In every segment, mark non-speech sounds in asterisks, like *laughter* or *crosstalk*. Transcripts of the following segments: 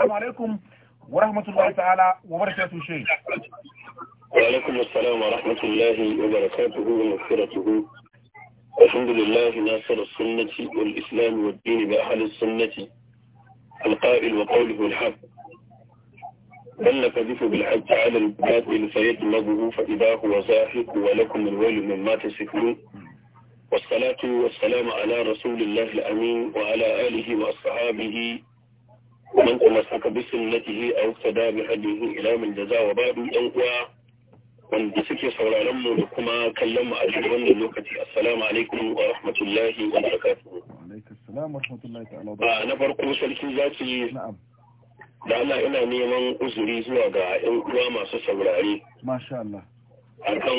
السلام عليكم ورحمة الله تعالى وبركاته شيخ وعليكم السلام ورحمة الله وبركاته ومغفرته الحمد لله ناصر السنة والإسلام والدين بأحد السنة القائل وقوله الحق بل نكذف بالحج على الباطل فيدمغه فإذا هو زاحق ولكم الويل مما تسكنون والصلاة والسلام على رسول الله الأمين وعلى آله وأصحابه ومن تمسك بسنته أو اقتدى بهديه إلى من جزاء وبعد أن wanda suke sauraron mu da kuma kallon mu a cikin wannan lokaci assalamu alaikum wa rahmatullahi wa barakatuhu ah, na farko sarki zaki da Allah ina neman uzuri zuwa ga yan uwa masu saurari. masha Allah akan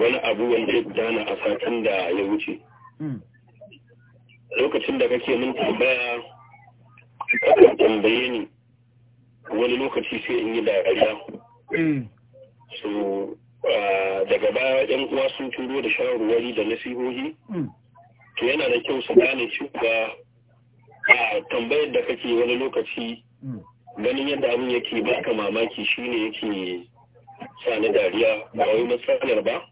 wani abu wanda ya gudana a satin da ya wuce hmm. lokacin da kake min tambaya kada ni wani lokaci sai in yi dariya mm. so daga baya yan uwa sun turo da shawarwari da nasihohi mm. to yana da kyau su gane cewa a tambayar da kake wani lokaci mm. ganin yadda abin yake baka mamaki shine yake sa na dariya ba wai matsalar ba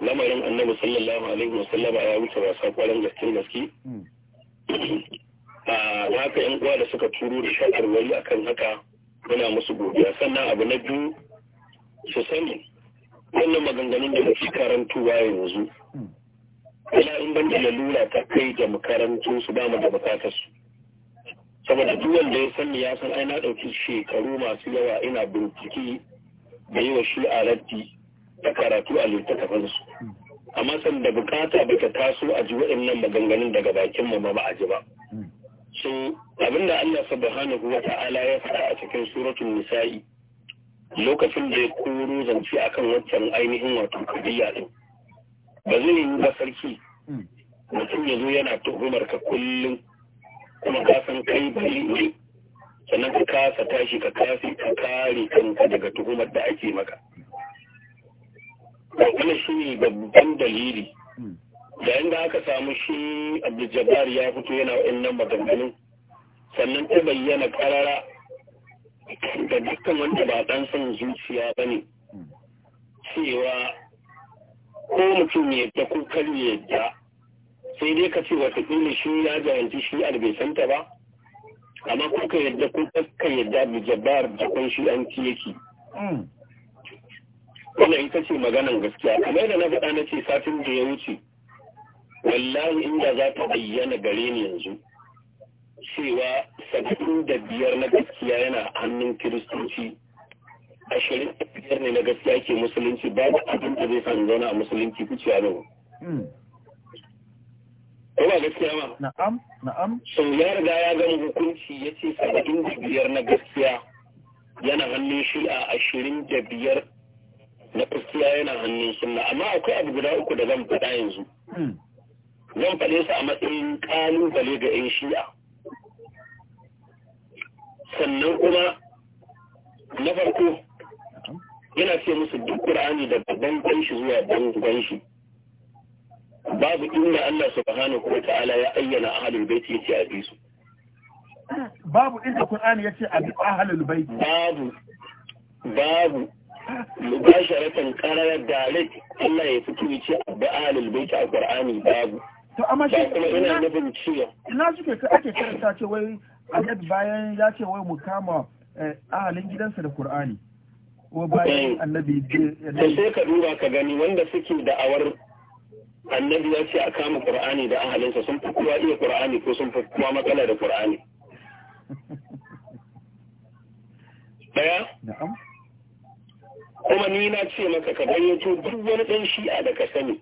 lamarin annabi sallallahu alaihi wasallama ya wuce wasa kwarin gaske gaske *clears throat* da haka yan uwa da suka turo da a kan haka muna musu godiya sannan abu na biyu su sani wannan maganganun da muke karantuwa yanzu ina in ban da lura ta kai da makarantu su ba da bukatar su saboda duk wanda ya sani ya san aina ɗauki shekaru masu yawa ina bincike da yi wa shi alatti da karatu a littattafan su amma sanda da bukata ba ta taso a ji waɗannan maganganun daga bakin mu ba a ji ba shin abinda Allah subhanahu wa ta'ala ya faɗa a cikin suratul nisa'i lokacin da ya koro zance akan waccan ainihin wato kabiya din ba zai yi ba sarki hmm. mutum ya zo yana tuhumar ka kullum kuma ka san kai bai ne sannan ka kasa tashi ka kasa ka kare kanka daga tuhumar da ake maka wannan shi ne babban dalili hmm. yayin da aka samu shi abdul ya fito yana wa'annan maganganun sannan ta bayyana karara da dukkan wanda ba dan son zuciya ba ne cewa ko mutum ya yadda ko ya yadda sai dai ka ce wataƙila shi ya jahanci shi a bai santa ba amma ko ka yadda ko ka yadda abu jabbar da kun shi an yake mm. wannan ita ce maganan gaskiya kamar da na faɗa na ce satin da ya wuce wallahi inda za ta bayyana gare ni yanzu cewa saba'in da biyar na gaskiya yana hannun kiristoci ashirin da biyar ne na gaskiya ke musulunci ba da abin da zai sami zauna a musulunci ku a nan. Kuma gaskiya ma? Na'am, na'am. So ya riga ya gama hukunci ya ce saba'in da biyar na gaskiya yana hannun shi a ashirin da biyar na gaskiya yana hannun sunna amma akwai abu guda uku da zan faɗa yanzu. Hmm. zan faɗe su a matsayin ƙalubale ga 'yan shi'a sannan kuma na farko yana ce musu duk ƙur'ani da babban shi zuwa bangon shi babu inda Allah subhanahu wa ta'ala ya ayyana ahlul baiti yace a bisu babu inda Qur'ani ce a bi ahlul baiti babu babu mubasharatan qarara dalil, Allah ya fito ce a bi ahlul baiti a Qur'ani babu to amma shi ina suke ka ake karanta ce wai annabi bayan ya ce wai mu kama eh, ahalin gidansa da Kur'ani. ko bayan eh. annabi da sai ka duba ka gani wanda suke da awar annabi ya ce a kama Kur'ani da ahalinsa sun fi kowa iya Kur'ani ko sun fi kowa matsala da Kur'ani. *laughs* daya kuma ni na ce maka ka gayyato duk wani dan shi'a da ka sani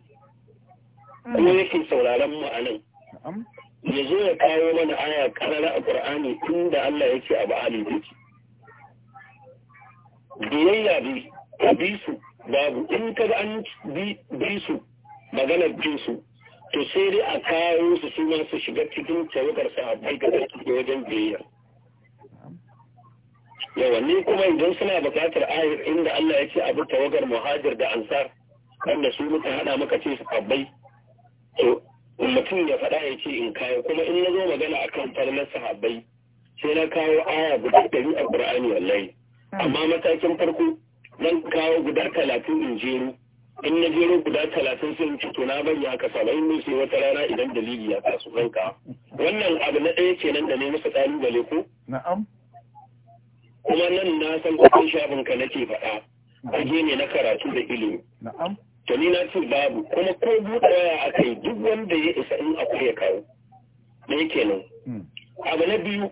ko yake sauraron mu a nan ya zo ya kawo mana aya karara a Qur'ani tun da Allah yake a ba'ali duki. biyayya bi ka bi su babu in ka an bi su maganar bi su to sai dai a kawo su su ma su shiga cikin tawakar da suke wajen biyayya yawa ni kuma idan suna buƙatar ayar inda Allah ya a abu tawagar muhajir da ansar wanda su muka hada maka ce su kabbai to mutum ya faɗa ya ce in kayo kuma in na zo magana a kan farnar sahabbai sai na kawo aya guda ɗari a ƙur'ani wallahi amma matakin farko zan kawo guda talatin in jeru in na jeru guda talatin sun ci to na bari haka saba'in ne sai wata rana idan dalili ya taso zan kawo wannan abu na ɗaya kenan da ne masa gale ko na'am kuma nan na san kuɗin shafin ka nake faɗa fage ne na karatu da ilimi na'am to ni na ce babu kuma ko buɗe waya a kai duk wanda ya isa in akwai ya kawo da kenan hmm. abu na biyu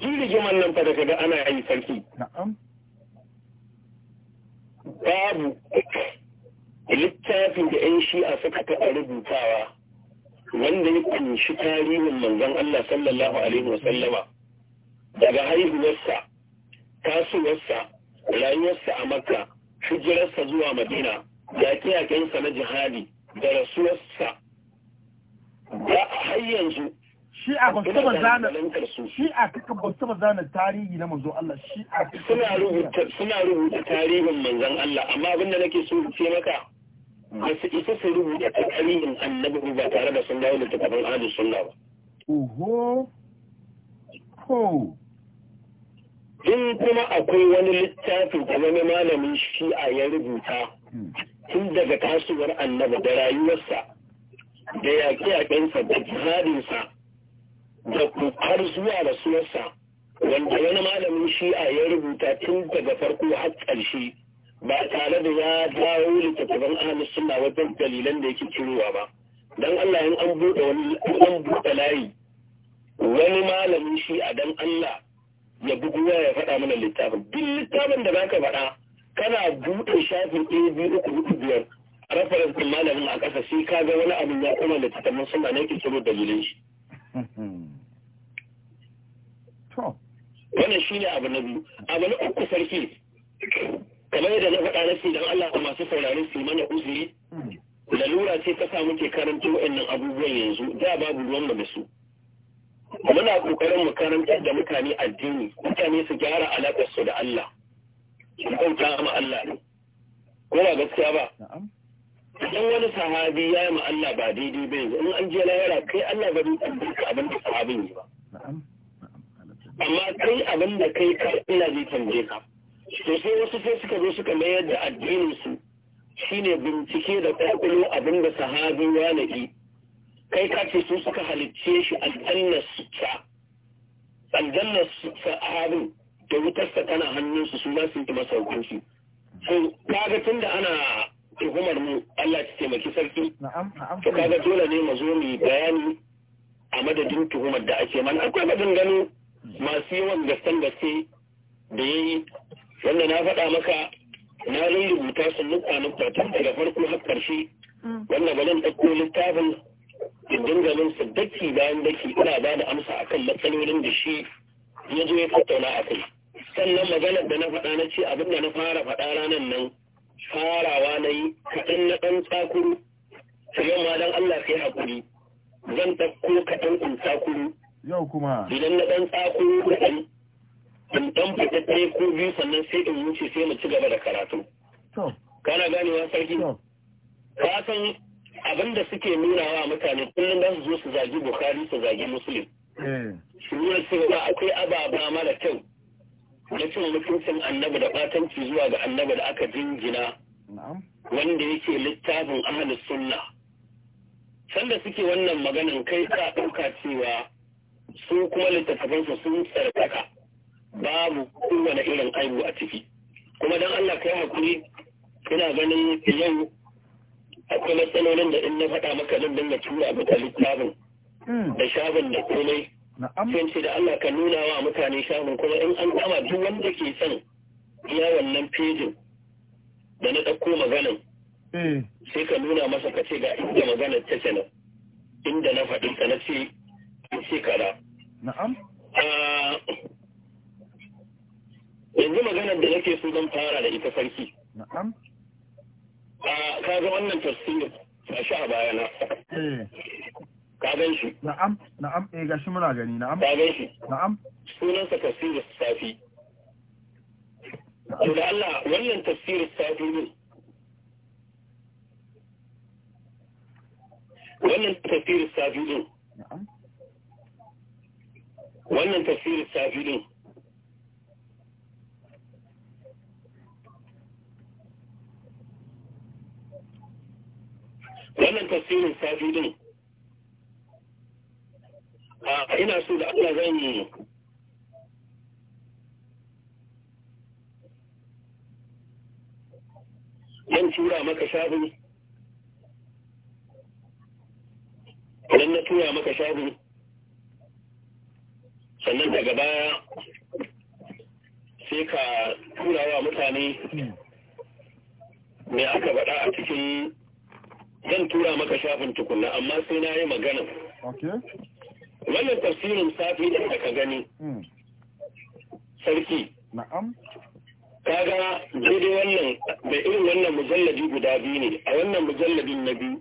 jin rigimar nan fa daga ana yi sarki babu littafin da 'yan shi'a suka taɓa rubutawa wanda ya kunshi tarihin manzon Allah sallallahu alaihi wa daga haihuwarsa tasowarsa rayuwarsa a makka hijirarsa zuwa madina yaƙe-yaƙensa na jihadi da rasuwarsa ba a hayyanzu shi a ba su zana tarihi na manzo Allah shi a suna rubuta suna rubuta tarihin manzon Allah amma abin da nake so ce maka ba su isa su rubuta tarihin annabi ba tare da sun dawo da takardun ahlus sunna ba oho ko in kuma akwai wani littafin kuma wani malamin shi'a ya rubuta hmm. tun daga tasowar annaba da rayuwarsa da yaƙe-yaƙensa da jihadinsa da kokar zuwa rasuwarsa wanda wani malamin shi'a ya rubuta tun daga farko har ƙarshe ba tare da ya dawo littattafan ahalus suna wajen dalilan da yake kirowa ba dan Allah in an buɗe wani an buɗe layi wani malamin shi'a dan Allah ya bugu ya faɗa mana littafin duk littafin da zaka faɗa kana buɗe shafin ɗaya biyu uku biyar a malamin a ƙasa sai ka ga wani abin ya kama da takamman suna na yake kiro dalilin shi. Wannan shi ne abu na biyu. Abu na uku sarki kamar yadda na faɗa na ce don Allah masu saurari su mana uziri. lalura ce ta samu ke karanta wa'annan abubuwan yanzu da babu ruwan da su. Muna ƙoƙarin mu karanta da mutane addini, mutane su gyara alaƙar su da Allah. in bauta ma Allah ne ko ba gaskiya ba idan wani sahabi ya yi ma Allah ba daidai ba yanzu in an je lahira kai Allah ba zai tambaye ka abin da sahabin yi ba amma kai abin da kai ka Allah zai tambaye ka to sai wasu sai suka zo suka mayar da addinin su shine bincike da kwakwalo abin da sahabi ya nabi kai ka ce su suka halicce shi aljannar su ta aljannar su ta abin da wutarsa tana hannunsu su za su yi masa hukunci. So, kaga tun da ana tuhumar mu Allah ta taimaki sarki, to kaga dole ne mu zo mu bayani a madadin tuhumar da ake mana. Akwai maganganu masu yawan gaskan gaske da ya yi, wanda na faɗa maka na rubuta su nukta nukta tun daga farko har ƙarshe, wanda ba zan ɗauko littafin in dangalin su daki bayan daki ina ba da amsa akan matsalolin da shi ya zo ya tattauna a kai. sannan maganar da na faɗa na ce abin da na fara faɗa ranar nan farawa na yi kaɗan na ɗan tsakuru su ma don Allah sai haƙuri zan ɗauko kaɗan in tsakuru idan na ɗan tsakuru kaɗan in ɗan fita ɗaya ko biyu sannan sai in wuce sai mu ci gaba da karatu kana ganewa sarki ka san abin da suke nuna wa mutane kullum za su zo su zagi bukari su zagi musulun eh. su nuna akwai ababa mara kyau na cin mutuncin annabi da batanci zuwa ga annabi da aka jingina wanda yake littafin ahalus sunna sanda suke wannan maganin kai ka ɗauka cewa su kuma su sun tsarkaka babu kowane irin aibu a ciki kuma don Allah kai hakuri kina ganin yau akwai matsalolin da in na faɗa maka zan dinga tura maka littafin hmm. da shafin da komai Sun ce da Allah ka nuna wa mutane shafin kuma in an kama duk wanda ke son iya wannan fejin da na ɗauko maganan. Eh. Sai ka nuna masa ka ce ga inda maganar ta ce nan. Inda na faɗin ka na ce in ce kara. Na'am. Ah, yanzu maganar da nake so zan fara da ita sarki. Na'am. Ah, ka ga wannan tafsir a sha a bayana. Eh. نعم نعم ايه شو مراجعني نعم نعم سنن تفسير السافي لعل ولن تفسير السافي ولن تفسير السافي نعم ولن تفسير السافي ولن تفسير السافي ina so da Allah zan yi Zan tura maka shafin? idan na tura maka shafin? sannan daga baya sai ka tura wa mutane me aka faɗa a cikin zan tura maka shafin tukunna amma sai na yi magana wannan tafsirin safi da ka gani hmm. sarki na'am kaga daidai wannan da irin wannan mujalladi guda biyu ne a wannan mujalladin na biyu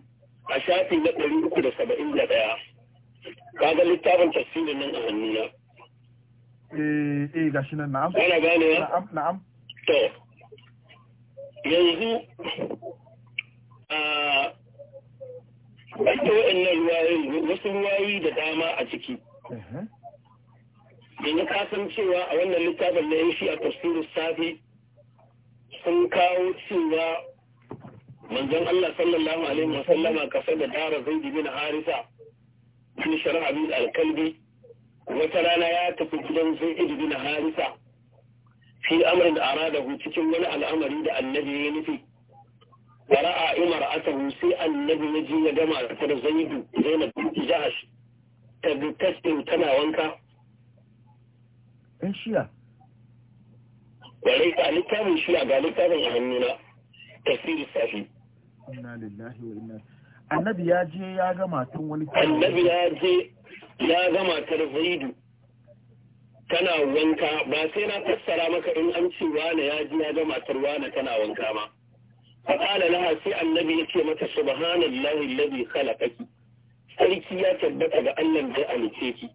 a shafi na ɗari uku da saba'in da ɗaya kaga littafin tafsirin nan a hannuna eh eh gashi nan na'am ana gane na'am na'am to yanzu a wanda wa'annan ruwa wasu ruwayi da dama a ciki yanzu ka san cewa a wannan littafin da ya shi a tafsirin safi sun kawo cewa manzon Allah sallallahu alaihi wa sallama kasa da dara zai bin harisa bin shari'a bin alkalbi wata rana ya tafi gidan zaidi bin harisa fi amrin da hu cikin wani al'amari da annabi ya nufi fara'a عمر sai annabi النبي ji ya gama ta zaidu zainab binti jahash ta bi tana wanka ɗan shiya wale ka littafin shiya ga a hannuna tafsiri inna lillahi wa inna annabi ya je ya ga tun wani annabi ya je ya ga matar zaidu tana wanka ba sai na fassara maka in an ce ya ji ya matar tana wanka ma فقال لها في النبي يكي متى سبحان الله kala خلقك sarki ya tabbata ga Allah da alice ki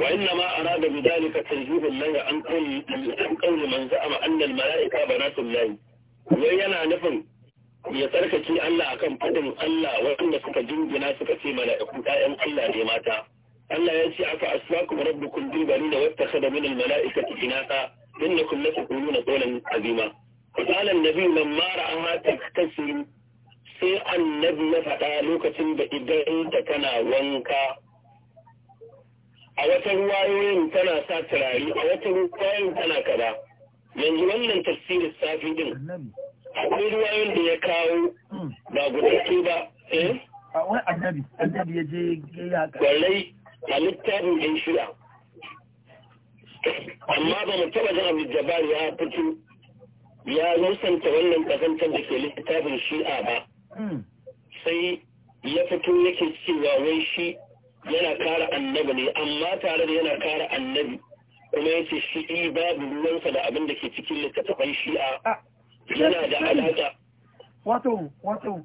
wa inna ma arada bi dalika tanjihu Allah an qawli an qawli man za'ama anna al malaika banatullah wai yana nufin ya tsarkake Allah akan fadin Allah wanda suka jingina suka ce mala'iku ɗayan Allah ne mata Allah ya ce aka asfakum rabbukum bil banina wattakhadha min al mala'ikati inatha innakum la taquluna qawlan azima Kalan nabi man mara an haka kasu sai annabi ya faɗa lokacin da idan ta tana wanka. A wata ruwayoyin tana sa turare, a wata ruwayoyin tana kada. Yanzu wannan tafsirin safi din. Akwai ruwayoyin da ya kawo ba guda ba. Eh? A wani annabi, annabi ya je a littafin ɗin shia Amma ba mu taɓa jan Abdul ya fito ya musanta wannan kazantar da ke littafin shi'a ba hmm. sai ya fito yake cewa wai shi yana kara annabi ne amma tare da yana kara annabi kuma yace shi babu ruwansa da abin da ke cikin littattafan shi'a yana da alaƙa wato wato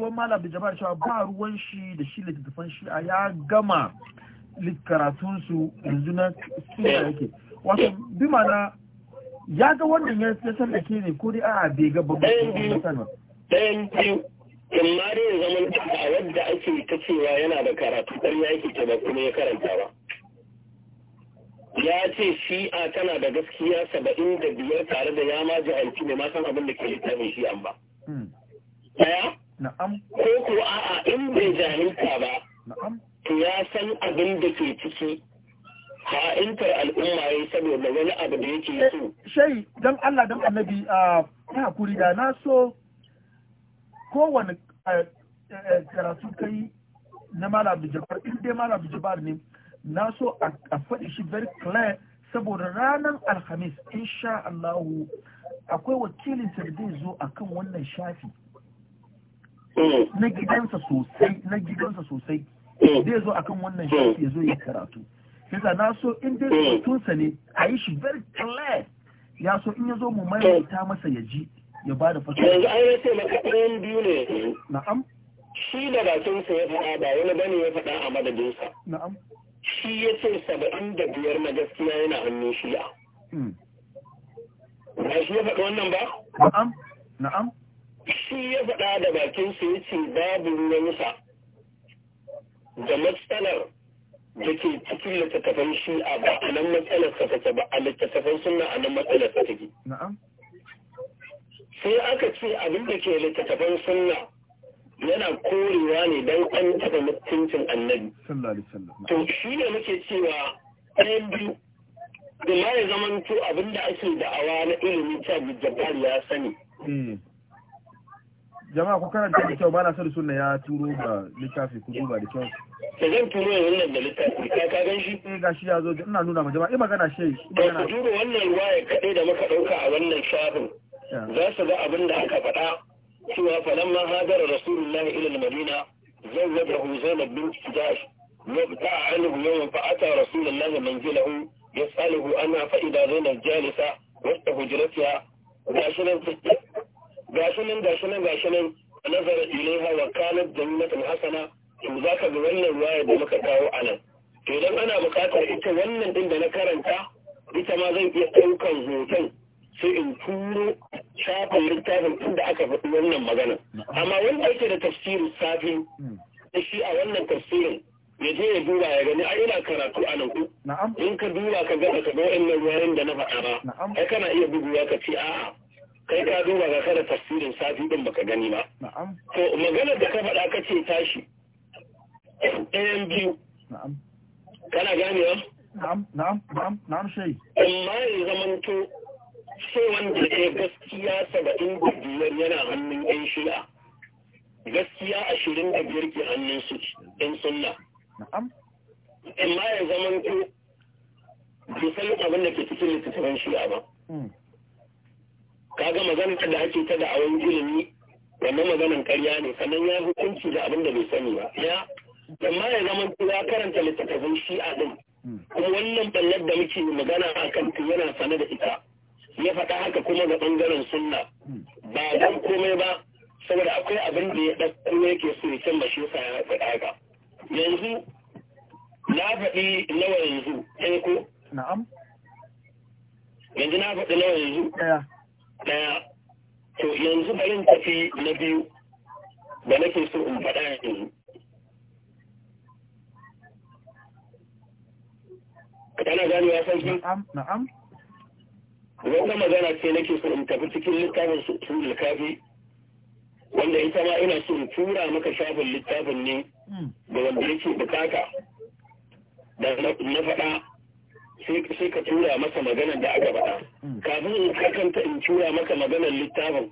wani malam da jama'ar cewa ba ruwan shi da shi littattafan shi'a ya gama karatunsu yanzu na suna yake eh. wato bi mana ya ga wannan ya ke ne ko dai a'a bai ga ba ɗayan biyu in ma dai ya zama a wadda ake ta cewa yana da karatu ɗan ya yake ta kuma ya karanta ba ya ce shi'a tana da gaskiya saba'in da biyar tare da ya ma jihanci ne ma san abin da ke littafin an ba hmm. ɗaya ko ko! a'a in bai jahilta ba to ya san abin da ke ciki ha'intar al'umma ya yi saboda wani abu da yake so. Eh, Shai, don Allah don annabi a ah, hakuri da na so kowane eh, eh, karatu kai na Malam Jabar, in dai Malam Jabar ne, na so a faɗi shi very clear saboda ranar Alhamis, insha Allahu, akwai wakilin da zai zo a kan wannan shafi. Hmm. Na gidansa sosai, na gidansa sosai. Hmm. Zai zo a kan wannan shafi ya zo ya karatu. yasa na so in dai hmm. sa ne a yi shi very clear ya so in ya zo mu hmm. maimaita masa ya ji ya ba da yanzu an yi sai maka ɗayan biyu ne na'am shi da bakinsa ya faɗa ba wani bane ya faɗa a madadinsa na'am shi ya ce saba'in da biyar na gaskiya yana hannun ya hmm. ba shi ya faɗa wannan ba na'am na'am shi ya faɗa da bakin su ya ce babu ruwansa da matsalar da ke cikin littattafan shi a ba a nan matsalarsa take ba a littattafan suna a nan matsalarsa take. Sai aka ce abin da ke littattafan suna yana korewa ne don an taɓa mutuncin annabi. To shi ne muke cewa ɗayan biyu da ma ya zamanto abin da ake da'awa na ilimin ta jabbar ya sani. Eh. Jama'a ku karanta da kyau ba na son sunna ya turo ga littafi ku duba da kyau. to zan turo wannan da littafi ka ka gan shi eh gashi ya zo ina nuna ma jama'a eh magana shi to ku turo wannan ruwaya kadai da muka ɗauka a wannan shafin za su ga abin da aka faɗa cewa falamma hadara rasulullahi ila al-madina zawwajahu zainab bint jash وابتاع عنه يوم فأتى رسول الله منزله يسأله أنا فإذا زينب جالسة وسط هجرتها gashinan gashinan gashinan gashinan nazara ilaiha wa kanat jannatan hasana in za ka ga wannan ruwaya da muka kawo a nan to idan ana buƙatar ita wannan ɗin da na karanta ita ma zan iya ɗaukan hoton sai in turo shafin littafin inda aka faɗi wannan magana amma wanda yake da tafsirin safi hmm. da shi a wannan tafsirin ya je ya duba ya gani ai ina karatu a nan ku in ka duba ka ga ka ga wannan ruwayoyin da na faɗa ba ai kana iya buguwa ka ce a'a kai ka duba ga kada tafsirin safi ɗin baka gani ba to maganar da ka faɗa ka ce tashi ɗayan biyu kana ganewa na'am na'am na'am na'am shai amma ya zamanto so wanda ya gaskiya saba'in da biyar yana hannun yan shi'a gaskiya ashirin da biyar ke hannun su yan sunna na'am amma ya zamanto ke san abin da ke cikin littattafan shi'a ba hmm. Ka ga maganar da ake ta da awon ilimi wannan maganar karya ne sannan ya hukunci da abin da bai sani ba ya jama'a ya zama ya karanta littattafan shi'a din hmm. kuma wannan ballar da muke magana a kan yana sane da ita ya faɗa haka kuma ga ɓangaren sunna hmm. ba don komai ba saboda akwai abin da ya ɗauko yake so ya canza shi sa ya faɗa haka yanzu na faɗi nawa yanzu ɗaya ko na'am yanzu na faɗi nawa yanzu ɗaya ɗaya to yanzu barin tafi na biyu da nake so in faɗa yanzu kana gani ya sarki na'am wannan magana ce nake so in tafi cikin littafin sulhul kafi wanda ita ma ina so in tura maka shafin littafin ne da hmm. wanda yake bukata da na faɗa sai ka tura masa maganar da aka faɗa hmm. kafin in kakanta in tura maka maganar littafin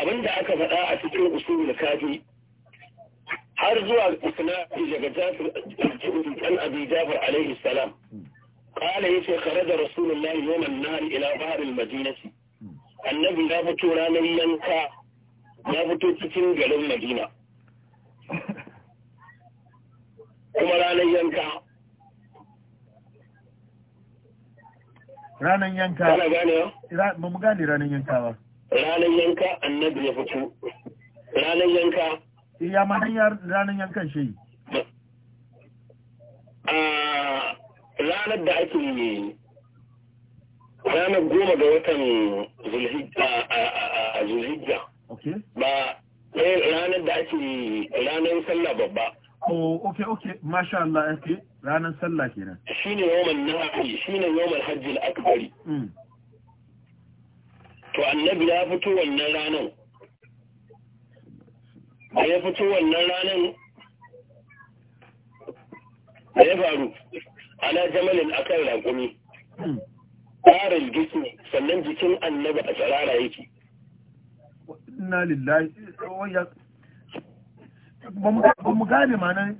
abin da aka faɗa a cikin usulul kafi har zuwa isnadi daga Jafar al-Jafar alaihi salam hmm. qala yace kharaja rasulullahi yawman nahar ila bahr al-madinati annabi ya fito ranan yanka ya fito cikin garin madina kuma ranan yanka ranan yanka ana gane ba mu gane ranan yanka ba Ranan yanka annabi ya fito ranan yanka iya ma hanyar ranan yankan shi a ranar da ake ranar goma ga watan zulhijja ba ranar da ake ranar sallah babba Oh, okay, okay, masha Allah, okay, ranar sallah kenan. Shi ne yawon nahafi, shi ne yawon hajji al'akbari. To, annabi ya fito wannan ranar. Da ya fito wannan ranar, da ya faru. ala jamalin akan raƙumi hmm. tsarin jiki sannan jikin annaba a tsarara yake inna lillahi ba mu gane ma nan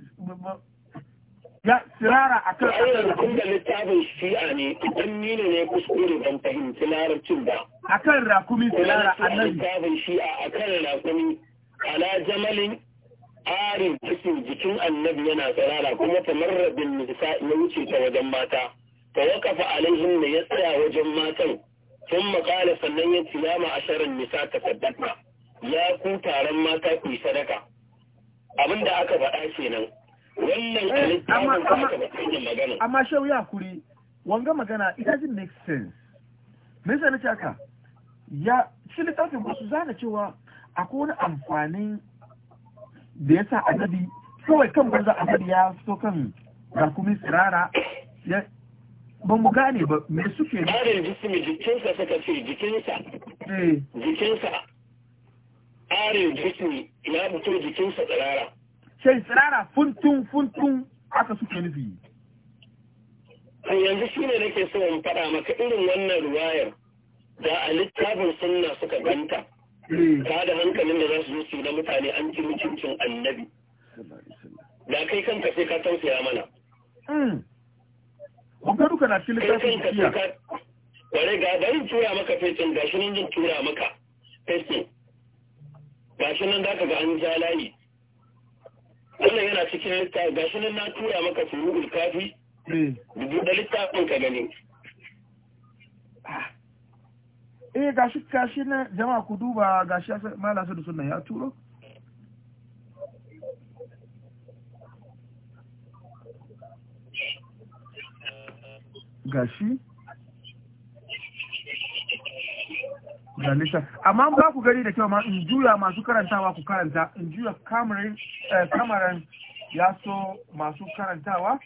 ya tsirara a kan ayyar rukun da littafin shi'a ne idan nina ne kuskure ban fahimci larabcin ba a kan rakumi tsirara a annabi littafin shi'a a kan rakumi ala jamalin tsarin cikin jikin annabi yana tsirara kuma ta marrabin nisa ya wuce ta wajen mata ta wakafa alaihim ne ya tsaya wajen matan sun makala sannan ya a asharar nisa ta saddaka ya ku taron mata ku sadaka abin da aka faɗa kenan wannan eh, a littafin da aka faɗa magana amma shehu ya kuri wanga magana it doesn't make sense me yasa nace haka ya shi littafin ba su zana cewa akwai wani amfanin da ya sa annabi kawai kan banza annabi ya so kan garkumin tsirara ya ba mu gane ba me suke ne da jismi jikinsa suka ce jikinsa eh. jikinsa are jismi ya mutu jikinsa tsirara sai tsirara funtun funtun aka suke nufi yanzu shi ne nake so in faɗa maka irin wannan ruwayar da a littafin sunna suka ganta Hmm. ba da hankalin da za su zo su da mutane an ci mutuncin annabi da kai kanka sai ka tausaya mana hmm. Kuka duka Kai cikin littafin ka Ware ga bari tura maka fesin gashi nan jin tura maka fesin. Gashi nan za ka ga an ja layi. Wannan yana cikin littafin gashi nan na tura maka surugul kafi. Hmm. Dubu da littafin ka gani. eh gashi gashi na jama'a ku duba gashi mala sadu sunna ya turo gashi ga amma ba ku gari da kyau ma in juya masu karantawa ku karanta in juya eh, kamarin ya so masu karantawa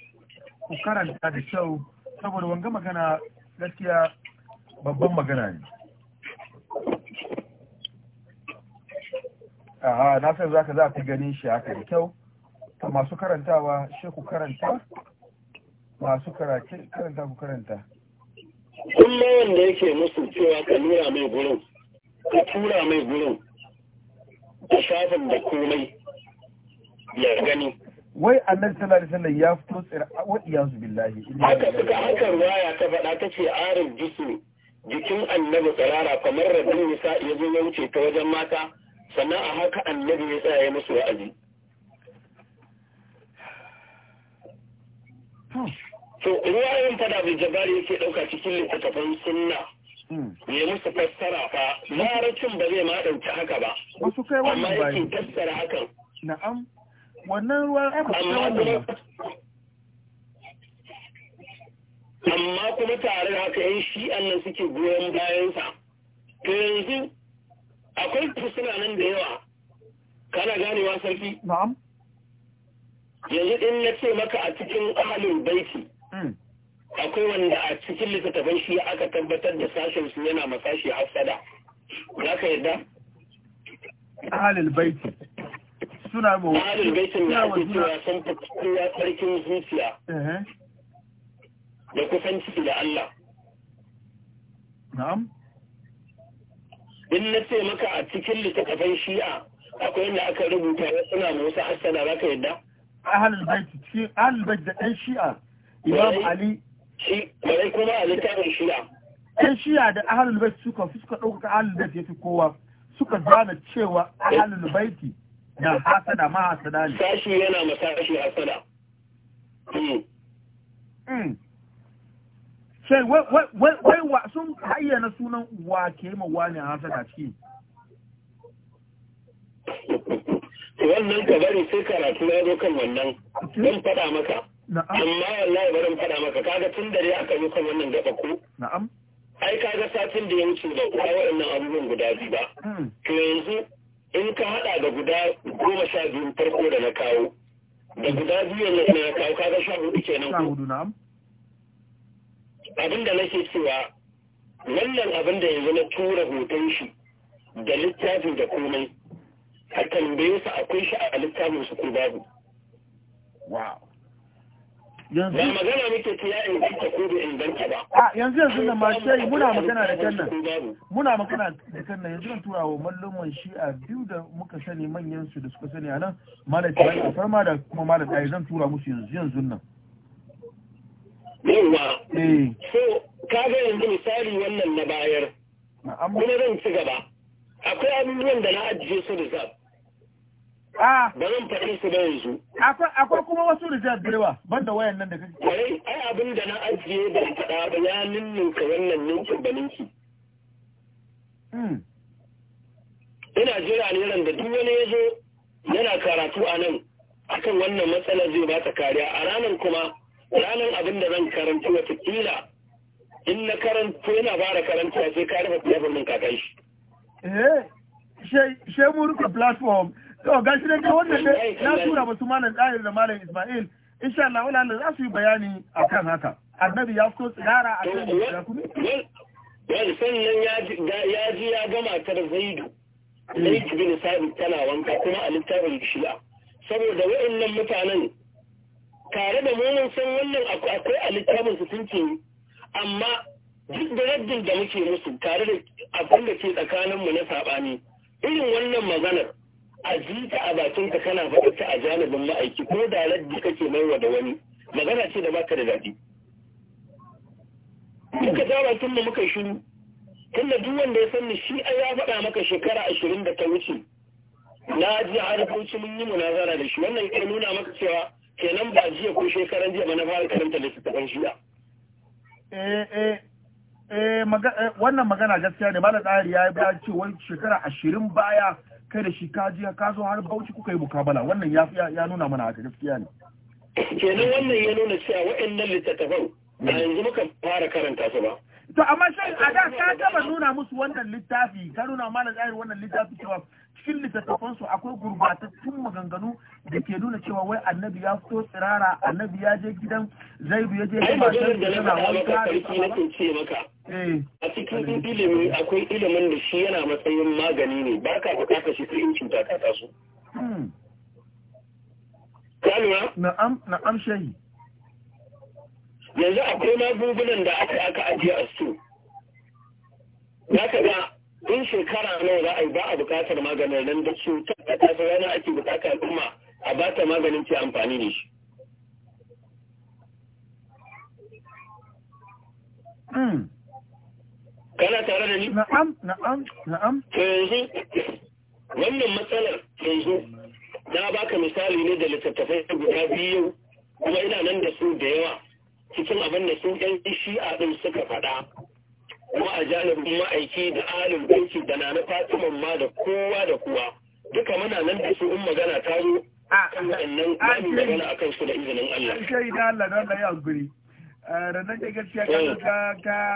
ku karanta da kyau saboda wanga magana gaskiya babban magana ne aha na san za ka za ka ganin shi haka da kyau masu karantawa shi ku karanta masu karatu karanta ku karanta kullum wanda yake musu cewa ka nura mai gurin ka tura mai gurin da shafin da komai ya gani wai annabi sallallahu alaihi wasallam ya fito tsira wa iyazu billahi haka suka haka ruwaya ta faɗa ta ce arif jisu jikin annabi tsirara kamar rabin nisa ya zo ya wuce ta wajen mata sannan a haka annabi ya tsaye musu wa'azi to ruwayoyin fada mai jabari yake ɗauka cikin littattafan sunna hmm. ya musu fassara fa larabcin ba zai ma haka ba amma yake fassara hakan na'am wannan ruwan su amma kuma tare da haka yin shi'an nan suke goyon bayansa ta yanzu akwai su nan da yawa kana ganewa sarki na'am yanzu din na ce maka a cikin ahalin baiti hmm. akwai wanda a cikin littattafan shi aka tabbatar da sashen su yana masashi sada za ka yadda ahalin baiti suna mu ahalin baiti da ake cewa sun fi kowa sarkin zuciya eh. da kusanci da Allah na'am in na ce maka a cikin littattafan shi'a akwai yadda aka rubuta ya suna ma wasu hassana ba ka yadda? ahalul baiti cikin ahalul baiti da ɗan shi'a imam ali shi bare kuma a littafin shi'a ɗan shi'a da ahalul baiti suka fi suka ɗaukaka ahalul baiti ya fi kowa suka zana cewa ahalul baiti na hasada ma hasada ne sashi yana ma sashi hasada hmm. hmm. sai wai wa sun hayyana sunan wa ke mawa ne a hasada ciki wannan ka bari sai karatu ya zo kan wannan don faɗa maka amma wallahi barin faɗa maka kaga tun dare aka yi kan wannan gaba ku. na'am ai kaga satin da ya wuce da kuma waɗannan abubuwan guda biyu ba hmm. to yanzu in ka haɗa da guda goma sha biyu farko da na kawo da guda biyu na kawo kaga sha hudu kenan ko abin da nake cewa wannan abin da yanzu na tura hoton shi da littafi da komai a tambaye su akwai shi a littafin su ko babu ba magana muke ta ya kuka ko in inganta ba a ah, yanzu yanzu na ma shi muna magana da kan nan muna magana da kan nan yanzu zan tura wa malluman shi a biyu da muka sani manyan su da suka sani a nan malam tayi a farma da kuma malam tayi zan tura musu yanzu yanzu nan yawa eh. so kaga yanzu misali wannan na bayar kuma zan ci gaba akwai abubuwan da na ajiye su reserve ba zan faɗi su ba yanzu akwai kuma wasu reserve da ban da wayan nan da kake kwarai ai abin da na ajiye da faɗa ba ya ninninka wannan ninkin da ninki hmm. ina jira ne ran da duk wani ya zo yana karatu a nan akan wannan matsalar zai ba ta kariya a ranar kuma ranar abin da zan karanta wata kila in na karanta yana da karanta sai ka rufe platform din kakai shi eh she mu rufe platform to ga shi kai wannan ne na tura musu malam Tahir da malam Ismail insha Allah wani za su yi bayani a kan haka annabi ya so tsirara kan da kuma wani sannan ya ji ya gama ta da zaidu zaidu bin sabit tana wanka kuma a littafin shi'a saboda wa'annan mutanen tare da mu san wannan akwai a littafin su sun ce amma duk da raddin da muke musu tare da abin da ke tsakanin mu na saɓani irin wannan maganar a jita a bakin ka kana faɗa ta a janibin ma'aiki ko da raddi kake maiwa da wani magana ce da baka da daɗi duka ta bakin mu muka shiru tunda duk wanda ya san ni shi ya faɗa maka shekara ashirin da ta wuce na ji harkoci mun yi munazara da shi wannan ya nuna maka cewa kenan ba jiya ko shekaran jiya ba na fara karanta littattafan shi'a eh eh eh, eh wannan magana gaskiya ne malam ɗari ya yi bayan ce wani shekara ashirin baya kai da shi ka jiya ka zo har bauchi kuka yi mukabala wannan ya ya nuna mana haka gaskiya ne kenan wannan ya nuna cewa waɗannan littattafan ba yanzu muka fara karanta su ba to amma shi a da ka taba nuna musu wannan littafi ka nuna malam ɗari wannan littafi cewa cikin littattafansu akwai gurbatattun maganganu da ke nuna cewa wai annabi ya fito tsirara annabi ya je gidan zaidu ya je ya sai da yana kan ce maka eh. a cikin ilimi akwai ilimin da shi yana matsayin magani ne ba ka bukata shi sai in cuta ta taso hmm. kalma na'am na'am shehi yanzu akwai magungunan da aka aka ajiye a su Ya ka ga Dun shekara nan za a yi ba a bukatar maganin nan da cutar da kasar yana ake bukata al'umma a ba ta maganin ce amfani da shi. Hmm. Kana tare da ni? Na'am, na'am, na'am. Yanzu, wannan matsalar yanzu na baka misali ne da littattafai guda biyu kuma ina nan da su da yawa cikin abin da sun ɗan shi'a ɗin suka faɗa. kuma a janibin ma'aiki da alin banki da na na fatiman ma da kowa da kowa duka muna nan da su in magana ta zo ah, kan wa'annan ah, zamu ah, magana akan su da izinin Allah. Kai da Allah don da ya guri. Eh, Rannan da gaskiya ka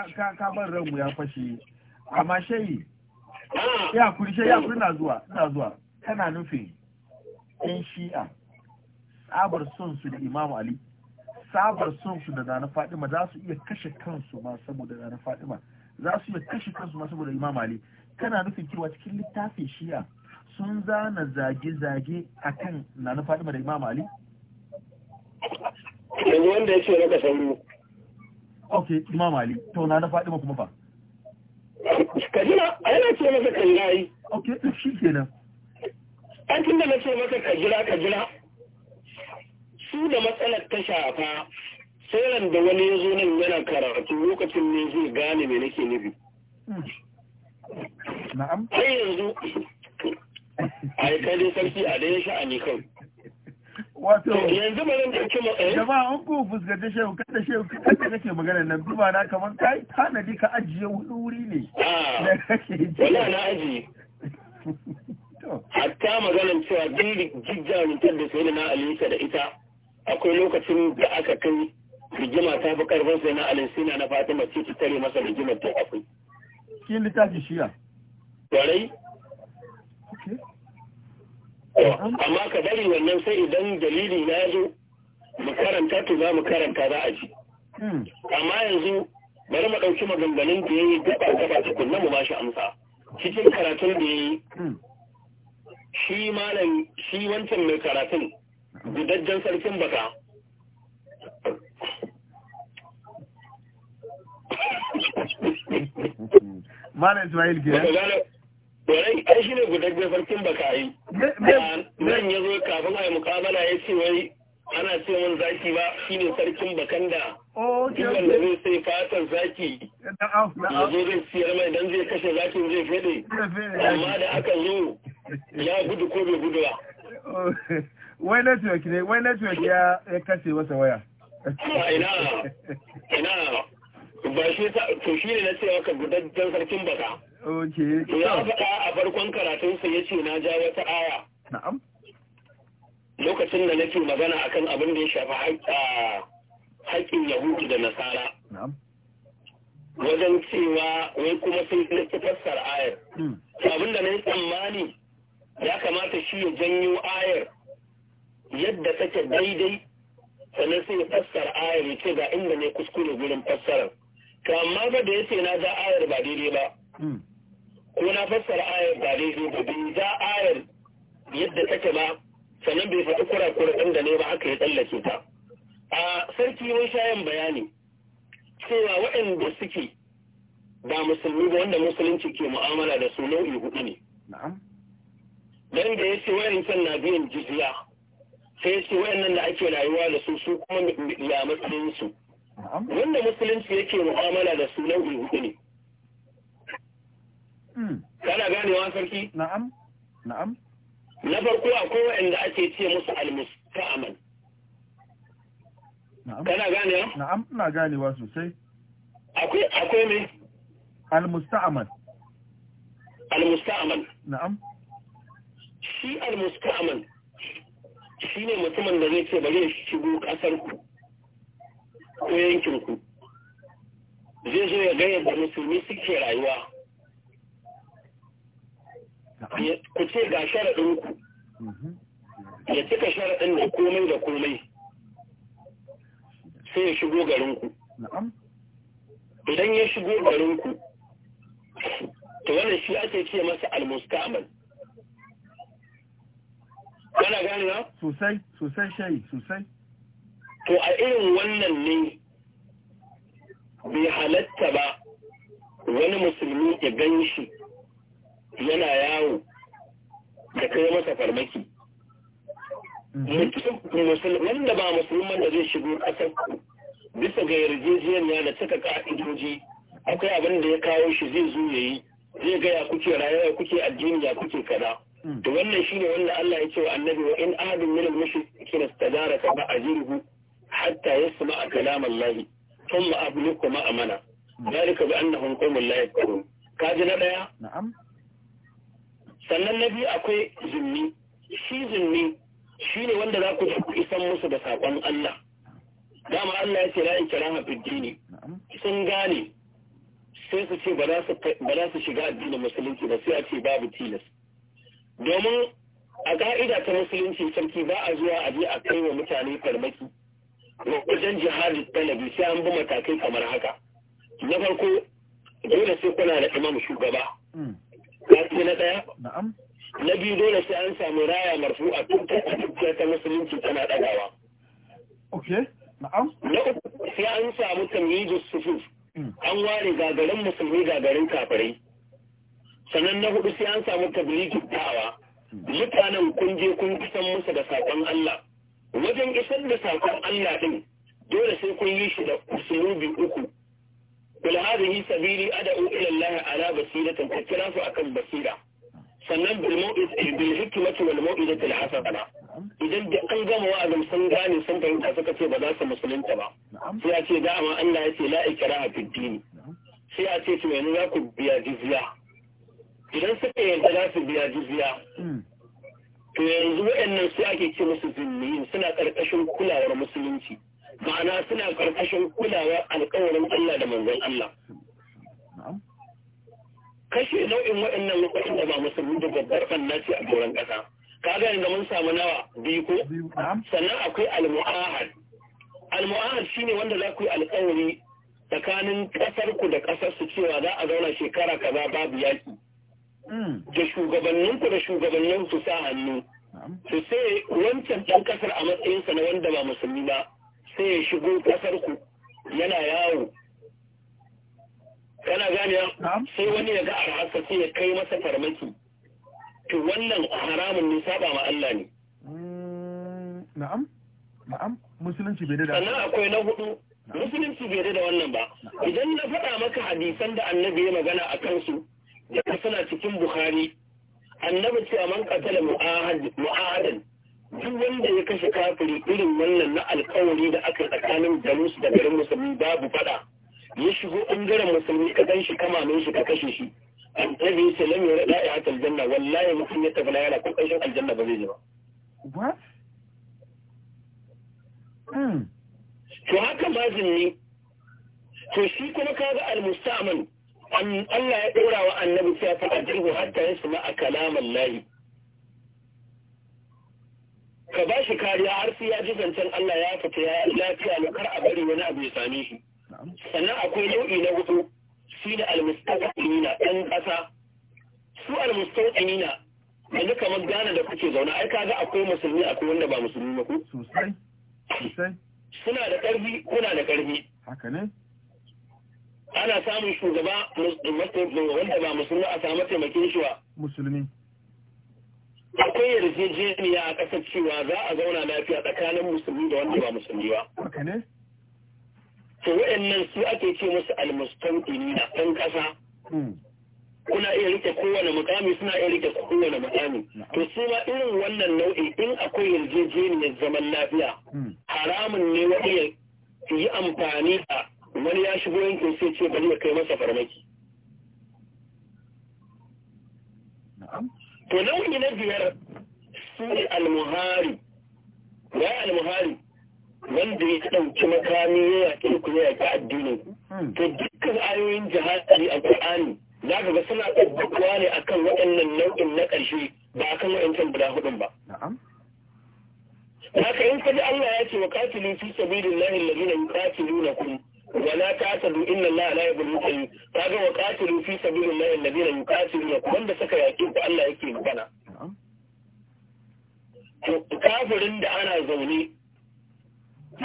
eh. ka ban ranmu ya fashe. Amma shayi. Ya kuri shayi ya kuri na zuwa na zuwa. Kana nufin 'yan shi'a tsabar son su da Imam Ali. Sabar son su da na Fatima za su iya kashe kansu ma saboda na Fatima. za su iya kashe kansu masu saboda imam ali kana nufin cewa cikin littafin shiya sun zana zage-zage a kan na na fadima da imam ali yanzu wanda ya ce raka sauro ok imam ali to na na fadima kuma ba Kajina a yana ce masa kan yi. ok shi kenan an tun da na ce masa kajira kajira su da matsalar ta shafa sai da wani ya zo nan yana karatu lokacin ne zai gane me nake nufi na'am sai yanzu a yi kai dai sarki a dai sha'ani kan wato yanzu ba zan ɗauki matsayi eh? jama'a an ku fuskanci shehu kada shehu kada kake magana nan duba na kamar kai tanadi ka ajiye wani wuri ne ah, wala na ajiye hatta maganar cewa duk jijjarin da sai na alisa da ita akwai lokacin da aka kai rigima ta fi karfin sai na alinsina na fatima ce ta tare masa rigimar ta akwai shiya kwarai amma ka bari wannan sai idan dalili ya zo mu karanta to za mu karanta za a ji hmm. amma yanzu bari mu ɗauki maganganun da ya yi gaba gaba tukunna mu ba shi amsa cikin karatun da ya yi hmm. shi malam shi wancan mai karatun gudajjen hmm. sarkin baka Mala Ismail ke. Warai, ai shi ne guda biyar farkin baka yi. Nan ya zo kafin a yi mukamala ya ce wai ana ce mun zaki ba shi ne sarkin bakan da oh, dukkan da zai sai fatan zaki ya zo zai siyar mai dan zai kashe zakin zai fede amma da aka zo ya gudu ko bai gudu ba oh, wai network ne wai network ya kashe wasa waya ina ina ba shi ne na ce maka sarkin baka ya faɗa a farkon karatun sa yace na ja wata aya lokacin da nake magana akan abin da ya shafi haƙƙin yahudu da nasara na'am wajen cewa wai kuma sun kirki fassar ayar hmm. abin da na yi tsammani ya kamata shi ya janyo ayar yadda take daidai sannan sai fassar ayar ya ce ga inda ne kuskure gurin fassarar to amma ba da yace na ga ayar ba daidai ba hmm. ko na fassara ayar ba daidai ba bai ga ayar yadda take ba sannan bai faɗi kurakura ɗin da ne ba aka yi tsallake ta a sarki mun shayan bayani cewa waɗanda suke ba musulmi ba wanda musulunci ke mu'amala da su nau'i hudu ne dan da yace can na biyan jizya sai yace wayannan da ake rayuwa da su su kuma ya matsayin wanda musulunci yake mu'amala da su nau'i ne hmm. kana wa sarki na'am na'am na farko akwai wa'anda ake ce musu almusta'aman kana wa na'am ina ganewa sosai akwai akwai me almusta'aman almusta'aman na'am shi almusta'aman shine mutumin da zai ce bari ya shigo kasar ku ko yankinku zai zo ya gaya da musulmi suke rayuwa ku ce ga sharaɗinku ya cika sharaɗin da komai da komai sai ya shigo garinku idan ya shigo garinku to wani shi ake ce masa almustamal kana gani na? sosai sosai shayi sosai to a irin wannan ne bai halatta ba wani musulmi ya gan shi yana yawo da kai masa farmaki mhm. wanda ba musulman da zai shigo ƙasar bisa ga yarjejeniya da cika ka'idoji akwai abin da ya kawo shi zai zo yayi zai gaya kuke rayuwa kuke addini ya kuke kaza mhm. to wannan shine wanda Allah ya ce wa annabi wa in ahadun kina al-mushrikin ba a jirgin. hatta yasma kalam Allah thumma abluku ma ذلك بأنهم قوم لا يذكرون kaji na ɗaya? Sannan na biyu akwai zunni, shi zunni shi ne wanda za ku ku isan musu da saƙon Allah. Dama Allah ya ce la'in kiran hafiddi sun gane sai su ce ba za su shiga addinin musulunci ba sai a ce babu tilas. Domin a ƙa'ida ta musulunci sarki ba a zuwa a je a kai wa mutane farmaki wajen jihadin talabi sai an bi matakai kamar haka na farko dole sai kuna da imam shugaba ce hmm. na ɗaya na biyu dole sai an samu raya marfu a tukkar ta musulunci tana ɗagawa na uku sai an samu tamyizu sufu hmm. an ware gagarin musulmi gagarin kafirai sannan na hudu sai an samu tabliki dawa hmm. mutanen kun je kun kusan musu da sakon Allah wajen isar da sakon Allah din dole sai kun yi shi da usulubi uku kul hadhihi sabili ad'u ila Allah ala basira ka kira su akan basira sannan bil mau'iz eh, bil hikmati wal mau'izati al hasana idan da an gama wa'azin sun gane sun fahimta suka ce ba za su musulunta ba sai a ce dama Allah ya ce la ikraha fid din sai a ce to yanzu za ku biya jizya idan suka yarda za su biya jizya hmm. to yanzu waɗannan su ake ce musu zimmiyin suna ƙarƙashin kulawar musulunci ma'ana suna ƙarƙashin kulawar alƙawarin Allah da manzon Allah kashe nau'in waɗannan lokacin da ba musulmi da babbar fanna ce a doron ƙasa ka ga yanzu mun samu nawa biyu ko sannan akwai almu'ahad almu'ahad shine wanda za ku yi alƙawari tsakanin ƙasarku da ƙasarsu cewa za a zauna shekara kaza babu yaƙi da mm. shugabanninku da shugabannin su sa hannu su sai wancan ɗan ƙasar a matsayinsa na wanda ba musulmi ba sai ya shigo ƙasarku yana yawo kana gane sai wani ya ga arhasa sai ya kai masa farmaki to wannan haramun ne saba ma Allah ne mm, na'am na'am musulunci bai da sannan akwai na hudu musulunci bai da wannan ba idan na faɗa maka hadisan da annabi ya magana a kansu da suna cikin bukhari annabi a man qatala mu'ahadan duk wanda ya kashe kafiri irin wannan na alkawari da aka tsakanin jalus da garin musulmi babu fada ya shigo ɓangaren musulmi ka gan shi kama min shi ka kashe shi annabi ya ce lam ya da'ihat aljanna wallahi mutum ya tafi layala ko ƙarshen aljanna ba zai ji ba hmm. to haka mazin ne to shi kuma ka ga al-musta'man Allah ya ɗora wa annabi cewa fa ajibu hatta yasma a kalaman layi. ka ba shi kariya har sai ya ji zancen Allah ya fita ya lafiya na kar a bari wani abu ya same shi sannan akwai nau'i na hudu shi da almustaqimina ɗan ƙasa su almustaqimina yanzu kamar Ghana da kuke zaune ai kaga akwai musulmi akwai wanda ba musulmi ba ku sosai sosai suna da ƙarfi kuna da ƙarfi haka ne ana samun shugaba wanda ba musulmi a samu taimakin shi wa musulmi akwai yarjejeniya a ƙasar cewa za a zauna lafiya tsakanin musulmi da wanda ba musulmi ba to waɗannan su ake ce musu almustanqini na ɗan ƙasa hmm. kuna iya rike kowane mukami suna iya rike kowane mukami to su ma irin wannan nau'i in akwai yarjejeniyar zaman lafiya hmm. haramun ne wani ya yi amfani da wani ya shigo yankin sai ce bari ya kai masa farmaki to nau'i na biyar su ne almuhari ya almuhari wanda ya ɗauki makami ya yaƙi ku ya yaƙi addini hmm. to dukkan ayoyin jihadi a ƙur'ani za ka ga suna ɗabbakuwa ne akan waɗannan nau'in na ƙarshe ba a kan waɗancan guda hudun ba haka in ka ji Allah ya ce wa katilu fi sabilillahi na kuma. ولا تعتدوا إن الله لا يبلغ قيم kaga wa qatilu fi sabilillahi alladhina yuqatilunakum wanda suka yaki ku Allah yake magana kafirin da ana zaune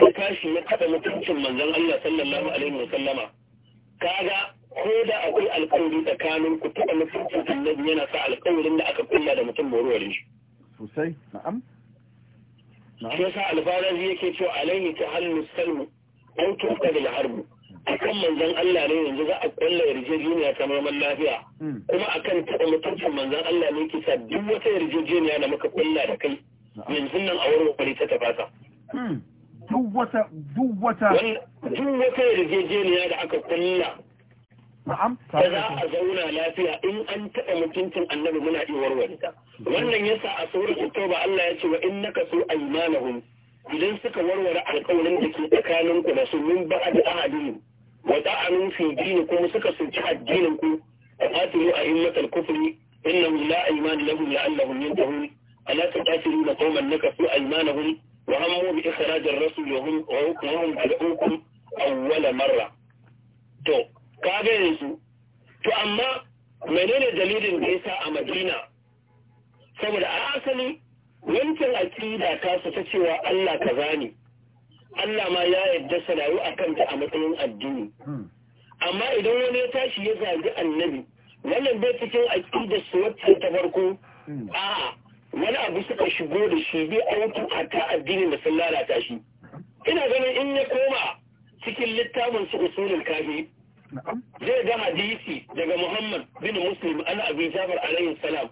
ya tashi ya taɓa mutuncin manzon Allah sallallahu alaihi wa sallama kaga ko da akwai alƙawari tsakanin ku ta mutuncin annabi yana sa alƙawarin da aka kulla da mutum borowar shi sosai na'am na'am sai sa alfarazi yake cewa alaihi ta hannu salmu an tuka da harbu akan manzan Allah ne yanzu za a kulla yarjejeniya ta neman lafiya hmm. kuma a kan taɓa mutuncin manzan Allah ne ke sa duk wata yarjejeniya da muka kulla da kai yanzu nan a wurin warware ta tafasa hmm. duk wata duk wata duk wata yarjejeniya da aka kulla Na'am, da za a zauna lafiya in an taɓa mutuncin annabi muna iya warware ta. Hmm. Wannan yasa a tsoron Oktoba Allah ya ce wa in naka so aymanahum idan suka warware alƙawarin da ke tsakanin ku da su min ba da ahadin wa ta'anun fi dini kuma suka soki addinin ku a fatiru a qatilu a'immatal kufri innahu la iman lahum la'allahum yantahun ala taqatiluna qauman nakasu aymanahum wa hammu bi ikhraj ar-rasul wa hum wa hum ad'ukum awwala marra to kaga yanzu to amma menene dalilin da yasa a Madina saboda a asali wancan aƙida ta su ta cewa Allah ka ne Allah ma ya yarda sanayu a kanta a matsayin addini hmm. amma idan wani ya tashi ya zagi annabi wannan bai cikin aƙida su wacce ta farko hmm. a'a wani abu suka shigo da shi bai auku a ta addini da sun lalata shi ina ganin in ya koma cikin littafin su usulin kafi zai ga hadisi daga Muhammad bin Muslim an Abi Jafar alayhi salam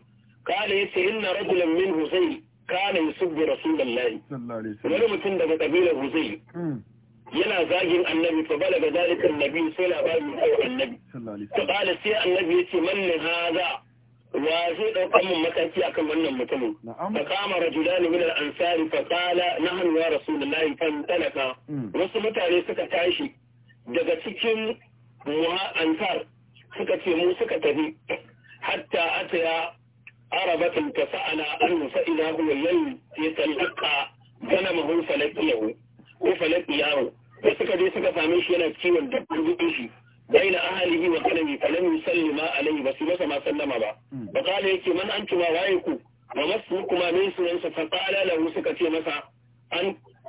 ya ce إن رجلا منه زي kana yusubbu rasulullahi wani mutum daga kabilar huzayl hmm. yana zagin annabi fa balaga zalika annabi sai labari ya annabi to kala sai annabi yace man ne haza wa zai dauka mun mataki akan wannan mutumin fa kama rajulani min al-ansari fa qala nahnu ya rasulullahi fan talaka hmm. wasu mutane suka tashi daga cikin muha ansar suka ce mu suka tafi hatta ataya عربة فسأل عنه فإذا هو الذي يتلقى غنمه فلقيه وفلقياه وسكا دي سكا فاميش ينا كيوان دبن بيشي بين أهله وغنمه فلم يسلم عليه بس بس ما سلم با وقال يكي من أنتما وايكو وما اسمكما من سننسا فقال له سكا تي مسا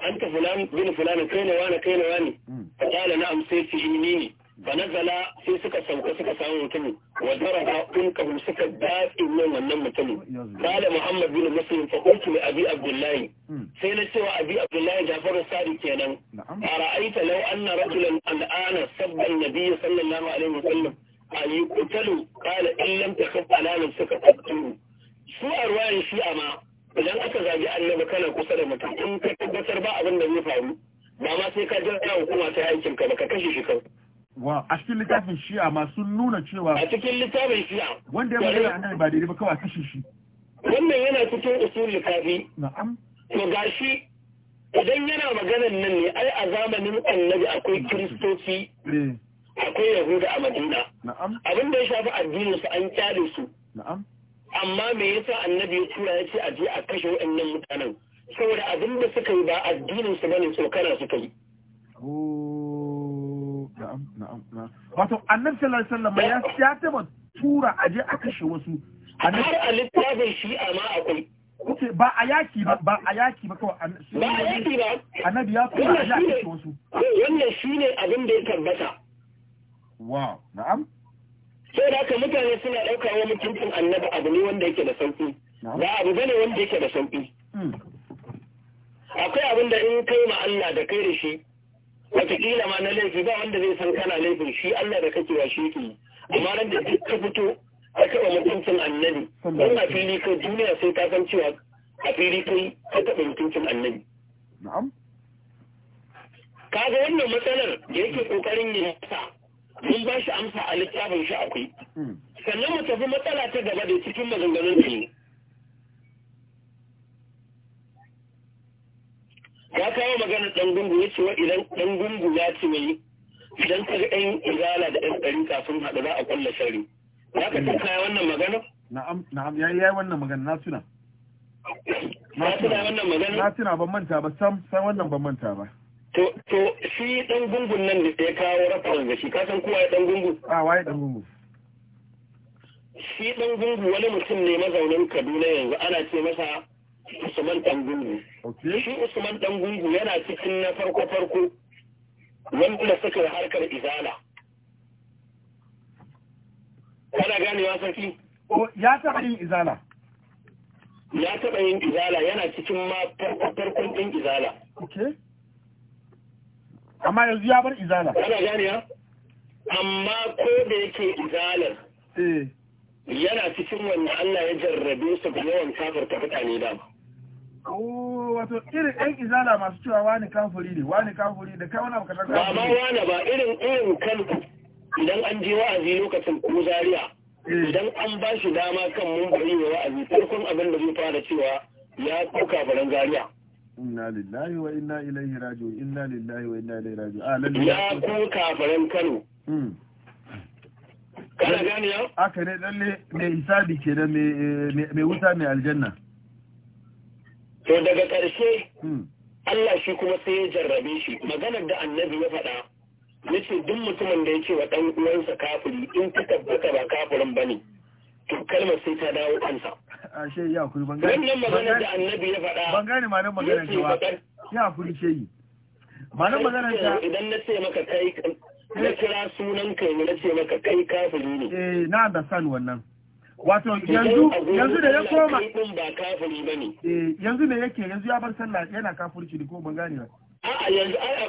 أنت فلان بن فلان كين وانا كين واني فقال نعم سيتي إنيني banazala sai suka sauka suka samu mutumin wa daraba unqahu suka datse min wannan mutumin qala muhammad bin muslim fa qultu li abi abdullahi hmm. sai na cewa abi abdullahi jafar sadi kenan ara'aita law anna rajulan al'ana sabba an-nabiy sallallahu alaihi wasallam ayi qutalu qala in lam takhaf ala nafsika qatlu su arwayin shi'a ma idan aka zagi annabi kana kusa da mutum in ka tabbatar ba abin da zai faru ba ma sai ka jira hukuma ta aikin ka ba ka kashe shi kawai a cikin littafin shi'a masu nuna cewa a cikin littafin shi'a wanda ya magana annabi ba daidai ba kawai kashe shi wannan yana cikin usul kafi na'am to gashi idan yana maganan nan ne ai a zamanin annabi akwai kiristoci eh. akwai yahuda a madina abin da ya shafi addinin su an kyale su amma me yasa annabi ya tura ya ce a je a kashe waɗannan mutanen saboda abin da suka yi ba addinin su bane tsokana suka yi oh. na'am na'am na'am wato annabi sallallahu alaihi wasallam ya ya taba tura aje a kashe wasu annabi a littafin shi amma akwai Oke ba a yaki ba ba a yaki ba kawai ba a yaki ba annabi ya tura aje a kashe wasu wannan shine abin da ya tabbata wow na'am sai da ka mutane suna ɗauka wani mutuncin annabi abu ne wanda yake da sauƙi ba abu bane wanda yake da sauƙi hmm. akwai abin da in kai ma Allah da kai da shi wataƙila ma na laifi ba wanda zai san kana laifin shi Allah da kake wa shi yake amma nan da duk ka fito a taɓa mutuncin annabi don a fili kai duniya sai ta san cewa a fili kai ka taɓa mutuncin annabi. Na'am. Kaga wannan matsalar da yake ƙoƙarin yin sa mun ba shi amsa a littafin shi akwai. Hmm. Sannan mu tafi matsala ta gaba da cikin maganganun da ne. ya kawo magana ɗan gungu ya ce wa idan ɗan gungu ya ce mai idan ka ga ɗan izala da ɗan ɗari kafin haɗu za a ƙwalla shari ya ka ta kaya wannan magana? na'am na'am ya yi wannan magana na tuna na tuna wannan magana na tuna ban manta ba sam san wannan ban manta ba to to shi ɗan gungun nan da ya kawo rafaran da shi ka san kowa ya ɗan gungu a waye ɗan gungu shi ɗan gungu wani mutum ne mazaunin Kaduna yanzu ana ce masa Usman Dangungu. Shi Usman Dangungu yana cikin na farko-farko wanda suka harkar izala. Kana ya sarki? Ya taɓa yin izala. Ya taɓa yin izala yana cikin ma farko-farkon ɗin izala. Amma yanzu ya bar izala. Kana ya? Amma ko da yake izalar. Eh. Yana cikin wanda Allah ya jarrabe su da yawan ta mutane dama. wato irin ɗan izala masu cewa wani kamfuri ne wani kamfuri da kai wani abu kasar kamfuri ba ma wani ba irin irin kan idan an je wa'azi lokacin ko Zariya eh. idan an ba shi dama kan mun bari wa wa'azi farkon abin da zai fara cewa ya kuka baran Zariya. inna lillahi wa inna ilaihi raji'un inna lillahi wa inna ilaihi raji'un a ah, lalle ya kuka baran kano hmm. kana gani ya haka ne lalle mai hisabi kenan mai eh, wuta mai aljanna to daga ƙarshe hmm. Allah shi kuma sai ya jarrabe shi maganar da annabi ya faɗa nace duk mutumin da yake wa ɗan uwansa kafiri in ka tabbata ba kafirin ne, to kalmar sai ta dawo kansa ashe ya kuri ban gane wannan maganar da annabi ya faɗa ban gane ma nan maganar cewa ya kuri shehi ma nan maganar ta idan na ce maka kai na kira sunan kai na ce maka kai kafiri ne eh na da san wannan wato yanzu yanzu da ya koma eh, yanzu da yake yanzu ya bar sallah yana kafirci da ko ban gane ba a'a yanzu ai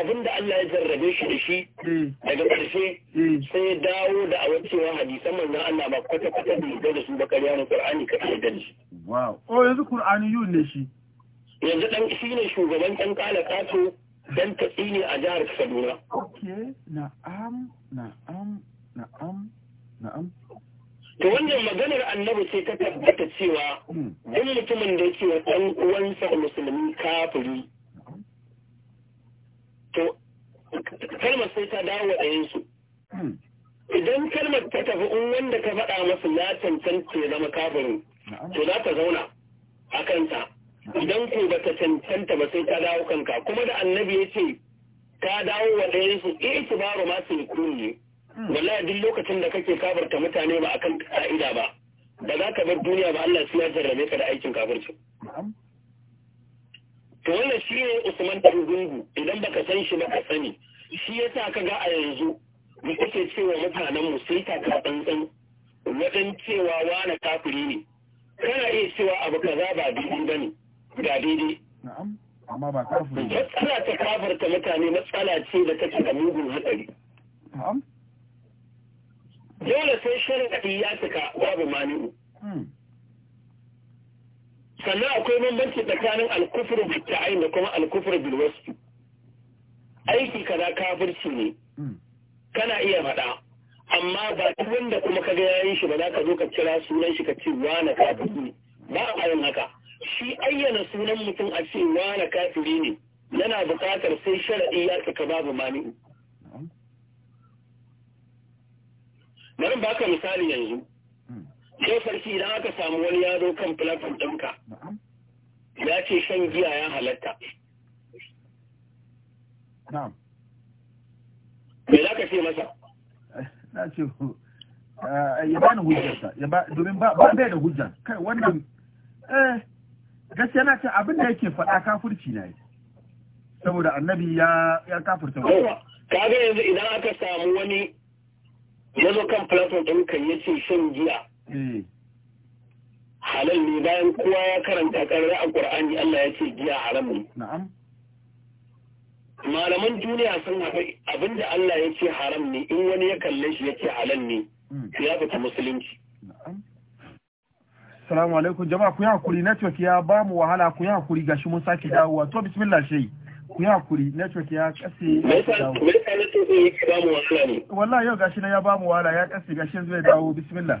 abin da Allah ya jarrabe shi da shi eh. daga ƙarshe eh. sai ya dawo da a wa hadisan manzon Allah ba kwata kwata da da su ba ƙarya ne Qur'ani ka da shi wow oh yanzu Qur'ani yun ne shi yanzu dan shi ne shugaban dan kala kato dan tsini a jihar Kaduna okay na'am na'am na'am na'am to wannan maganar annabi sai ta tabbata cewa hmm. duk mutumin da yake wa ɗan uwansa musulmi kafiri to kalmar sai ta dawo wa ɗayansu hmm. idan kalmar ta tafi in wanda ka faɗa masa ya cancanta ya zama kafirin to za ta zauna a kanta idan ko ba ta cancanta ba sai ta dawo kanka kuma da annabi ya ce ta dawo wa ɗayansu ma kibaru masu ne wallahi duk lokacin da kake kafarta mutane ba akan ka'ida ba Ba za ka bar duniya ba Allah suna jarrabe ka da aikin kafirci to wannan shi ne Usman dan gungu idan baka san shi ba ka sani shi yasa ka ga a yanzu mu kake cewa mutanen mu sai ta ka tsantsan wajen cewa wani kafiri ne kana iya cewa abu kaza ba daidai bane ga daidai amma ba kafiri matsala ta kafarta mutane matsala ce da take da mugun hatsari dole sai sharaɗi ya cika babu mani'u hmm. sannan akwai bambanci tsakanin alkufur bil da kuma alkufur bil wasu aiki kaza kafirci ne hmm. kana iya faɗa amma ba duk wanda kuma ka ga yayin shi ba za ka zo ka kira sunan shi ka ce wani kafiri ne ba a yin haka shi ayyana sunan mutum a ce wani kafiri ne yana buƙatar sai sharaɗi ya cika babu mani'u bari baka misali yanzu hmm. sai sarki idan aka samu wani yaro kan platform ɗinka ya ce shan giya ya halatta me za ka ce masa na ce eh, ya bani hujjarsa ya ba domin ba bai da hujja kai wannan eh gaskiya na ce abin da yake faɗa kafurci na yi saboda annabi ya ya kafurta kaga yanzu idan aka samu wani ya zo kan platform ɗin kan ya ce shan giya eh. halal ne bayan kowa ya karanta ƙarar a ƙur'ani Allah ya ce giya haram ne malaman duniya sun haɗu abinda Allah ya ce haram ne in wani ya kalle shi ya ce halal ne hmm. ya fita musulunci Salamu alaikum jama'a ku yi hakuri network ya ba mu wahala ku yi hakuri gashi mun sake dawowa to bismillah shehi ku yi hakuri network ya kase wallah yau gashi na ya bamu wala ya kase gashi zai dawo bismillah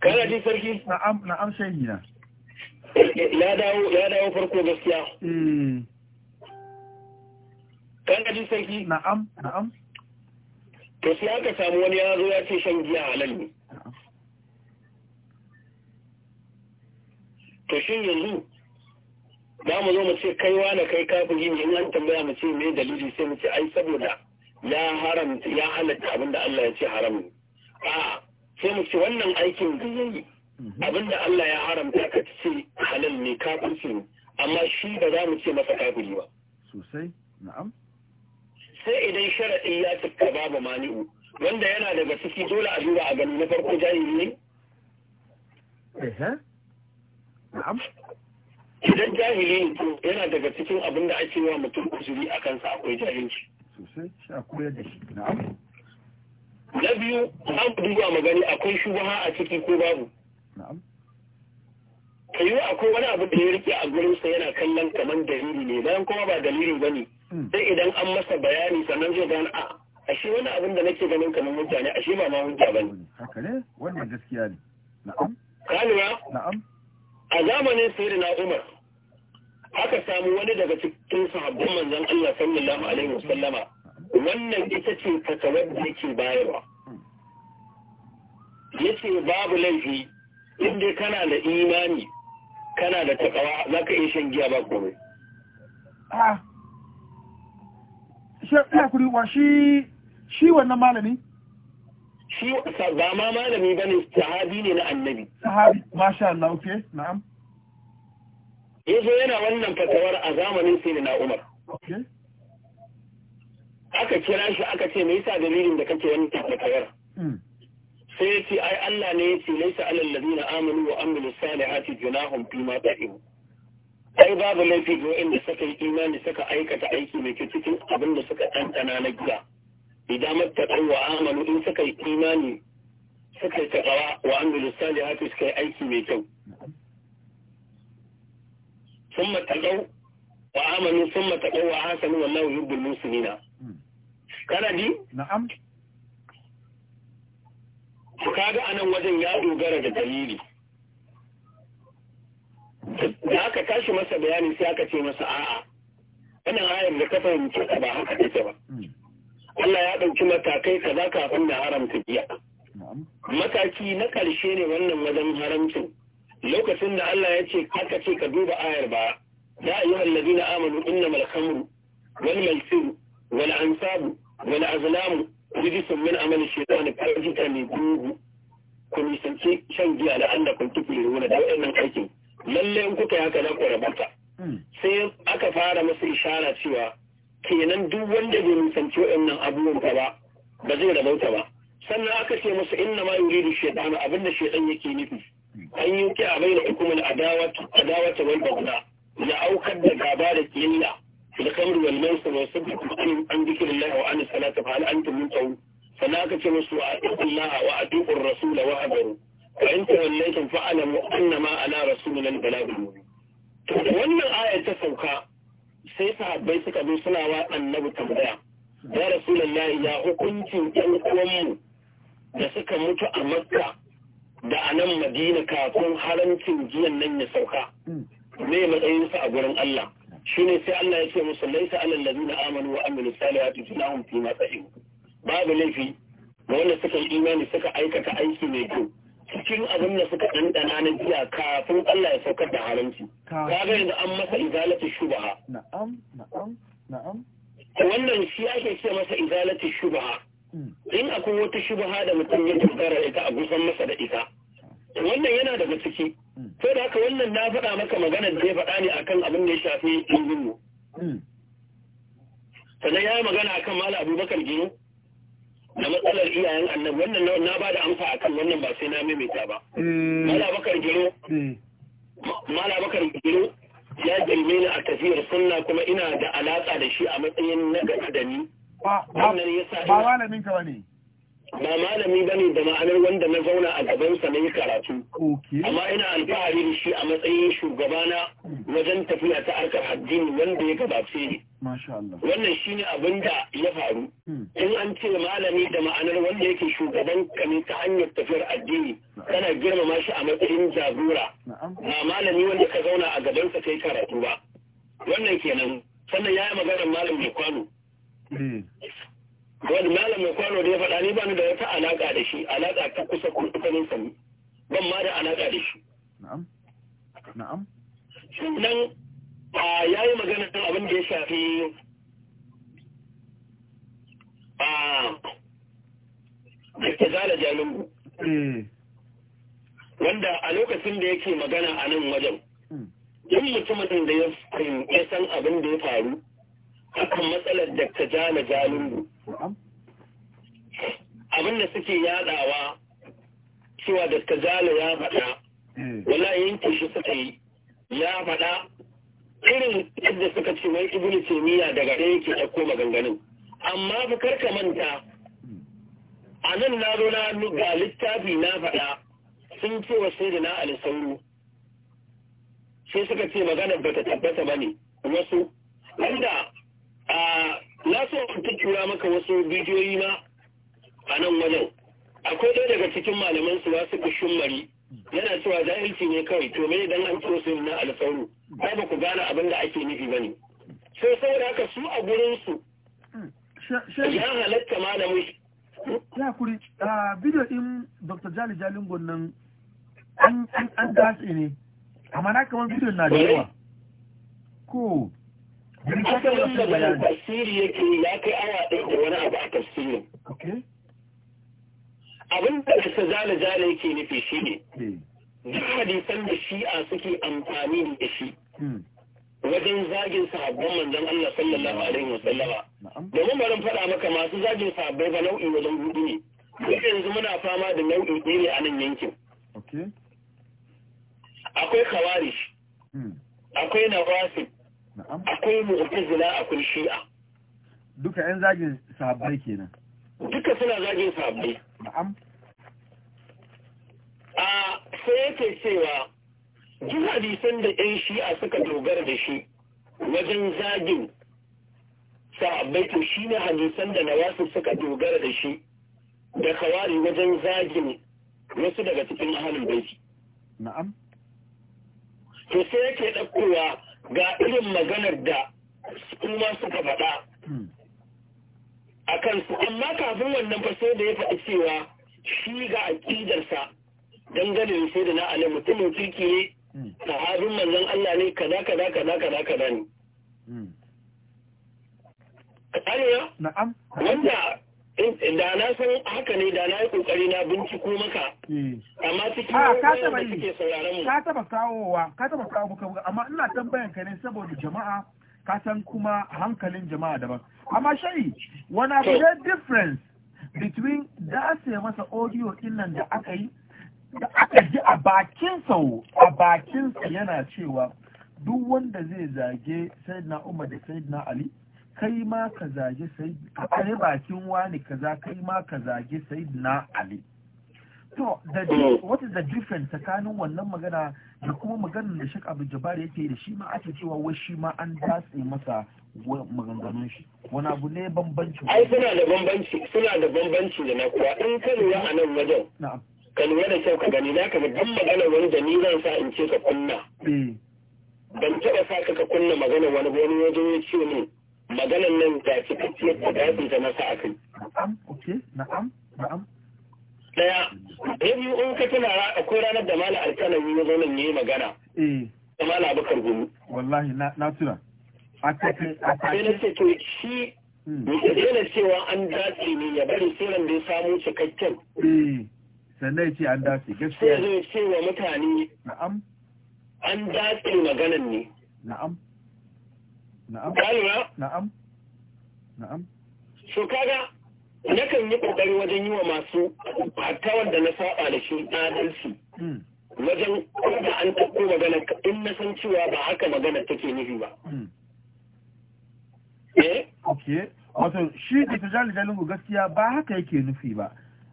kana ji sarki na'am na'am shehi na eh, eh, ya dawo ya dawo farko gaskiya eh kana ji sarki na'am na'am to sai aka samu wani yaro ya ce shan giya halal ne to shin yanzu za mu zo mu ce kai wane kai kafin yin in an tambaya mu ce me dalili sai mu ce ai saboda ya haram ya halatta abin da Allah ya ce haram a sai mu ce wannan aikin da yayi mhm. abin da Allah ya haramta ka ce halal ne kafin ne amma shi ba za mu ce masa kafin ba sosai na'am sai idan sharaɗi ya cika babu mani'u wanda yana daga ciki dole a duba a gani na farko jahili ne idan jahili ne to yana daga cikin abin da ake wa mutum uzuri a kansa akwai jahilci sosai shi a koyar da shi na biyu an duba magani akwai shubaha a ciki ko babu na'am kayi akwai wani abu da ya rike a sa yana kallon kamar dalili ne bayan kuma ba dalili ba ne hmm. sai idan an masa bayani sannan zai gane a ashe wani abin da nake ganin kamar mutane ashe ba ma hujja ba ne haka ne wannan gaskiya ne na'am ka na'am a zamanin na Umar aka samu wani daga cikin sahabban manzon Allah sallallahu alaihi wasallama wannan ita ce fatawar da yake bayarwa yace babu laifi inda kana da imani kana da takawa zaka iya shan giya ba komai ah. shi shi wannan malami shi ba ma malami ba ne sahabi ne na annabi sahabi masha Allah na'am yana wannan fatawar a zamanin sai na Umar aka kira shi aka ce me yasa dalilin da kake wannan fatawar hmm. sai ya ce ai Allah ne ya ce laisa alal na amanu wa Sani salihati junahum fi ma ta'im ai babu laifi ga wanda suka yi imani suka aikata aiki mai kyau cikin abin da suka tantana na gida idan mattaqu wa amanu in suka yi imani suka yi taqwa wa amilu salihati suka yi aiki mai kyau thumma taqaw wa amanu thumma taqaw wa hasanu wallahu yuhibbul muslimina kana ji na'am kaga anan wajen ya dogara da dalili da aka tashi masa bayani sai aka ce masa a'a wannan ayar da ka fahimci ba haka take ba hmm. Allah ya ɗauki matakai ka kaza kafin da haramta giya mataki na ƙarshe ne wannan wajen haramcin lokacin da Allah ya ce aka ce ka duba ayar ba ya ayyuha na amanu inna khamru wal maisiru wal ansabu wal azlamu sun min amali shaytan fa'ajita ni dubu ku shan giya da anda kun tuku runa da wannan aikin Lallai in kuka yi hmm. sai aka fara masa ishara cewa kenan duk wanda bai nisanci waɗannan abubuwan ba ba zai rabauta ba sannan aka ce masa inna ma yuridu shaytanu abinda shaytan yake nufi an yi ki a bayyana hukumar adawata adawata wal bagda na aukar da gaba da kiyayya fil khamr wal maisir wa sabbi an an dhikrillah wa an salata fa hal antum muntahun sannan aka ce musu a Allah wa atiqur rasul wa hadaru wa in tawallaytum fa alamu anna ma ala rasulina al balagh to wannan aya ta sauka sai sahabbai suka zo suna wa annabi tambaya ya rasulullahi ya hukuncin ɗan uwanmu da suka mutu a makka da a nan madina kafin harancin giyan nan ya sauka me matsayinsa a gurin Allah Shi ne sai Allah ya ce musu laisa alal ladina amanu wa amilu salihati junahum fi ma babu laifi da wanda suka yi imani suka aikata aiki mai kyau cikin abin da suka ɗanɗana na jiya kafin Allah ya saukar da haramci. Ka ga yanzu an masa izalatu shubaha. Na'am, na'am, na'am. Wannan shi ake ce masa izalatu shubaha. Hmm. In akwai wata shubaha da mutum ya dogara ita a gusan masa da ita. Wannan yana daga ciki. Sai hmm. da haka wannan na faɗa maka maganar da ya faɗa ne akan abin da ya shafi ɗin hmm. sannan ya yi magana akan mala abubakar gino da matsalar iyayen annabi wannan na ba da amsa akan wannan ba sai na maimaita ba hmm. mala bakar hmm. giro ya girme ni a tafiyar sunna kuma ina da alaƙa da shi a matsayin na gaɗa da ni ba malamin ka bane ba malami bane da ma'anar wanda na zauna a gabansa na yi karatu amma ina alfahari da shi a matsayin shugabana hmm. wajen tafiya ta harkar addini wanda ya gabace ni Wannan shi ne abin da ya faru. Hmm. In an ce malami da ma'anar wanda yake shugaban kami ta hanyar tafiyar addini, kana girmama shi a matsayin jagora. Ba malami wanda ka zauna a gabansa kai karatu ba. Wannan kenan. Sannan ya yi maganar malam mai kwano. Eh. Wani malam mai kwano da ya faɗa ni ba ni da wata alaƙa da shi, alaƙa ta kusa kurkukanin sami. Ban ma da alaƙa da shi. Na'am. Na'am. Sannan a ya yi magana kan abin da ya shafi a da zala jalingu eh. wanda a lokacin da yake magana a nan wajen yin hmm. mutumin da ya san abin da ya faru akan matsalar da ta jana jalingu abin da suke yadawa cewa da ta jala ya faɗa eh. wala yanke shi suka yi ya faɗa irin yadda suka ce wai ibnu taymiya daga ɗaya yake ɗauko maganganun amma fa karka manta a nan na zo na ga littafi na faɗa sun ce wa sai da na alisauru sai suka ce maganar ba ta tabbata ba ne wasu wanda a na so in tuttura maka wasu bidiyoyi ma a nan wajen akwai ɗaya daga cikin malaman su wasu kushin mari yana cewa jahilci ne kawai to me dan an so sai na alisauru ba ba ku gane abin da ake nufi ba ne sai saboda haka su a gurinsu ya halatta malamai ya kuri a bidiyo din dr jali jalingon nan an dace ne amma na kamar bidiyo na da yawa ko akan da bayan tafsiri ya kai awa ɗaya da wani abu a tafsirin abin da ta zane yake nufi shi ne eh. duk hadisan da shi'a suke amfani da shi hmm. wajen zagin sabon manzon Allah sallallahu alaihi wa sallama domin barin faɗa maka masu zagin sabon ba nau'i wajen gudu ne duk yanzu muna fama da nau'i ɗaya ne a nan yankin akwai kawari. Hmm. akwai nawasib akwai mu'tazila akwai shi'a duka yan zagin sahabbai kenan duka suna zagin sahabbai na'am a sai yake cewa duk hadisan da yan shi'a suka dogara da shi wajen zagin sahabbai to shi ne hadisan da nawasu suka dogara da shi da kawari wajen zagin wasu daga cikin ahalin baiki. Na'am. To sai yake ɗaukowa ga irin maganar da kuma suka faɗa hmm. a kansu, amma kafin wannan fa da ya faɗi cewa shi ga aƙidarsa dangane da sai da na alai mutumin kirki ne hmm. sahabin manzon Allah ne kaza kaza kaza kaza kaza ne hmm. Kariya? Na'am. Wanda da na san haka ne da na yi kokari na binciko maka. Eh. Amma cikin ah, wanda suke sauraron mu. Ka taba kawowa, ka taba kawo muka amma ina tambayan ka ne saboda jama'a ka san kuma hankalin jama'a daban. Amma shari, wani abu da difference between da masa audio din nan da aka yi da aka ji a bakinsa a sa yana cewa duk wanda zai zage sayyidina umar da sayyidina ali kai ma ka zage sayyidina ali bakin wani kaza kai ma ka zage sayyidina ali to da what is the difference tsakanin wannan magana da kuma maganar da Sheikh Abdul Jabbar yake da shi ma ake cewa wai shi ma an datse masa maganganun shi wani abu ne bambanci ai suna da bambanci suna da bambanci da na kuwa in ka lura a nan wajen kan lura da kyau ka gani za ka ga duk maganar wani da ni zan sa in ce ka kunna hmm. ban taɓa sa ka ka kunna maganar wani wani wajen ya ce ni maganar nan ga cikakkiyar da dafin ta na sa a kai daya da biyu in ka tuna akwai ranar da mala yi ya zo nan yi magana eh. da mala gumi wallahi na tuna a take a ce to shi hmm. ya daina cewa an dace ne ya bari sai da ya samu cikakken eh. sannan ce an dace gaskiya sai zai wa mutane na'am an dace maganan ne na'am na'am na'am na'am so kaga nakan yi kokari wajen yi wa masu hatta wanda na saba da shi adalci hmm. wajen da an tako magana in na san cewa ba haka magana take nufi ba. Hmm. Eh? Ok, wato shi da ta jali gaskiya ba haka yake nufi ba.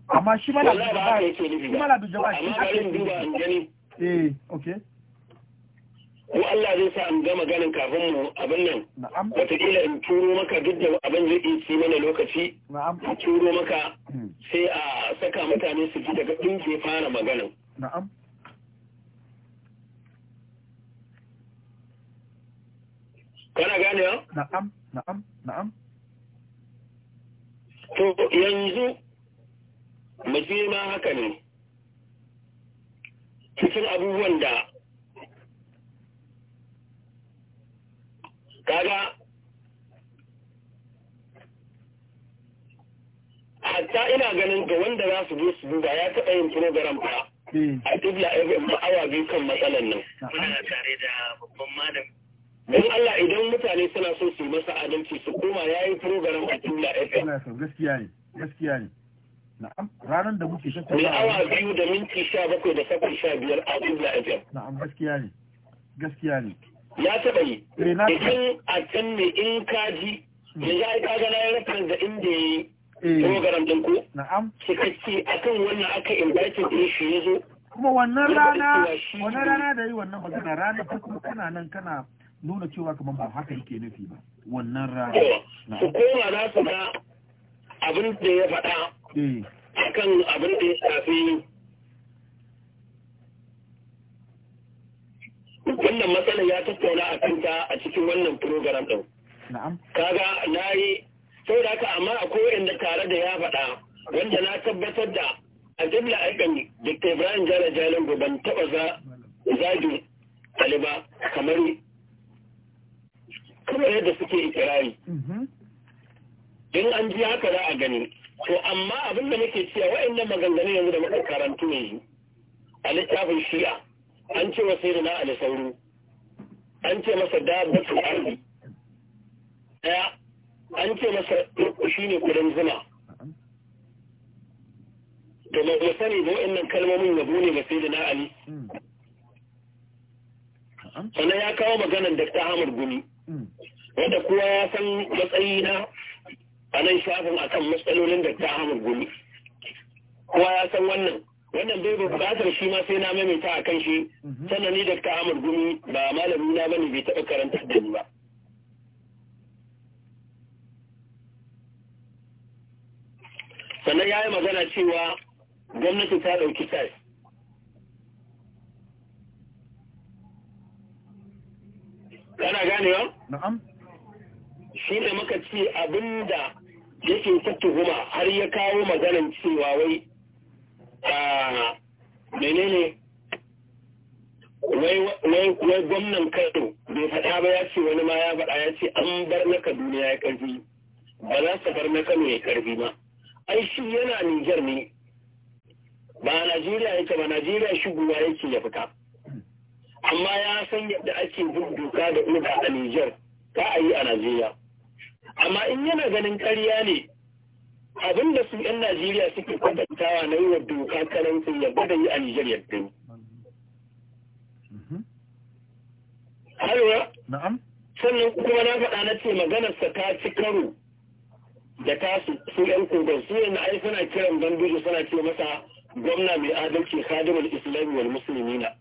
amma shi mala dujaba shi mala dujaba shi ake nufi eh okay ko Allah zai sa an gama ganin kafin mu abin nan wataƙila in turo maka duk da abin zai iya ci mana lokaci na'am in turo maka hmm. sai a saka mutane su ji daga ɗin ke fara maganin na'am kana gane ya na'am na'am na'am to yanzu mace ma haka ne cikin abubuwan da kaga hatta ina ganin ga wanda za su zo su duba ya taɓa yin program ba hmm. a tibla fm awa biyu kan matsalan nan tare da babban malam don Allah idan mutane suna so su yi masa adalci su koma ya yi program a tibla fm gaskiya ne gaskiya ne Na'am, ranar da muke shi kuma awa biyu da minti sha bakwai da sakon sha biyar a Dubla FM. Na'am, gaskiya ne. Gaskiya ne. Ya taɓa yi. Eh, Ikin a can ne in kaji, da mm. ya yi kaga na yi rafin da inda ya yi. Eh. Program ɗin ko? Na'am. Cikakki akan wannan aka inviting ɗin shi ya zo. Kuma wannan rana, wannan rana da yi wannan magana rana ta kuma kana nan kana nuna cewa kamar ba haka yake nufi ba. Wannan rana. Su koma za su ga abin da ya faɗa mm. akan abin da ya shafi wannan matsalar ya tattauna a kanta a cikin wannan program ɗin. Kaga na yi sau da haka amma kowai da tare da ya faɗa wanda na tabbatar da a jibla aikani Dr. Ibrahim Jara Jalan ban taɓa zagi Aliba kamar kamar yadda suke ikirari. Mm-hmm. in an ji haka za a gani to amma abin da nake cewa wa'annan maganganun yanzu da muka karantu yanzu a littafin shi'a an ce wa sai na ali sauru an ce masa dabbatu arzi daya an ce masa shi ne kudin zuma. to mai sani da wa'annan kalmomin yabo ne ga sai na ali sannan ya kawo maganar da ta hamar gumi wanda kowa ya san matsayi na a nan shafin a kan matsalolin da ta hamar gumi kowa ya san wannan wannan bai bukatar shi ma sai na maimaita a kan shi sannan ni da ta hamar gumi ba malami na bane bai taɓa karanta da ni ba sannan ya yi magana cewa gwamnati ta ɗauki sai kana ganewa? na'am shi da muka ce abinda yake ta tuhuma har ya kawo maganin cewa wai menene wai gwamnan kano bai faɗa ba ya ce wani ma ya faɗa ya ce an bar na kaduna ya karfi ba za su bar na kano ya karfi ba ai shi yana nijar ne ba najeriya yake ba najeriya shigowa yake ya fita amma ya san yadda ake bin doka da uda a nijar ka a yi a najeriya amma in yana ganin karya ne abinda su 'yan najeriya suke kwatantawa na yiwa wa doka karancin yadda da yi a nijar yadda yi Halwa? Mhm. Sannan kuma na faɗa na ce maganarsa ta ci karo da tasu su ‘yan kogon su yana ai suna kiran bandoji suna ce masa gwamna mai adalci khadimul islami wal musulmina.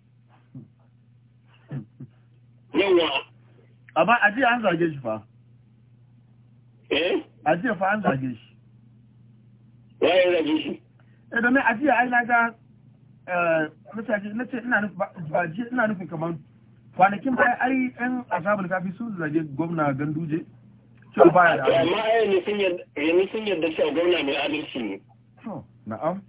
*laughs* Yawwa. Amma a an zage shi fa. a Ajiye fa an zage shi ya yi zage shi eh domin a ai na ga mutane na ce ina nufin kamar kwanakin baya ai yan asabar kafi sun zage gwamna ganduje cewa baya da amma ai yanzu sun yarda cewa gwamna mai adalci ne na'am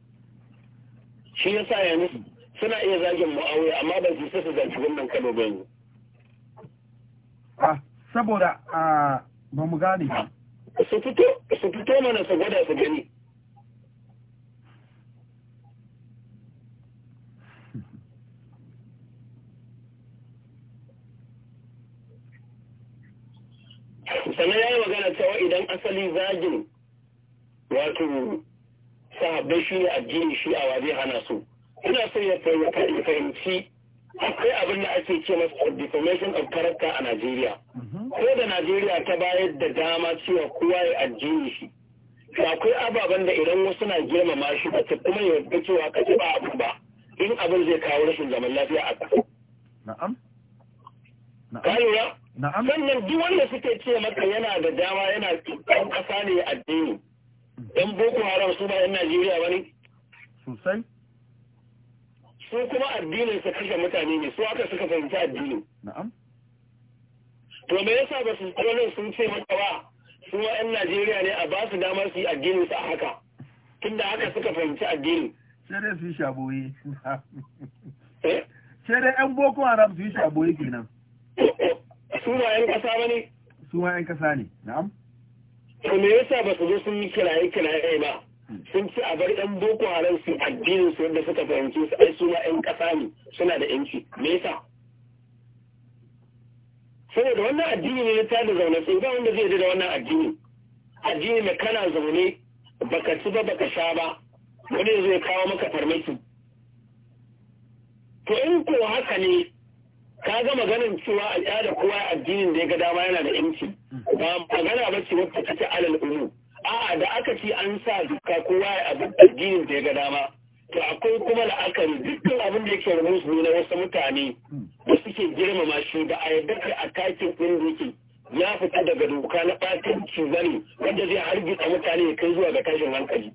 shi ya yasa yanzu suna iya zagin ma'auya amma ba su su gwamnan kano ba Ah, saboda a ba mu gane ba su fito mana su gwada su gani sannan ya yi magana cewa idan asali zagin wato sahabbai shi ne addini shi a waje hana su ina so ya fahimci akwai abin da ake ce masa defamation of character a Najeriya. Ko da Najeriya ta bayar da dama cewa kowa ya addini shi. akwai ababen da idan wasu na girmama shi ba ta kuma yarda cewa ka ba abu ba in abin zai kawo rashin zaman lafiya a ƙasa. Na'am. Kayura? Na'am. Sannan duk wanda suke ce maka yana da dama yana ɗan ƙasa ne addini. Dan Boko Haram su ba 'yan Najeriya ba ne? Sosai. su kuma addinin su kashe mutane ne su aka suka fahimci addini na'am to me yasa ba su tsoron sun ce maka ba su ma yan Najeriya ne a ba su dama su yi addinin su a haka tunda haka suka fahimci addini sai dai su yi shaboyi eh sai dai yan boko haram su yi shaboyi kenan su ma yan kasa bane su ma yan kasa ne na'am to me yasa ba su zo sun yi kiraye kiraye ba sun ci a bar ɗan boko haram su addinin su wanda suka fahimci su ai suna ƴan ƙasa ne suna da ƴanci me yasa saboda wannan addini ne ta da zaune sai ba wanda zai da wannan addini addini da kana zaune baka ci ba baka sha ba wani zai kawo maka farmaki to in ko haka ne ka ga maganin cewa al'ada kowa addinin da ya ga dama yana da ƴanci ba magana ba ce wacce take alal umu a'a da aka ce an sa duka kowa ya abin addinin da ya ga dama to akwai kuma la'akari dukkan abin da yake rumus ne na wasu mutane da suke girmama shi da a yadda kai a takin ɗin yake ya fita daga doka na fatanci zane wanda zai hargitsa mutane ya kai zuwa ga tashin hankali.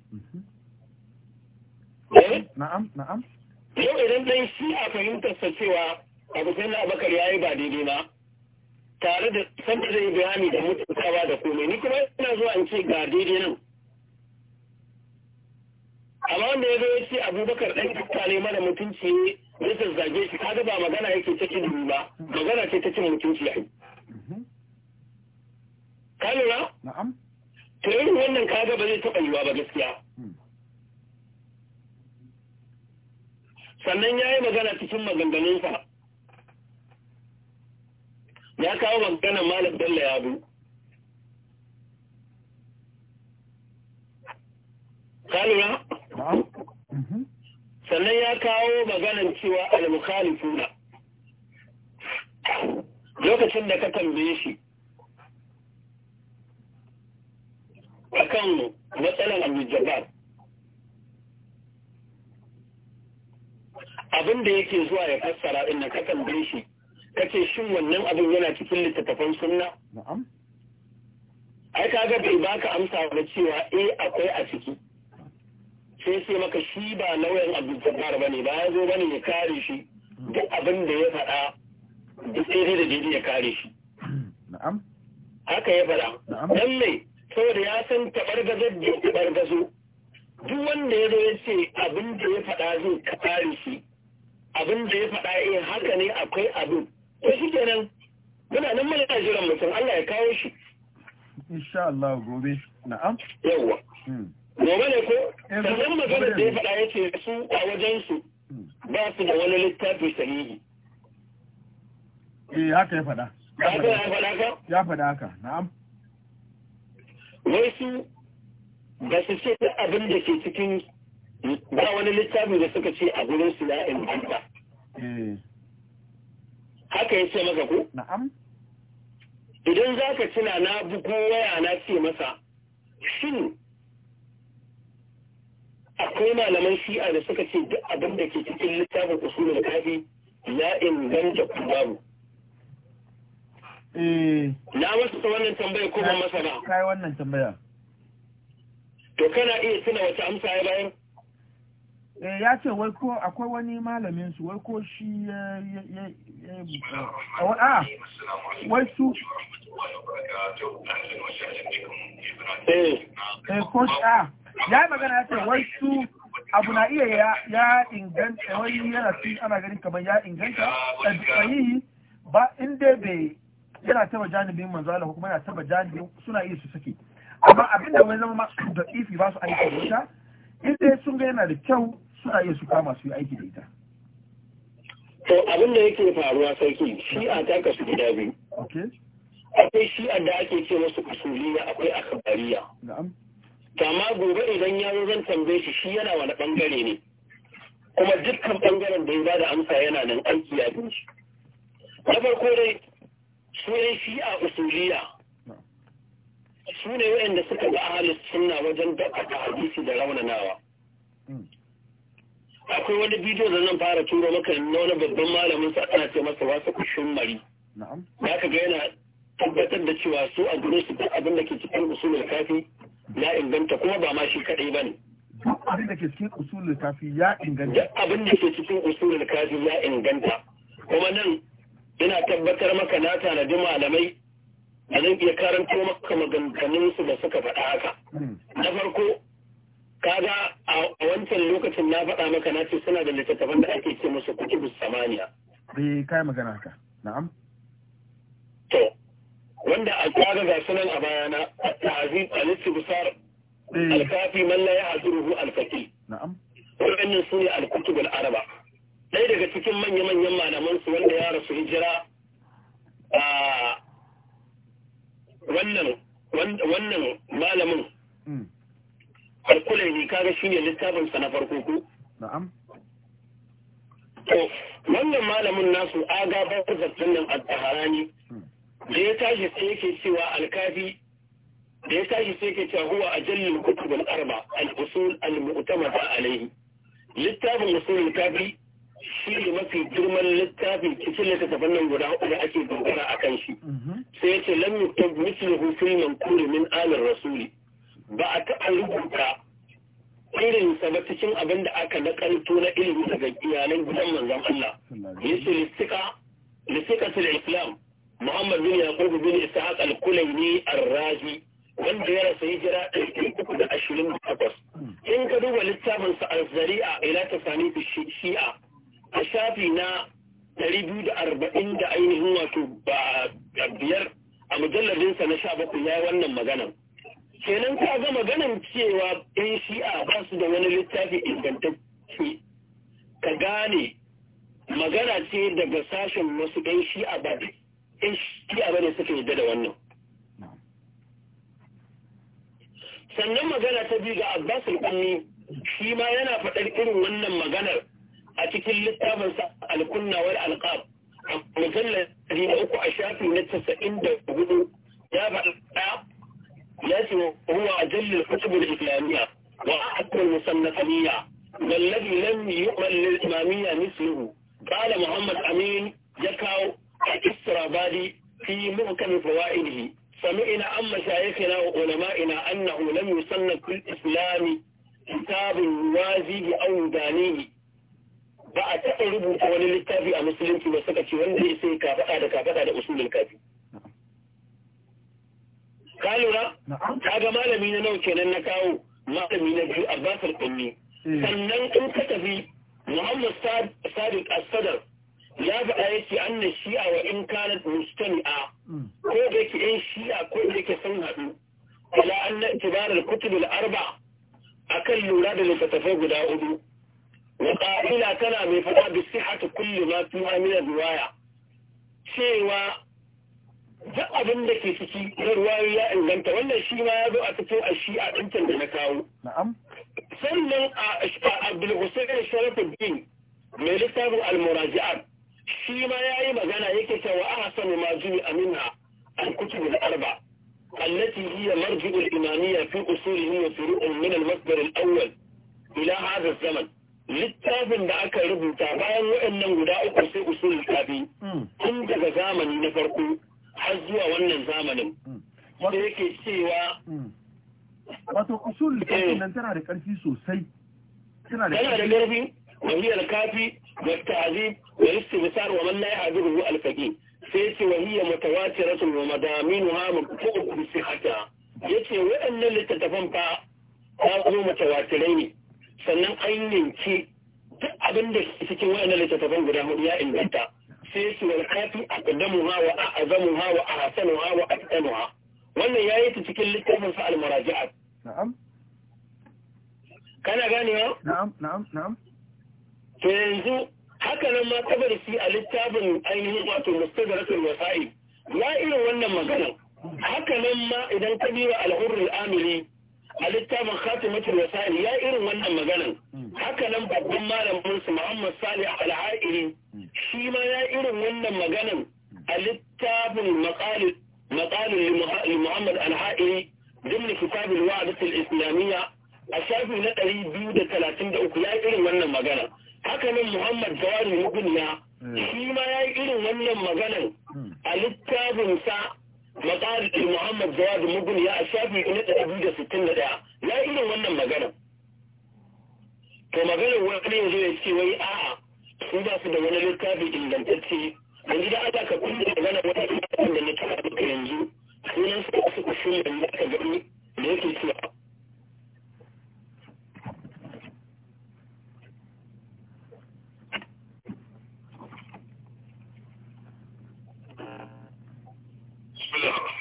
Eh? Na'am, na'am. Yau idan dai shi a fahimtarsa cewa abu sai na abakar ya yi ba daidai ba, tare da sanda zai bayani da mutuntawa da komai ni kuma ina zuwa in ce ga daidai nan amma wanda ya zo ya ce abubakar ɗan kuka ne mara mutunci ne ya zazzage shi kaga ba magana yake ta cin ba magana ce ta cin mutunci ai mhm. ka lura na'am to irin wannan kaga ba zai taɓa yiwa ba gaskiya hmm. sannan ya yi magana cikin maganganunsa ya kawo magana malam bello ya bu kalura mm-hmm. sannan ya kawo maganan cewa al na lokacin da ka tambaye shi akan matsalan abdul abin da yake zuwa ya fassara inna ka tambaye shi kace shin wannan abin yana cikin littattafan sunna na'am ai kaga bai baka amsa na cewa eh akwai a ciki sai sai maka shi ba lauyan Abdul Jabbar bane ba ya zo bane ya kare shi duk abin da ya faɗa duk sai da daidai ya kare shi na'am haka ya faɗa dan mai saboda ya san tabargazar da tabargazo duk wanda ya zo ya ce abin da ya faɗa zai kare shi abin da ya faɗa eh haka ne akwai abin to shi kenan muna nan mana muna jiran mutum Allah ya kawo shi insha Allah gobe na'am yawa hmm. gobe ne ko eh, sannan magana da ya faɗa ya ce su a wajen su hmm. ba su da wani littafi sahihi eh haka ya faɗa ya faɗa haka na'am wai ba su ce abin da ke cikin ba wani littafi da suka ce a gurin su na in ba haka ya ce maka ko na'am idan za ka tuna na bugu waya na ce masa shin akwai malaman shi'a da suka ce duk abin da ke cikin littafin usulul kafi ya inganta ku eh. na wasu ta wannan tambaya ko ban masa ba kai wannan tambaya to kana iya tuna wata amsa ya bayar Eh, ya ce wai ko akwai wani malamin su wai ko shi ya ya a eh, oh, ah, wai su eh ko a ah, ya yi magana ya ce wai su abu na iya ya inganta wai yana su ana ganin kamar ya inganta a yi ba inda bai yana taba janibin manzo Allah kuma yana taba janibin suna iya su saki amma abinda wai zama ma da ifi ba su aiki da wuta inda sun ga yana da kyau suna iya su kama su yi aiki da ita to abin da yake faruwa sarki shi a taka su gida biyu akwai shi da ake ce wasu usuliya akwai akabariya kama gobe idan ya zan tambaye shi shi yana wani bangare ne kuma dukkan bangaren da ya da amsa yana nan aiki ya bin shi na farko dai su ne shi'a usuliya su ne waɗanda suka ga ahalis suna wajen aka hadisi da raunanawa hmm. akwai wani bidiyo da zan fara turo maka na wani babban malamin sa ana ce masa wasu kushin mari ya ka ga yana tabbatar da cewa su a gudun su duk abin da ke cikin usulun kafi ya inganta kuma ba ma shi kadai ba duk abin da ke cikin usulun kafi ya inganta duk abin da ke cikin usulul kafi ya inganta kuma nan ina tabbatar maka na tanadi malamai da zan iya karanto maka maganganun su da suka faɗa haka hmm. na farko kaga a wancan lokacin na faɗa maka na ce suna da littattafan da ake ce musu bus samaniya eh kai magana ka na'am to wanda a kaga ga sunan a bayana ta'zib al-istibsar eh. al-kafi man la haɗu al-faqih na'am wannan sune al-kutub al araba. ɗaya daga cikin manya-manyan malaman su wanda ya rasu hijira a wannan wannan malamin hmm. ne kaga shine littafin sa na farko ko na'am to wannan malamin nasu aga ba zattun nan at-taharani da ya tashi sai yake cewa alkafi da ya tashi sai yake cewa huwa ajallul kutub al-arba al-usul al-mu'tamada alayhi littafin usul al-kafi shi ne mafi girman littafin cikin littattafan nan guda uku da ake dogara akan shi mhm. sai yace lam yuktab mithluhu man manqul min alir rasuli ba a taɓa rubuta irin sa ba cikin abin da aka nakalto na ilimi daga iyalan gidan manzon Allah yace listika listikatul islam Muhammad bin Yaqub bin Ishaq al-Kulayni ar-Razi wanda ya rasu hijira ɗin uku da ashirin da takwas. In ka duba littafin sa al-Zari'a ila tasani shi'a a shafi na ɗari biyu da arba'in da ainihin wato ba biyar a mujalladinsa na sha bakwai ya yi wannan maganan. kenan ka ga maganin cewa yan shi'a ba su da wani littafi ingantacce ka gane magana ce daga sashen wasu yan shi'a ba da shi'a ba ne suka yadda da wannan sannan magana ta biyu ga abbas al-kunni shi ma yana faɗar irin wannan maganar a cikin sa al-kunna wal alqab a mujallar 3 a shafi na 94 ya faɗa يأتي هو أجل الكتب الإسلامية وأعد المصنفية والذي لم يقبل للإمامية مثله قال محمد أمين يكاو السرابادي في محكم فوائده سمعنا عن مشايخنا وعلمائنا أنه لم يصنف في الإسلام كتاب يوازي أو يدانيه ba a taɓa rubuta wani littafi a musulunci ba suka ce wanda ya sai kafaɗa da kafaɗa da usulin kafi ka lura ka ga malami na nawa kenan na kawo malami na biyu abbas al-qunni hmm. sannan in ka tafi muhammad sadiq as-sadr ya faɗa yace anna shi'a wa in kanat mustami'a hmm. ko da yake in shi'a ko da yake sun haɗu ala anna itibar al-kutub al-arba akan lura da littattafai guda hudu wa qa'ila tana mai faɗa bi sihhati kulli ma fiha min riwaya cewa duk abin da ke ciki na ruwayoyi ya inganta wannan shi ma ya zo a cikin a shi a ɗinkin da na kawo. Sannan a Abdul Hussein Sharafuddin mai littafin almuraji'ar shi ma ya yi magana yake cewa a hasan ma zuni amina an kutubu da arba allati hiya marji'u al-imamiyya fi usulihi wa furu'un min al-masdar al-awwal ila hadha zaman littafin da aka rubuta bayan waɗannan guda uku sai usulul kafi hmm. tun daga zamani na farko har zuwa wannan zamanin mm. wanda yake cewa mm. wato usul eh. nan tana da ƙarfi sosai tana da ƙarfi alkafi da misar wa وهي الكافي والتعذيب والاستبصار ومن لا wa الفقيه سيتي وهي متواترة ومدامينها مكتوب بصحتها yace waɗannan littattafan fa ta zo mutawatirai ne sannan an yanki duk abin da cikin waɗannan littattafan guda hudu ya inganta sai yake walƙatu a ƙaddamu hawa a azamu hawa a hasanu hawa a ƙaɗanu ha wannan ya yi ta cikin littafinsa sa almaraji'at na'am kana ganewa na'am na'am na'am to yanzu haka nan ma shi a littafin ainihin wato mustadaratul wasa'i ya irin wannan magana haka nan ma idan ka biyo alhurri hurr amili a littafin khatimatul wasail ya irin wannan maganan haka nan babban malamin su Muhammad Salih Al-Airi shi ma ya irin wannan maganan a littafin maqalid maqalid li Muhammad Al-Airi ضمن كتاب الوعدة الإسلامية الشافي na ɗari biyu da talatin da uku ya yi irin wannan magana haka nan Muhammad Jawari Mugniya hmm. shi ma ya yi irin wannan maganan a littafinsa matsariki muhammad zawadu mugun ya a shafi na abu da sittin da daya ya irin wannan magana to maganar wani yanzu ya ce wai a'a su ba su da wani littafi ingantacce yanzu da aka ka kulle magana wani littafin da na taɓa duka yanzu sunan su a suka aka gani da yake cewa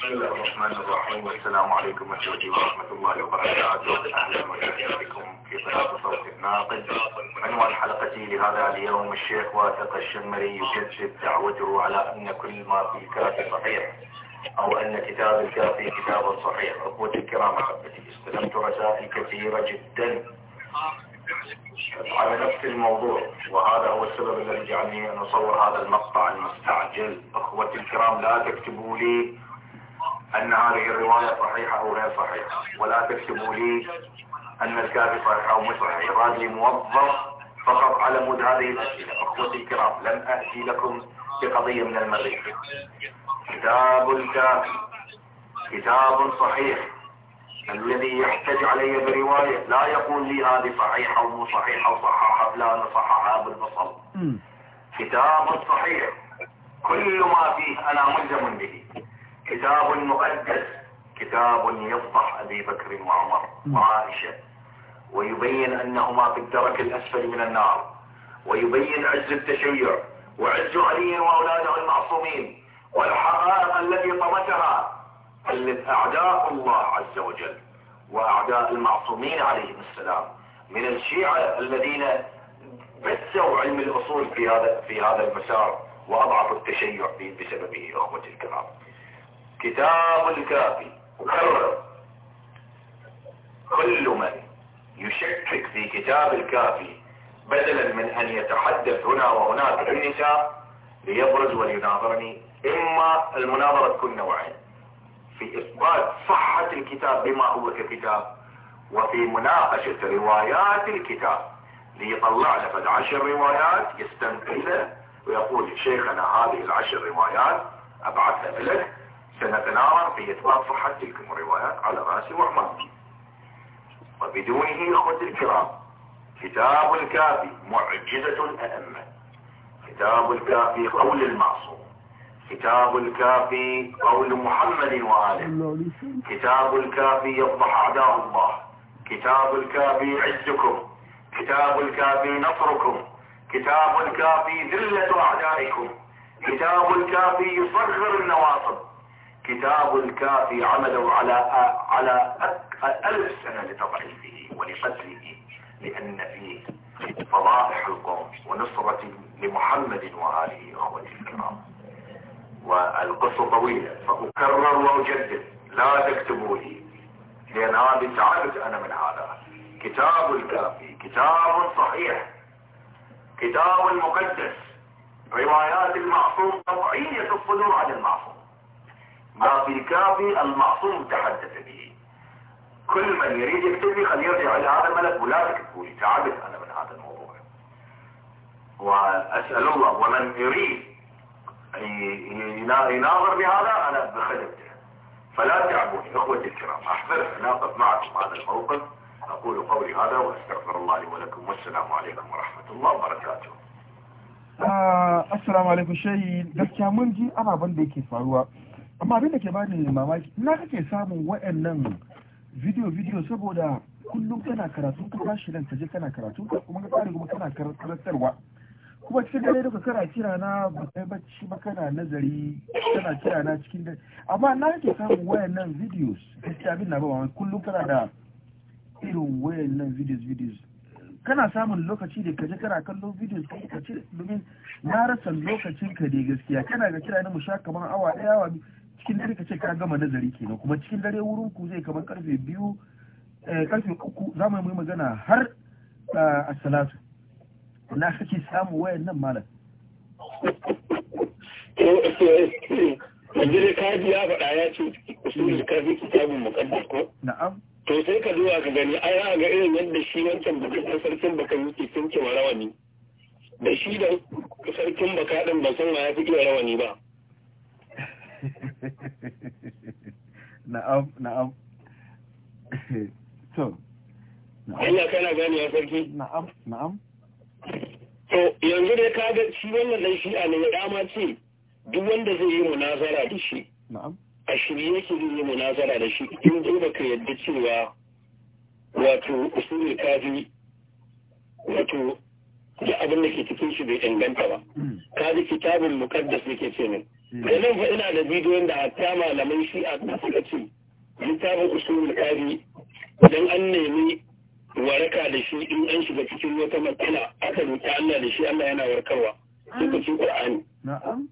بسم الله الرحمن الرحيم والسلام عليكم ورحمة الله وبركاته أهلا وسهلا بكم في صلاة صوت الناقد عنوان حلقتي لهذا اليوم الشيخ واثق الشمري يجدد دعوته على أن كل ما في الكافي صحيح أو أن كتاب الكافي كتاب صحيح أخوتي الكرام أحبتي استلمت رسائل كثيرة جدا على نفس الموضوع وهذا هو السبب الذي جعلني أن أصور هذا المقطع المستعجل أخوتي الكرام لا تكتبوا لي أن هذه الرواية صحيحة أو غير صحيحة ولا تكتبوا لي أن الكافي صحيح أو مش صحيح إرادي موظف فقط على مود هذه الأسئلة أخوتي الكرام لم أأتي لكم بقضية من المريخ كتاب الكافي كتاب صحيح الذي يحتج علي برواية لا يقول لي هذه صحيحة أو مو صحيحة أو صححها فلان صححها بالبصل كتاب صحيح كل ما فيه أنا ملزم به كتاب مقدس كتاب يفضح أبي بكر وعمر وعائشة ويبين أنهما في الدرك الأسفل من النار ويبين عز التشيع وعز علي وأولاده المعصومين والحقائق التي طمتها ألف أعداء الله عز وجل وأعداء المعصومين عليهم السلام من الشيعة الذين بثوا علم الأصول في هذا في هذا المسار وأضعفوا التشيع بسببه أخوتي الكرام كتاب الكافي وكرر كل من يشكك في كتاب الكافي بدلا من ان يتحدث هنا وهناك النساء ليبرز وليناظرني اما المناظرة تكون نوعين في اثبات صحة الكتاب بما هو ككتاب وفي مناقشة روايات الكتاب ليطلع لفد عشر روايات يستنقذه ويقول شيخنا هذه العشر روايات ابعثها لك سنتناظر في إثبات صحة تلك الروايات على رأس وعمامه وبدونه اخوتي الكرام كتاب الكافي معجزة الأئمة كتاب الكافي قول المعصوم كتاب الكافي قول محمد وآله كتاب الكافي يفضح أعداء الله كتاب الكافي عزكم كتاب الكافي نصركم كتاب الكافي ذلة أعدائكم كتاب الكافي يصغر النواصب كتاب الكافي عملوا على على ألف سنة لتضعيفه ولقتله لأن فيه فضائح القوم ونصرة لمحمد وآله وأخوته الكرام والقصة طويلة فأكرر وأجدد لا تكتبوا لي لأن هذه تعبت أنا من هذا كتاب الكافي كتاب صحيح كتاب مقدس روايات المعصوم قطعية الصدور عن المعصوم ما في كافي المعصوم تحدث به كل من يريد يكتفي خليه يرجع الى هذا الملف ولا تكتبوا لي تعبت انا من هذا الموضوع واسال الله ومن يريد يناظر بهذا انا بخدمته فلا تعبوني اخوتي الكرام احضر اناقض معكم هذا الموقف اقول قولي هذا واستغفر الله لي ولكم والسلام عليكم ورحمه الله وبركاته آه، السلام عليكم شيء بس mun منجي أنا بندي كيف amma abin da ke bani mamaki na kake samun wa'annan video video saboda kullum kana karatu ka tashi nan ka je kana karatu ka kuma ka tsari kuma kana karatarwa kuma cikin dare duka kana kira na ba kai bacci ba kana nazari kana kira na cikin dare amma na kake samun wa'annan videos gaskiya abin na ba mamaki kullum kana da irin wa'annan videos videos kana samun lokaci da kaje kana kallon videos kai ka ce domin na rasa lokacin ka dai gaskiya kana ga kira na mu sha kamar awa daya awa biyu cikin dare ka ce ka gama nazari kenan kuma cikin dare wurin ku zai kamar karfe biyu eh, karfe uku za mu yi magana har eh, a salatu na kake samu wayan nan malam yanzu kaji ya faɗa ya ce usulul kafi kitabun muqaddas ko na'am to sai ka zuwa ka gani ai za ga irin yadda shi wancan bakan sarkin baka yake sun ce rawani da shi da sarkin baka din ba san ma ya fi rawani ba *laughs* na'am na'am *laughs* to Allah kana gani ya sarki na'am na'am to yanzu dai ka ga shi wannan dan shi a ne dama ce duk wanda zai yi munazara da shi na'am a shirye yake zai yi munazara da shi in dai baka yadda cewa wato ne kaji wato da abin da ke cikin shi bai inganta ba hmm. kaji kitabul muqaddas yake ce ne da nan fa ina da bidiyon da hatta malaman shi'a da suka ce littafin usulul kafi idan an nemi waraka da shi in an shiga cikin wata matsala aka roƙi Allah da shi Allah yana warkarwa lokacin Qur'ani na'am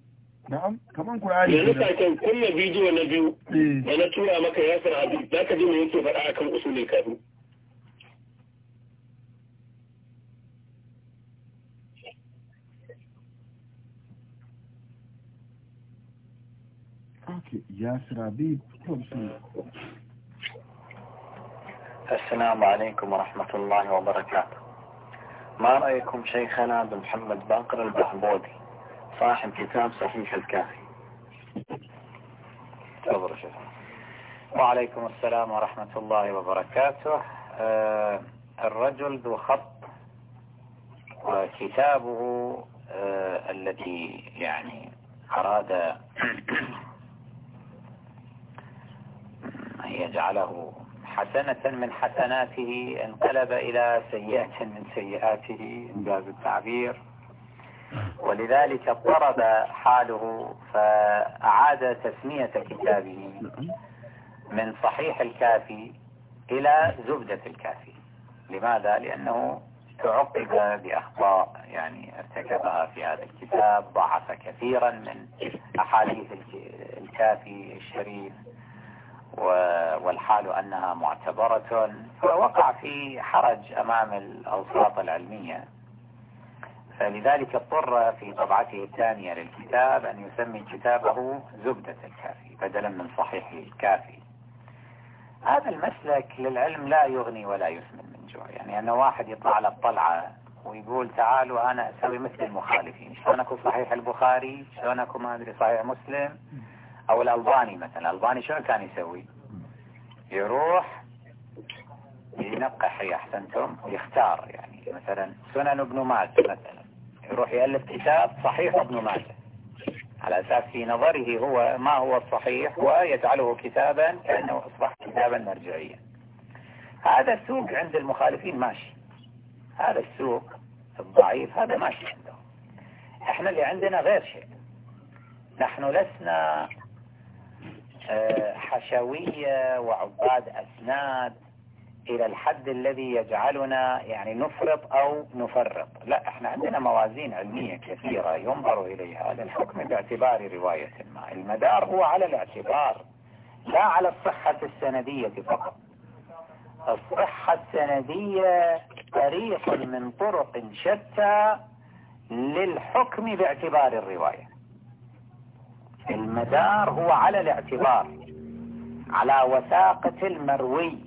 na'am kaman Qur'ani yanzu kunna bidiyo na biyu eh. da na tura maka Yasir Habib zaka ji me yake faɗa akan usulul kari. السلام عليكم ورحمة الله وبركاته ما رأيكم شيخنا بمحمد باقر البحبودي صاحب كتاب صحيح الكافي تفضل شيخنا وعليكم السلام ورحمة الله وبركاته آه الرجل ذو خط وكتابه آه الذي يعني أراد يجعله حسنة من حسناته انقلب إلى سيئة من سيئاته إنجاز التعبير ولذلك اضطرب حاله فأعاد تسمية كتابه من صحيح الكافي إلى زبدة الكافي لماذا؟ لأنه تعقب بأخطاء يعني ارتكبها في هذا الكتاب ضعف كثيرا من أحاديث الكافي الشريف والحال أنها معتبرة فوقع في حرج أمام الأوساط العلمية فلذلك اضطر في طبعته الثانية للكتاب أن يسمي كتابه زبدة الكافي بدلا من صحيح الكافي هذا المسلك للعلم لا يغني ولا يسمن من جوع يعني أن واحد يطلع على الطلعة ويقول تعالوا أنا أسوي مثل المخالفين شلون أكون صحيح البخاري شلون أكون ما أدري صحيح مسلم او الالباني مثلا الالباني شنو كان يسوي يروح ينقح إيه، احسنتم يختار يعني مثلا سنن ابن ماجه مثلا يروح يالف كتاب صحيح ابن ماجه على اساس في نظره هو ما هو الصحيح ويجعله كتابا كانه اصبح كتابا مرجعيا هذا السوق عند المخالفين ماشي هذا السوق الضعيف هذا ماشي عندهم احنا اللي عندنا غير شيء نحن لسنا آه، حشوية وعباد أسناد إلى الحد الذي يجعلنا يعني نفرط أو نفرط لا احنا عندنا موازين علمية كثيرة ينظر إليها للحكم باعتبار رواية ما المدار هو على الاعتبار لا على الصحة السندية فقط الصحة السندية طريق من طرق شتى للحكم باعتبار الرواية المدار هو على الاعتبار على وثاقة المروي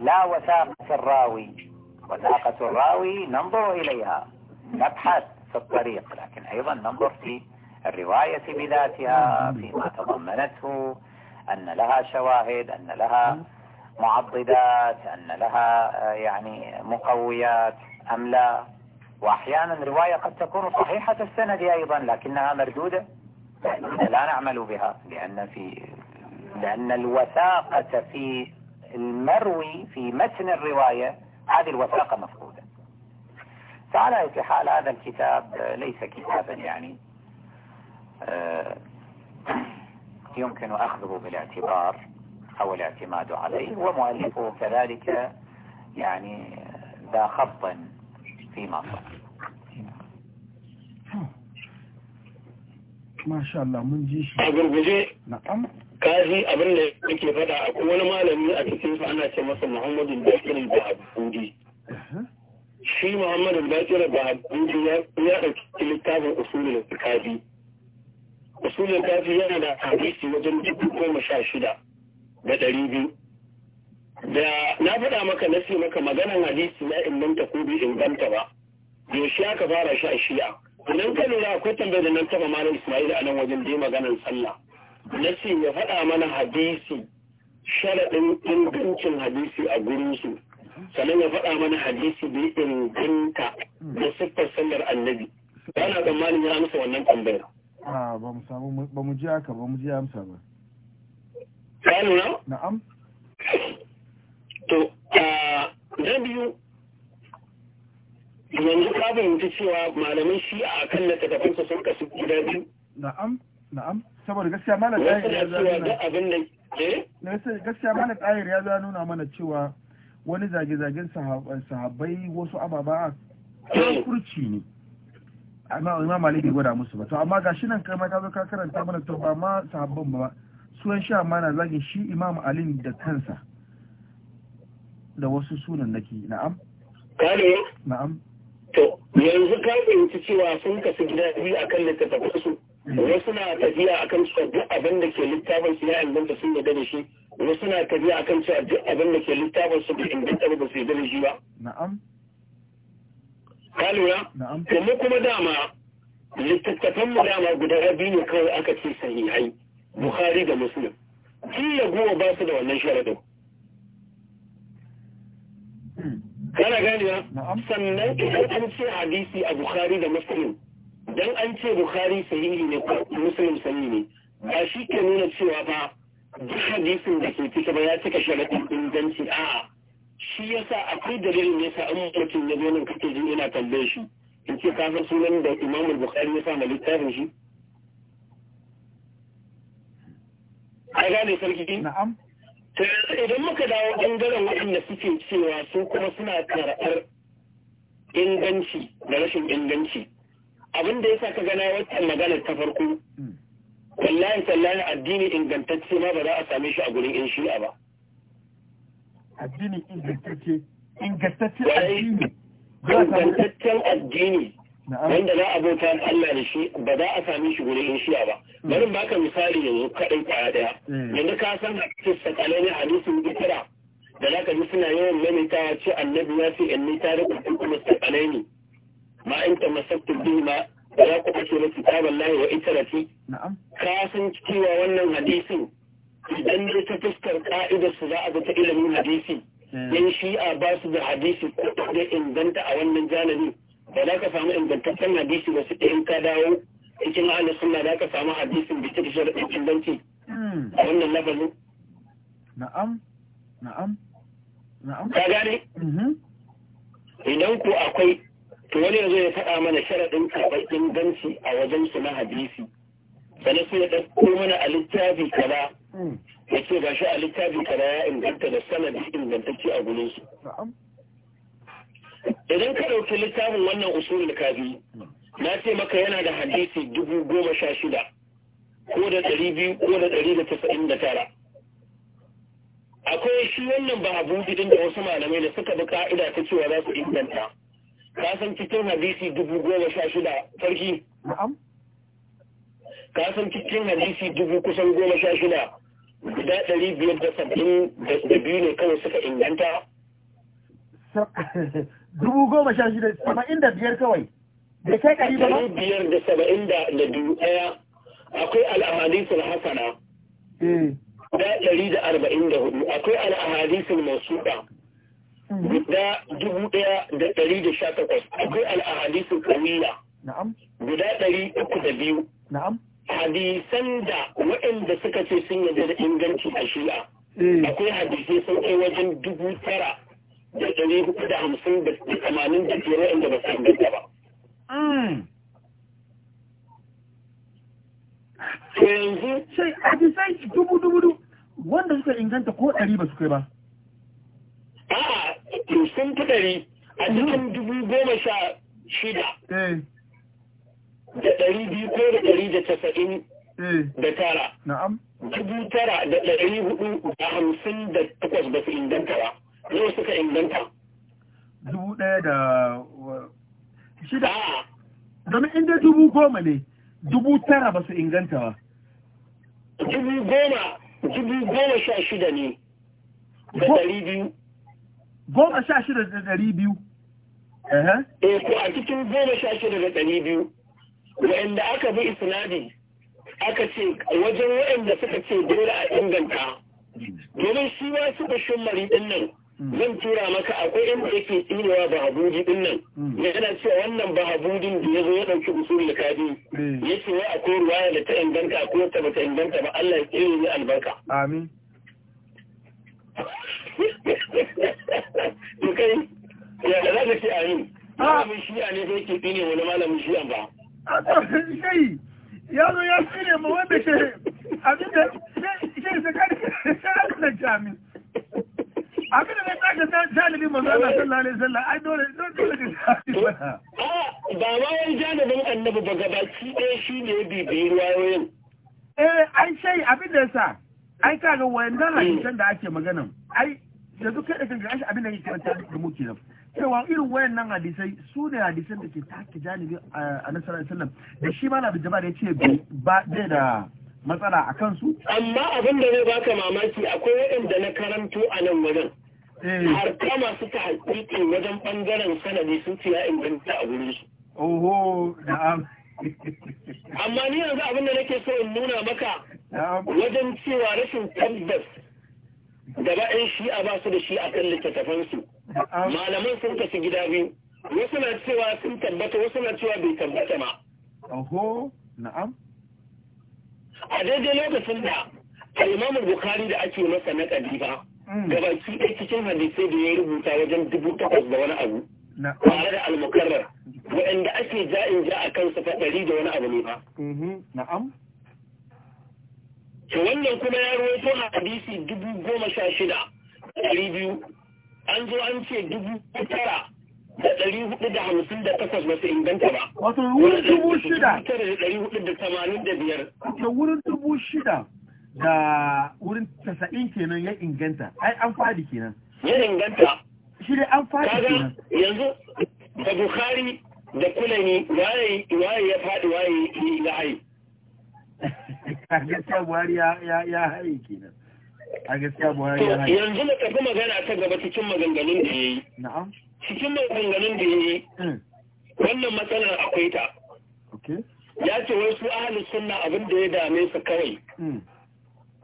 لا وثاقة الراوي وثاقة الراوي ننظر إليها نبحث في الطريق لكن أيضا ننظر في الرواية بذاتها فيما تضمنته أن لها شواهد أن لها معضدات أن لها آه، يعني مقويات أم لا وأحيانا رواية قد تكون صحيحة السند أيضا لكنها مردودة لا نعمل بها لأن في لأن الوثاقة في المروي في متن الرواية هذه الوثاقة مفقودة فعلى اية حال هذا الكتاب ليس كتابا يعني آه، يمكن أخذه بالاعتبار أو الاعتماد عليه ومؤلفه كذلك يعني ذا خط فيما صار Masha Allah mun ji shi. A gurguje. Na'am. Kaji abin da yake faɗa akwai wani malami a cikin su ana ce masa Muhammadu Bakir da Abudi. Shi Muhammadu Bakir da Abudi ya ɗauki littafin usulul kafi. Usulul kafi yana da hadisi wajen dubu goma sha shida da ɗari biyu. Da na faɗa maka na maka maganan hadisi ya inganta ko bai inganta ba. Yaushe aka fara shi a shi'a. Idan ka lura akwai tambayar da nan taba malam Ismail a nan wajen da maganar sallah. Na ce ya faɗa mana hadisi sharaɗin ingancin hadisi a gurin su. Sannan ya faɗa mana hadisi da ya inganta da siffar sallar annabi. Ba na tsammanin ya amsa wannan tambayar. A ba mu samu ba mu ji haka ba mu ji amsa ba. Ka nuna? Na'am. To, na biyu yanzu ka fahimci cewa malamai shi a akan littattafan su sun kasu guda biyu na'am na'am saboda gaskiya malam ɗayar ya zana da eh? gaskiya malam ɗayar ya zana nuna mana cewa wani zage-zagen sahabbai wasu ababa a eh. kurci ne amma imam Ali bai gwada musu ba to amma gashi nan kai ma ka zo ka karanta mana to ba ma sahabban ba Suwan sha ma na zagin shi imam Ali da kansa da wasu sunan nake na'am kare na'am To, yanzu ka fahimci cewa sun kasu gida biyu a kan littattafansu, wasu na tafiya a kan cewa duk abin da ke littafin su ya inganta sun yarda da shi, wasu na tafiya a kan cewa duk abin da ke littafin su bai inganta ba su yarda da shi ba. Na'am. Ka lura? Na'am. Kuma kuma dama littattafan mu dama guda biyu ne kawai aka ce sahihai, Bukhari da Muslim. Kila goma ba su da wannan sharadin. Hmm. kana ganewa sannan idan an ce hadisi a bukhari da muslim dan an ce bukhari sahihi ne ko muslim sahihi ne ba shi ke nuna cewa ba duk hadisin da ke cika ba ya cika sharaɗin inganci a'a shi yasa akwai dalilin yasa an mutum ya zo nan kake jin ina tambaye shi in ce ka san sunan da imamul bukhari ya sa ma littafin shi ai gane sarki na'am idan muka dawo ɓangaren waɗanda suke cewa su kuma suna karɓar inganci da rashin inganci abin da sa ka gana wata magana ta farko wallahi tallahi addini ingantacce ma ba za a same shi a gurin in shi'a ba addini ingantacce ingantaccen addini ingantaccen addini wanda za a bauta Allah da shi ba za a same shi gurin in shi'a ba bari baka misali yanzu kaɗan kwaya ɗaya hmm. yanzu ka san a cikin sakalai ne hadisin da za ka ji suna yawan maimaita ya ce annabi ya ce yanni ta da kuɗin kuma ne ma in ta masabtu bima da za ku ake na kitaban lahi wa ki ka san cewa wannan hadisin idan da ta fuskar ka'idar su za a ga ta ilimin hadisi hmm. yan shi'a ba su da hadisi ko da inganta a wannan janabi ba za ka samu ingantaccen hadisi ba su in ka dawo cikin ahalin sunna da aka samu hadisin bitir sharaɗin inganci a wannan labarin na'am na'am na'am ka gane mhm. idan ku akwai to wani yanzu ya faɗa mana sharaɗin karɓar inganci a wajen su na hadisi sannan su ya ɗauko mana a littafi kaza mm. ya ce ga shi a littafi kaza ya inganta da sanadi ingantacce a gurin su idan ka ɗauki littafin wannan usulul kafi na ce maka yana da hadisi dubu goma sha shida ko da ɗari biyu ko da ɗari da tasa'in da tara akwai shi wannan ba abu gidan da wasu malamai da suka bi ka'ida ta cewa za su inganta ka san cikin hadisi dubu goma sha shida farki? ka san cikin hadisi dubu kusan goma sha shida guda ɗari biyar da saba'in da biyu ne kawai suka inganta dubu goma sha shida saba'in da biyar kawai da kai ɗari ba ɗari biyar da saba'in da da biyu ɗaya akwai al'ahadisul hasana hmm. Guda ɗari da arba'in da hudu akwai al'ahadisul masuɗa hmm. guda dubu ɗaya da ɗari da sha takwas akwai al'ahadisul ƙawiyya guda ɗari uku da biyu hadisan da waɗanda suka ce sun yarda da inganci a shi'a hmm. akwai hadisai sun kai wajen dubu tara da ɗari hudu da hamsin da tamanin da biyar waɗanda ba su inganta ba Hmm. yanzu a hadisai dubu dubu dubu wanda suka inganta ko ɗari ba su kai ba a'a sun fi ɗari a hmm. cikin dubu goma sha shida eh. da ɗari biyu ko da ɗari da casa'in eh. da tara dubu tara da ɗari hudu da hamsin da takwas ba su inganta ba yau suka inganta dubu ɗaya da shida domin inda dubu goma ne dubu tara ba su inganta ba dubu goma dubu goma sha shida ne da dari biyu goma sha shida da dari biyu eh ko a cikin goma sha shida da dari biyu wanda aka bi isnadi aka ce wajen wa'anda suka ce dole a inganta hmm. domin shi ma suka shumari din nan zan tura maka akwai inda yake tsinewa ba habudi din nan yana cewa wannan ba habudin da ya zo ya ɗauki usul kadi ya ce wai akwai ruwaya da ta inganta ko ta ta inganta ba Allah ya tsire ni albarka amin to kai ya da zaka ce amin malamin shi'a ne zai ke tsine wani malamin shi'a ba a tsohon shayi ya zo ya ma ke abinda sai sai sai sai sai sai sai sai abin da zai tsaka ta jalibin manzo Allah sallallahu alaihi wasallam ai dole dole ka ba wayan jalibin annabi ba gabaki ɗaya shi ne bibiyi ruwayoyin eh ai sai abin da yasa ai kaga wayannan hmm. hadisan da ake magana ai da duk kai da kanka ai abin da yake karanta da mu kenan cewa irin wayan nan hadisai su ne hadisan da ke take janibi a nasarar sallam da shi malam da jama'a ya ce ba da matsala a kansu? Amma abin da zai baka mamaki akwai waɗanda na karanto a nan wajen. Eh. Har kama su ta haƙiƙin wajen ɓangaren sanadi sun ce ya inganta a wurin su. Oho, na'am. Amma ni yanzu abin da nake so in nuna maka wajen cewa rashin tabbas da ba'in shi'a ba su da shi a kan littattafansu. Malaman sun kasu gida biyu. Wasu na cewa sun tabbata, wasu na cewa bai tabbata ma. Oho, na'am. a daidai lokacin da al'imamul bukari da ake masa na ƙadifa mm. gabaki ɗaya cikin hadisai da ya rubuta wajen dubu takwas da wani abu tare da almukarrar waɗanda ake in ja a kansa fa da wani abu ne ba. Mm-hmm. Na'am. To wannan kuma ya rawaito a hadisi dubu goma sha shida ɗari biyu an zo an ce dubu tara da ɗari hudu da hamsin da takwas ba su inganta ba. Wato wurin dubu shida. Tare da ɗari hudu da tamanin da biyar. Wato wurin dubu shida da wurin tasa'in kenan ya inganta. Ai an fadi kenan. Ya inganta. Shi dai an fadi kenan. Yanzu da Bukhari da Kulani waye waye ya fadi waye ya haye. *laughs* Kaga Buhari ya haye kenan. a gaskiya buhari ya hana yanzu mu tafi magana ta gaba cikin maganganun da ya yi cikin maganganun da ya yi hmm. wannan matsalar akwai ta ya ce wai su ahlus sunna abin da ya dame su kawai hmm.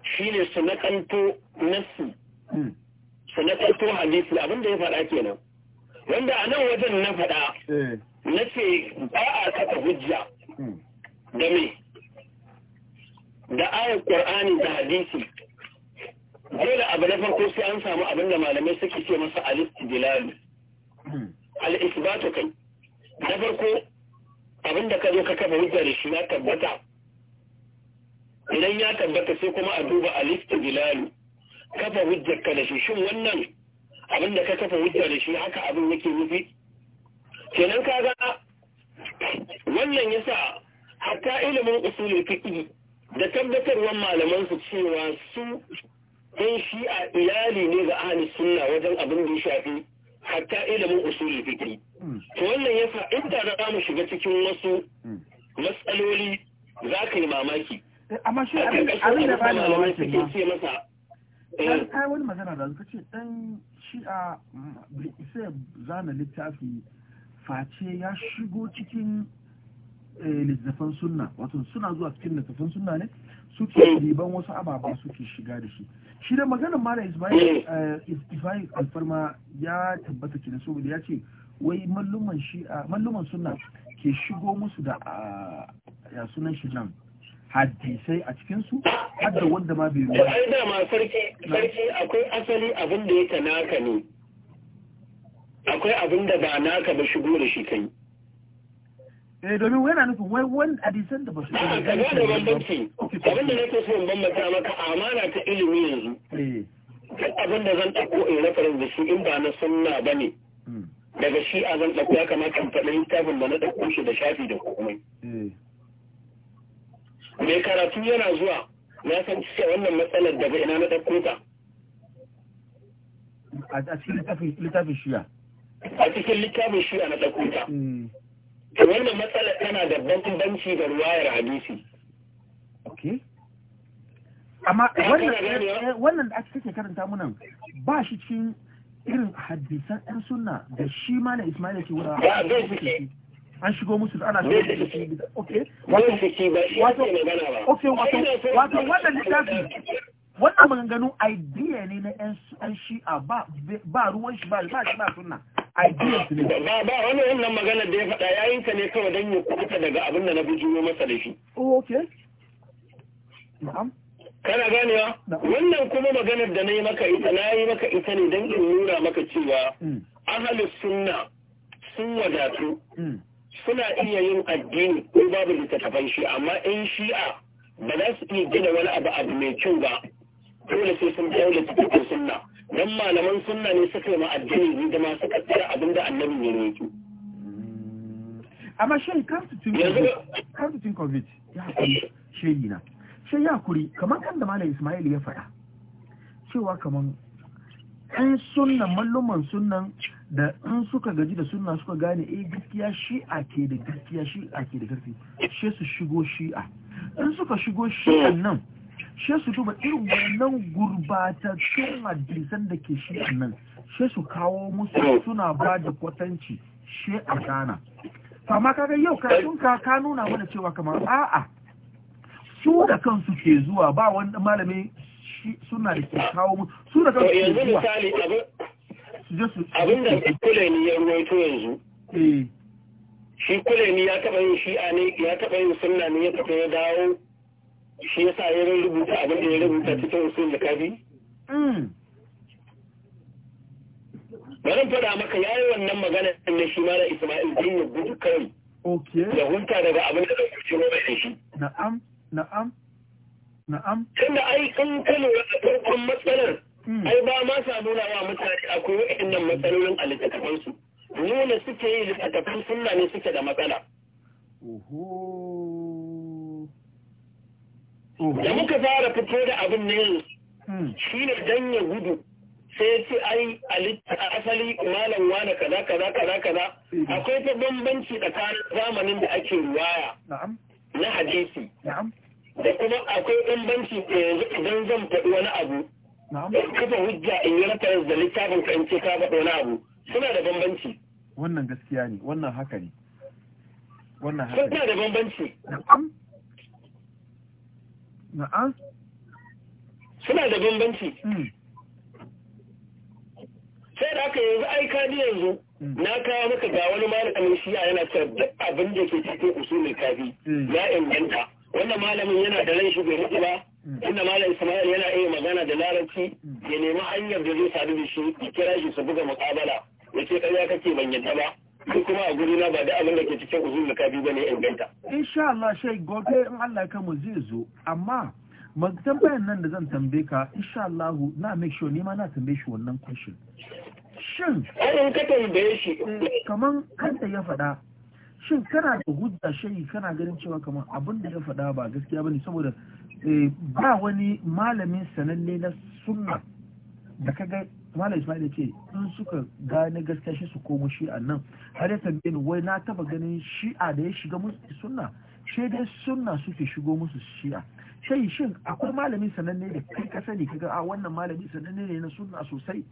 shine su nakanto nassu hmm. su nakanto hadisi abin da ya faɗa kenan wanda a nan wajen na faɗa eh. na ce ba a saka hujja da me da ayar qur'ani da hadisi dole abu na farko sai an samu abin da malamai suke ce masa al-istidlal al-isbatu kai na farko abin da ka zo ka kafa hujja da shi ya tabbata idan ya tabbata sai kuma a duba al-istidlal kafa hujjar ka da shi shin wannan abin da ka kafa hujja da shi haka abin yake nufi kenan ka ga wannan yasa hatta ilimin usulul fiqh da tabbatarwar malaman su cewa su in shi a iyali ne ga ahli sunna wajen abin da ya shafi hatta ilimin usulul fikri hmm. to wannan yasa inda za mu shiga cikin wasu hmm. matsaloli za ka yi mamaki eh, amma shi abin da ba da mamaki ma kai eh, wani magana da zuka ce dan shi'a sai mm, zana littafi face ya shigo cikin eh, littafan sunna wato suna zuwa cikin littafan sunna ne suke riban hmm. wasu ababa suke shiga da shi shi da maganar mara mm. eh, ismail alfarma ya tabbata ke da saboda ya ce wai malluman ah, suna ke shigo musu da ah, ya sunan shi nan hadisai a cikinsu har da wanda ma bai ruwa ai da ma sarki sarki akwai asali abin da ta naka ne akwai abin da ba naka ba shigo da shi kai eh domin wai na nufin wai wani hadisan da ba su da gani da bambanci abin da nake so in bambanta maka amana ta ilimi yanzu eh. duk abin da zan ɗauko in reference da shi in ba na sunna ba ne hmm. daga shi a zan ɗauko ya kamata in faɗi littafin da na ɗauko shi da shafi da komai eh. mai karatu yana zuwa na san cewa wannan matsalar daga ina na ɗauko ta a cikin littafin shiya a cikin littafin shiya na ɗauko ta hmm. to wannan matsala tana da bambanci da ruwayar hadisi okay amma eh, eh, wannan da ake karanta munan ba shi cikin irin hadisan ɗan sunna da shi ma na Ismail ke wura an shigo musu da ana shigo da shi okay wato wato okay wato wato wannan littafi wannan maganganu idea ne na ɗan shi'a ba ruwan shi ba shi ba sunna ba ba wani wannan magana da ya faɗa yayin ka ne kawai don ya kuɓuta daga abin da na bujuro masa da shi oh, kana ganewa wannan kuma maganar da na yi maka ita na yi maka ita ne don in nuna maka cewa mm. ahalus sunna sun wadatu mm. suna iya yin addini ko babu littattafan shi amma in shi'a ba za su iya gina wani abu abu mai kyau ba dole sai sun kyau littattafan sunna Don malaman sunna ne suka yi addini da masu kaddara abin da annabi ya ke. amma shan kar covid ya kuri shehi na shi ya kuri kamar kan da malam Ismail ya faɗa cewa kamar ɗan sunan malluman sunan da in suka gaji da sunna suka gane eh gaskiya shi'a ke da gaskiya shi'a ke da gaskiya shi su shigo shi'a in suka shigo shi'an nan she su duba irin wannan gurbatattun hadisan da ke shi nan she su kawo musu suna ba da kwatanci she a gana fama kaga yau ka? sun ka ka nuna mana cewa kamar a'a su da kansu ke zuwa ba wani malami suna da ke kawo musu su da kansu ke zuwa abin da kule ni ya yanzu eh. shi kule ni ya taba yin shi'a ne ya taba yin sunna ne ya tafi ya dawo shi ya sa yaran rubuta abin da ya rubuta cikin usul da kafi? Hmm. Bari faɗa maka ya yi wannan magana na shi mara Ismail din ya gudu kai. Ya hunta daga abin da zai ciro mai shi. Na'am, na'am, na'am. Tunda ai in ka da farkon matsalar. Hmm. Ai ba ma sa nuna wa mutane akwai waɗannan matsalolin a littattafansu. Nuna suke yi littattafan sunna ne suke da matsala. Oho. da muka fara fito da abin ne shi ne dan ya gudu sai ya ce ai asali malam wane kaza kaza kaza kaza hmm. akwai ta bambanci tsakanin zamanin da ake ruwaya na hadisi da kuma akwai bambanci da yanzu idan zan faɗi wani abu kafa hujja in yi rafayar da littafin ka in ce ka faɗi wani abu suna da bambanci wannan gaskiya ne wannan haka ne wannan haka ne suna da bambanci suna da bambanci hmm. sai da aka yanzu aika ni yanzu hmm. na kawo maka ga wani malamin shiya yana cewa duk abin da ke cikin usulul kafi hmm. ya inganta wannan malamin yana da ran shi bai rufe ba inda malam Isma'il yana iya magana da larabci ya nemi hanyar da zai sadu da shi ya kira shi su buga muƙabala ya ce ƙarya kake ban yadda ba ko kuma a guri na ba da abin da ke cikin da kafi bane inganta insha Allah shai gobe in Allah ya mu zai zo amma bayan nan da zan tambaye ka insha Allah na make sure ni ma na tambaye shi wannan question shin in ka tambaye shi kaman kanta ya faɗa shin kana da hujja shayi kana ganin cewa kaman abin da ya faɗa ba gaskiya bane saboda eh, ba wani malamin sananne na sunna da kaga malam ismail ce in suka gane gaskiya shi su komo shi'a nan har ya tambaye ni wai na taba ganin shi'a da ya shiga musu sunna shi dai sunna suke shigo musu shi'a shi shin akwai malami sananne da kai ka sani kaga a ah, wannan malami sananne ne na sunna sosai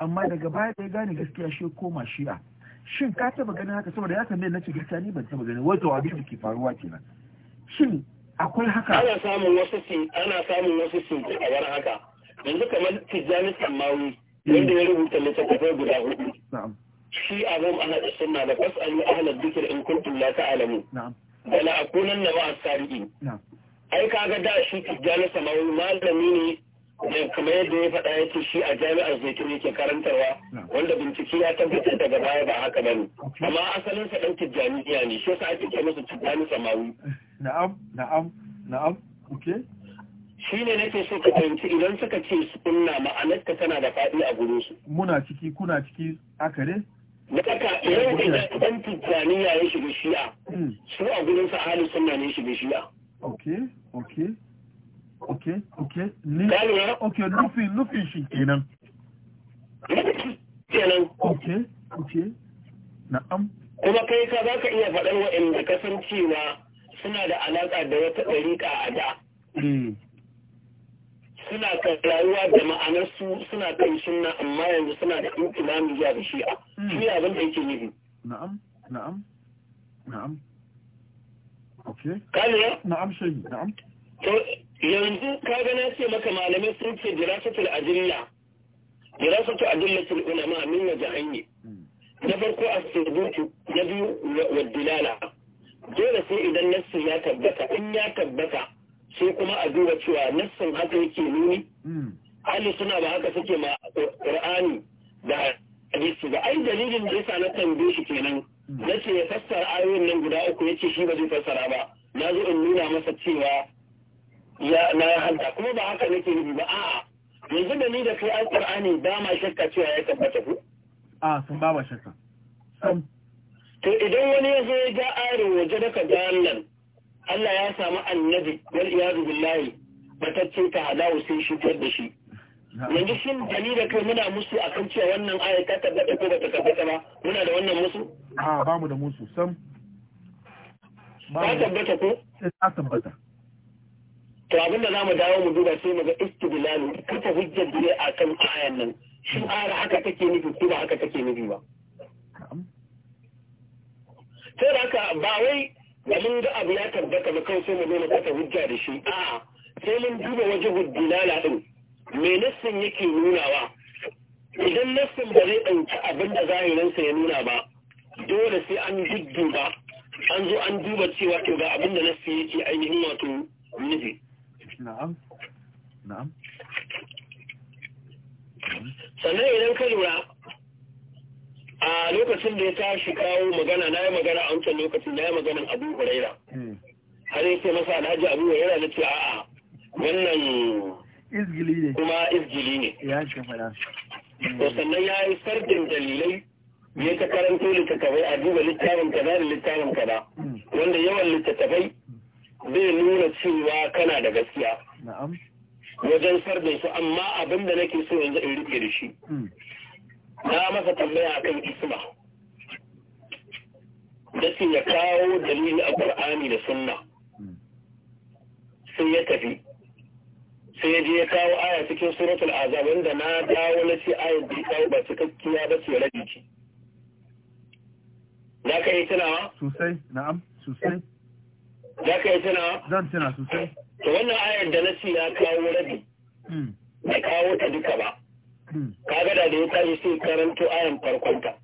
amma daga baya da ya gane gaskiya shi koma shi'a shin ka taba ganin haka saboda ya tambaye na ce gaskiya ni ban taba ganin to abin da ke faruwa kenan shin akwai haka ana samun wasu ana samun wasu sun a haka yanzu kamar tijjani samawi wanda ya rubuta littattafai guda hudu shi abin ana da sunna da fasalu ahlar dhikr in kuntum la ta'lamun da la akunanna ma'a sariqin ai kaga da shi tijjani samawi malami ne kamar yadda ya faɗa yake shi a jami'ar zaitun yake karantarwa wanda bincike ya tabbatar daga baya ba haka bane amma asalin sa dan tijjaniya ne shi yasa ake ce masa tijjani samawi na'am na'am na'am okay shi ne nake so ka fahimci idan suka ce sunna ka tana da faɗi a gurin su muna ciki kuna ciki akare da haka yau idan ɗan tijjani ya shiga shi'a hmm. su a gurin sa ahalin sunna ne shiga shi'a ok, ok. ok, ok, ni ok, nufin nufin shi kenan kenan na'am kuma kai ka za ka iya faɗar da kasancewa suna da alaƙa da wata ɗariƙa a da eh. suna kan rayuwa da ma'anarsu suna kan sunna amma yanzu suna da intilami zuwa da shi'a shi abin da yake nufi na'am na'am na'am okay kale na'am shi na'am to yanzu ka ga na ce maka malamai sun ce dirasatul adilla dirasatul adillatul ulama min waje hanye na farko a sirbutu na biyu wa dilala dole sai idan nassi ya tabbata in ya tabbata sai kuma a duba cewa nassan haka yake nuni hmm. ahli suna ba haka suke ma qur'ani da hadisi ba ai dalilin da yasa na tambaye shi kenan hmm. nace ya fassara ayoyin nan guda uku yace shi ba zai fassara ba na zo in nuna masa cewa ya na hadda kuma ba haka nake nufi ba a'a yanzu da ni da kai an ba ma shakka cewa ya tabbata ko a sun ba ma shakka to idan wani ya zo ya ga ayar waje daga ka ga nan Allah ya samu annabi wal iyadu billahi batacce ta halawu sai shigar da shi yanzu shin dani da kai muna musu akan cewa wannan aya ta tabbata ko bata tabbata ba muna da wannan musu a ba mu da musu sam ba tabbata ko eh, ta tabbata to abin za mu dawo mu duba sai mu ga istidlalu kafa hujjar dire akan ayan nan shin ayar haka take nufi ko ba haka take nufi ba sai da haka ba wai da mun ga abu ya tabbata ba kai sai mu zo kasa hujja da shi a sai mun duba waje dilala din me nassin yake nunawa idan nassin ba zai ɗauki abin da zahirinsa ya nuna ba dole sai an ba an zo an duba cewa to ga abin da nassi yake ainihin wato miji na'am na'am sannan idan ka lura a lokacin da ya tashi kawo magana na yi magana a wancan lokacin na yi maganan abu huraira hmm. har yake masa alhaji abu huraira na ce a'a wannan izgili ne kuma izgili ne ya ce fara hmm. to sannan ya yi sardin dalilai ya ta karanto littattafai a duba littafin kaza da littafin kaza hmm. wanda yawan littattafai zai nuna cewa kana da gaskiya wajen sardin su amma abin da nake so yanzu in rike da shi na masa tambaya kan isma dace ya kawo dalili a da Sunna sai ya tafi sai ya je ya kawo aya cikin suratul azab wanda na dawo na ce ayar da kawo ba cikakkiya ba ce rabi ce za ka yi tunawa sosai na'am sosai za ka yi tunawa zan tuna sosai to wannan ayar da na ce ya kawo rabi hmm. Ba kawo ta duka ba kaga da da ya tashi sai karanto ayan farkonta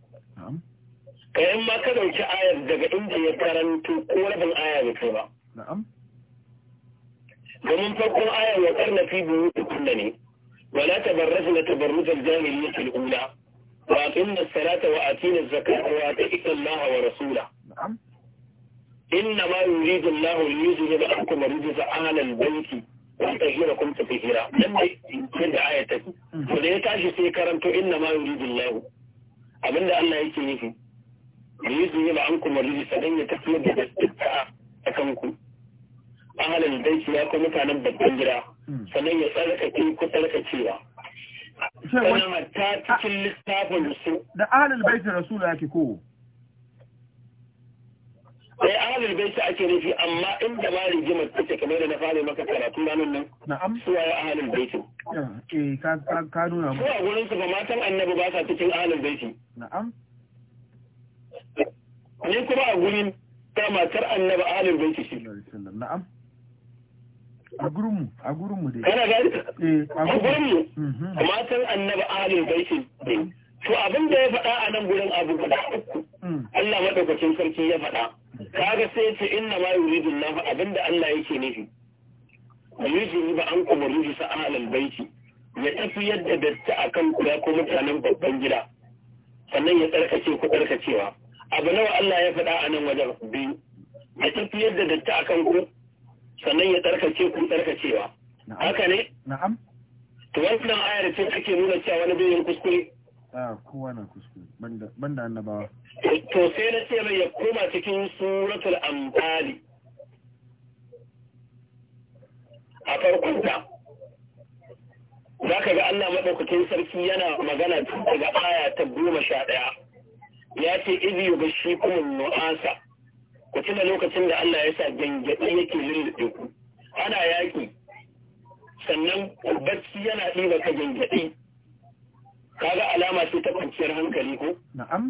kayan ma ka dauki ayar daga inda ya karanto ko rabin aya bai kai ba domin farkon ayar wa karna fi biyu da ne ولا تبرزن تبرز الجاهلية الأولى وأقمنا الصلاة وآتينا الزكاة Inna الله ورسوله نعم إنما يريد الله da عنكم الرجس أهل banki. wata hira kuma ta fi hira yadda aya ta fi to da ya tashi sai karanto inna ma yuridu Allah abinda Allah yake nufi yuridu ba an kuma rijista dan ya tafi da dukka a kanku ahalin daiki ya kuma mutanen babban gida sannan ya tsarkake ku tsarkakewa sannan ta cikin littafin su da ahalin baitin rasulu yake ko sai bai ta ake nufi amma inda ma rigimar take kamar da na fara maka karatu ranan nan na'am su waye ahlul baiti eh ka ka ka nuna mu suwa gurin su ba matan annabi ba sa cikin ahlul baiti na'am ni kuma a gurin ta matar annabi bai baiti shi na'am a gurin mu a gurin mu dai kana ga eh a gurin mu mm-hmm. matan annabi ahlul baiti mm-hmm. to abin da ya faɗa a nan gurin abu guda uku mm. Allah madaukakin sarki ya faɗa kaga sai ce inna ma yuridu Allah abinda Allah yake nufi yuridu ba an kuma ruhi sa alal baiti ya tafi yadda datti akan kula ko mutanen babban gida sannan ya tsarkace ku tsarkacewa abu nawa Allah ya faɗa a nan wajen biyu ya tafi yadda datti akan ku sannan ya tsarkace ku tsarkacewa haka ne na'am to wannan ayar ce ake nuna cewa wani bai yin kuskure a kowa na kuskure banda annabawa to sai na ce mai ya koma cikin suratul amfani a farkon ta za ka ga Allah maɗaukacin sarki yana magana daga aya ta goma sha ɗaya ya ce izi yi shi kuma nu'asa ku tuna lokacin da Allah ya sa gangaɗi yake lulluɓe ku ana yaƙi sannan barci yana ɗiba ka gangaɗi kaga alama ce ta kwanciyar hankali ko na'am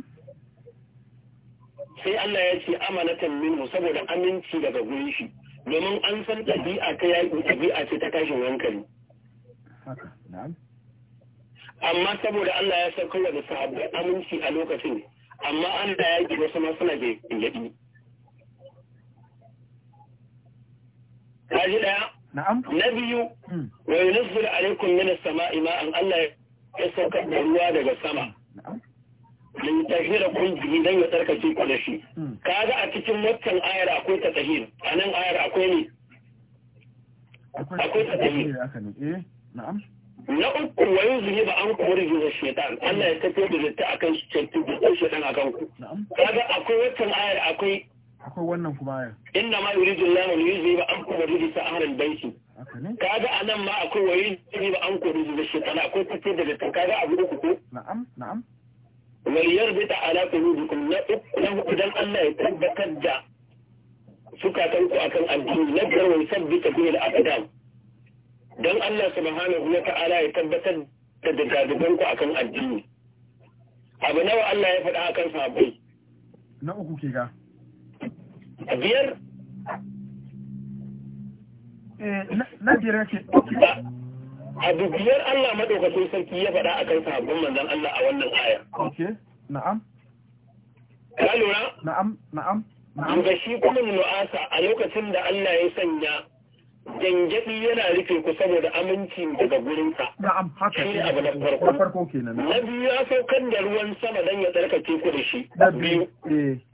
sai Allah ya ce amanatan minhu saboda aminci daga gurin shi domin an san dabi'a ta yaki dabi'a ce ta tashin hankali na'am amma saboda Allah ya sauka da sahabbai aminci a lokacin amma an da yaki wasu masana da yaki kaji ɗaya na biyu wa yunzil alaikum min as-sama'i ma'an Allah ya saukar da ruwa daga sama min tahira kungihi dan ya tsarkake ku da shi hmm. kaga a cikin waccan ayar akwai ta tahir a nan ayar akwai ne akwai ta tahir eh, na uku wa yuzhi ba an kuma da shetan. Allah ya tafi da zata akan su cantu da shaitan akan ku kaga akwai waccan ayar akwai akwai wannan kuma ayar inna ma yuridu Allahu yuzhi ba an kuma ta ahlul baiti kaga a nan ma akwai wayi ne ba an kori da shi kana akwai fitar da ka kaga abu uku ko na'am na'am wal yarbita ala qulubikum na uku idan Allah ya tabbatar da zukatan ku akan addini na biyar wai sabbita bihi al-aqdam dan Allah subhanahu wa ta'ala ya tabbatar da dagadugan ku akan addini abu nawa Allah ya faɗa akan sabai na uku ke ga biyar Eh, na biyar ce a dubiyar Allah madaukakin sarki ya faɗa a kan sahabban manzan Allah a wannan aya ok na'am ka lura na'am na'am na'am ga shi kuma nu'asa a lokacin da Allah ya sanya gangaɗi yana rufe ku saboda aminci daga gurinsa. Na'am haka shi abu na farko. farko kenan. Na biyu ya saukan da ruwan sama dan ya tsarkake ku da shi. Na biyu.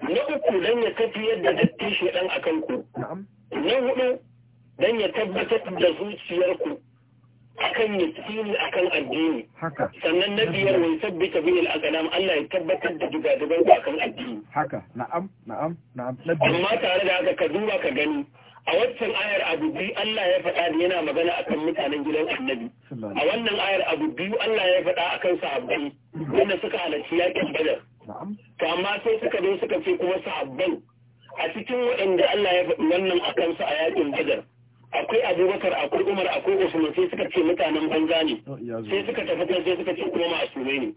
Na uku eh. dan ya kafi da dattin dan akan ku. Na'am. Na hudu don ya tabbatar da zuciyarku akan ya akan addini sannan na biyar wani bi al aqlam Allah ya tabbatar da dugadugan ku akan addini haka na'am na'am na'am amma tare da haka ka duba ka gani a waccan ayar abu biyu Allah ya faɗa yana magana akan mutanen gidan annabi a wannan ayar abu biyu Allah ya faɗa akan sahabbai wanda suka halarci yakin badar to amma sai suka zo suka ce kuma sahabban a cikin waɗanda Allah ya faɗi wannan akan su a yakin badar akwai abubakar akwai umar akwai usman sai suka ce mutanen banza ne oh, sai suka tafi kan sai suka ce kuma ma'asumai ne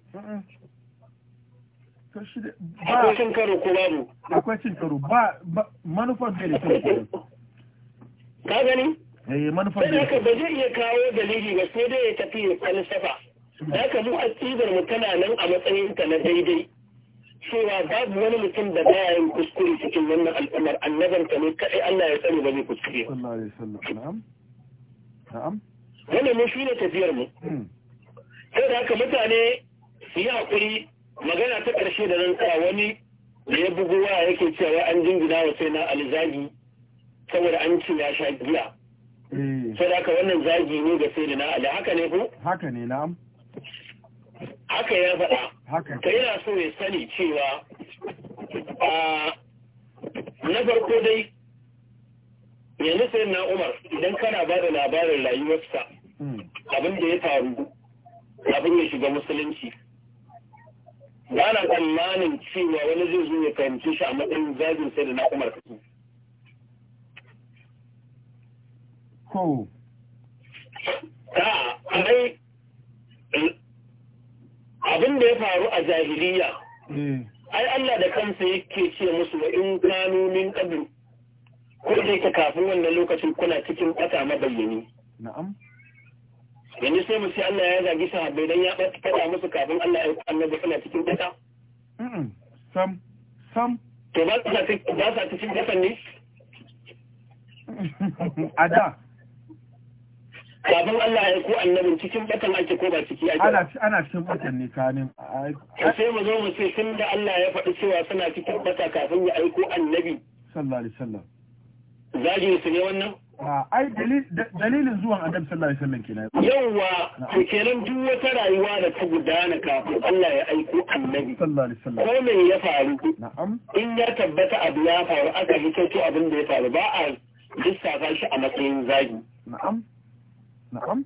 akwai cin karo ko babu akwai cin karo ba manufar da ne *laughs* ka gani eh manufar da haka ba zai iya kawo dalili ba sai dai ya tafi falsafa da haka mu aqidar mu tana nan a matsayin ta na daidai cewa babu wani mutum da baya yin kuskure cikin wannan al'ummar annaban ta ne kaɗai Allah ya tsare ba zai kuskure ba. Wannan ne shi ne tafiyar mu. Hmm. Sai da haka mutane su yi haƙuri magana ta ƙarshe da nan tsaya wani da ya bugu waya yake cewa an jingina wa sai na alzagi saboda an ce ya sha giya. Eh. Sai da haka wannan zagi ne ga sai na ala haka ne ko? Haka ne na'am. haka ya faɗa ta yana so ya sani cewa na farko dai yanzu sai na umar idan kana ba da labarin rayuwarsa hmm. abin da ya faru abin ya shiga musulunci ba na tsammanin cewa wani zai zo ya fahimci shi a matsayin zagin sai da na umar ta a abin da ya faru a jahiliya hmm. ai Allah da kansa yake ce musu wa in kanu min qablu ko da yake kafin wannan lokacin kuna cikin kwata mabayyani na'am yanzu sai mu ce Allah ya zagi sahabbai dan ya faɗa musu kafin Allah ya annabi kuna cikin kwata sam sam to ba sa cikin cikin kasan ne *laughs* a da kafin Allah ya ko annabin cikin batan ake ko ba ciki ake ana ana cikin batan ne sai mu zo mu ce tun da Allah ya faɗi cewa suna cikin bata kafin ya aiko annabi sallallahu alaihi wasallam zagi su ne wannan ai dalilin zuwan sallallahu alaihi wasallam kenan yawa to kenan duk wata rayuwa da ta gudana kafin Allah ya aiko annabi sallallahu alaihi wasallam ko me ya faru na'am in ya tabbata abu ya faru aka hikaito abin da ya faru ba a lissafa shi a matsayin zagi na'am na'am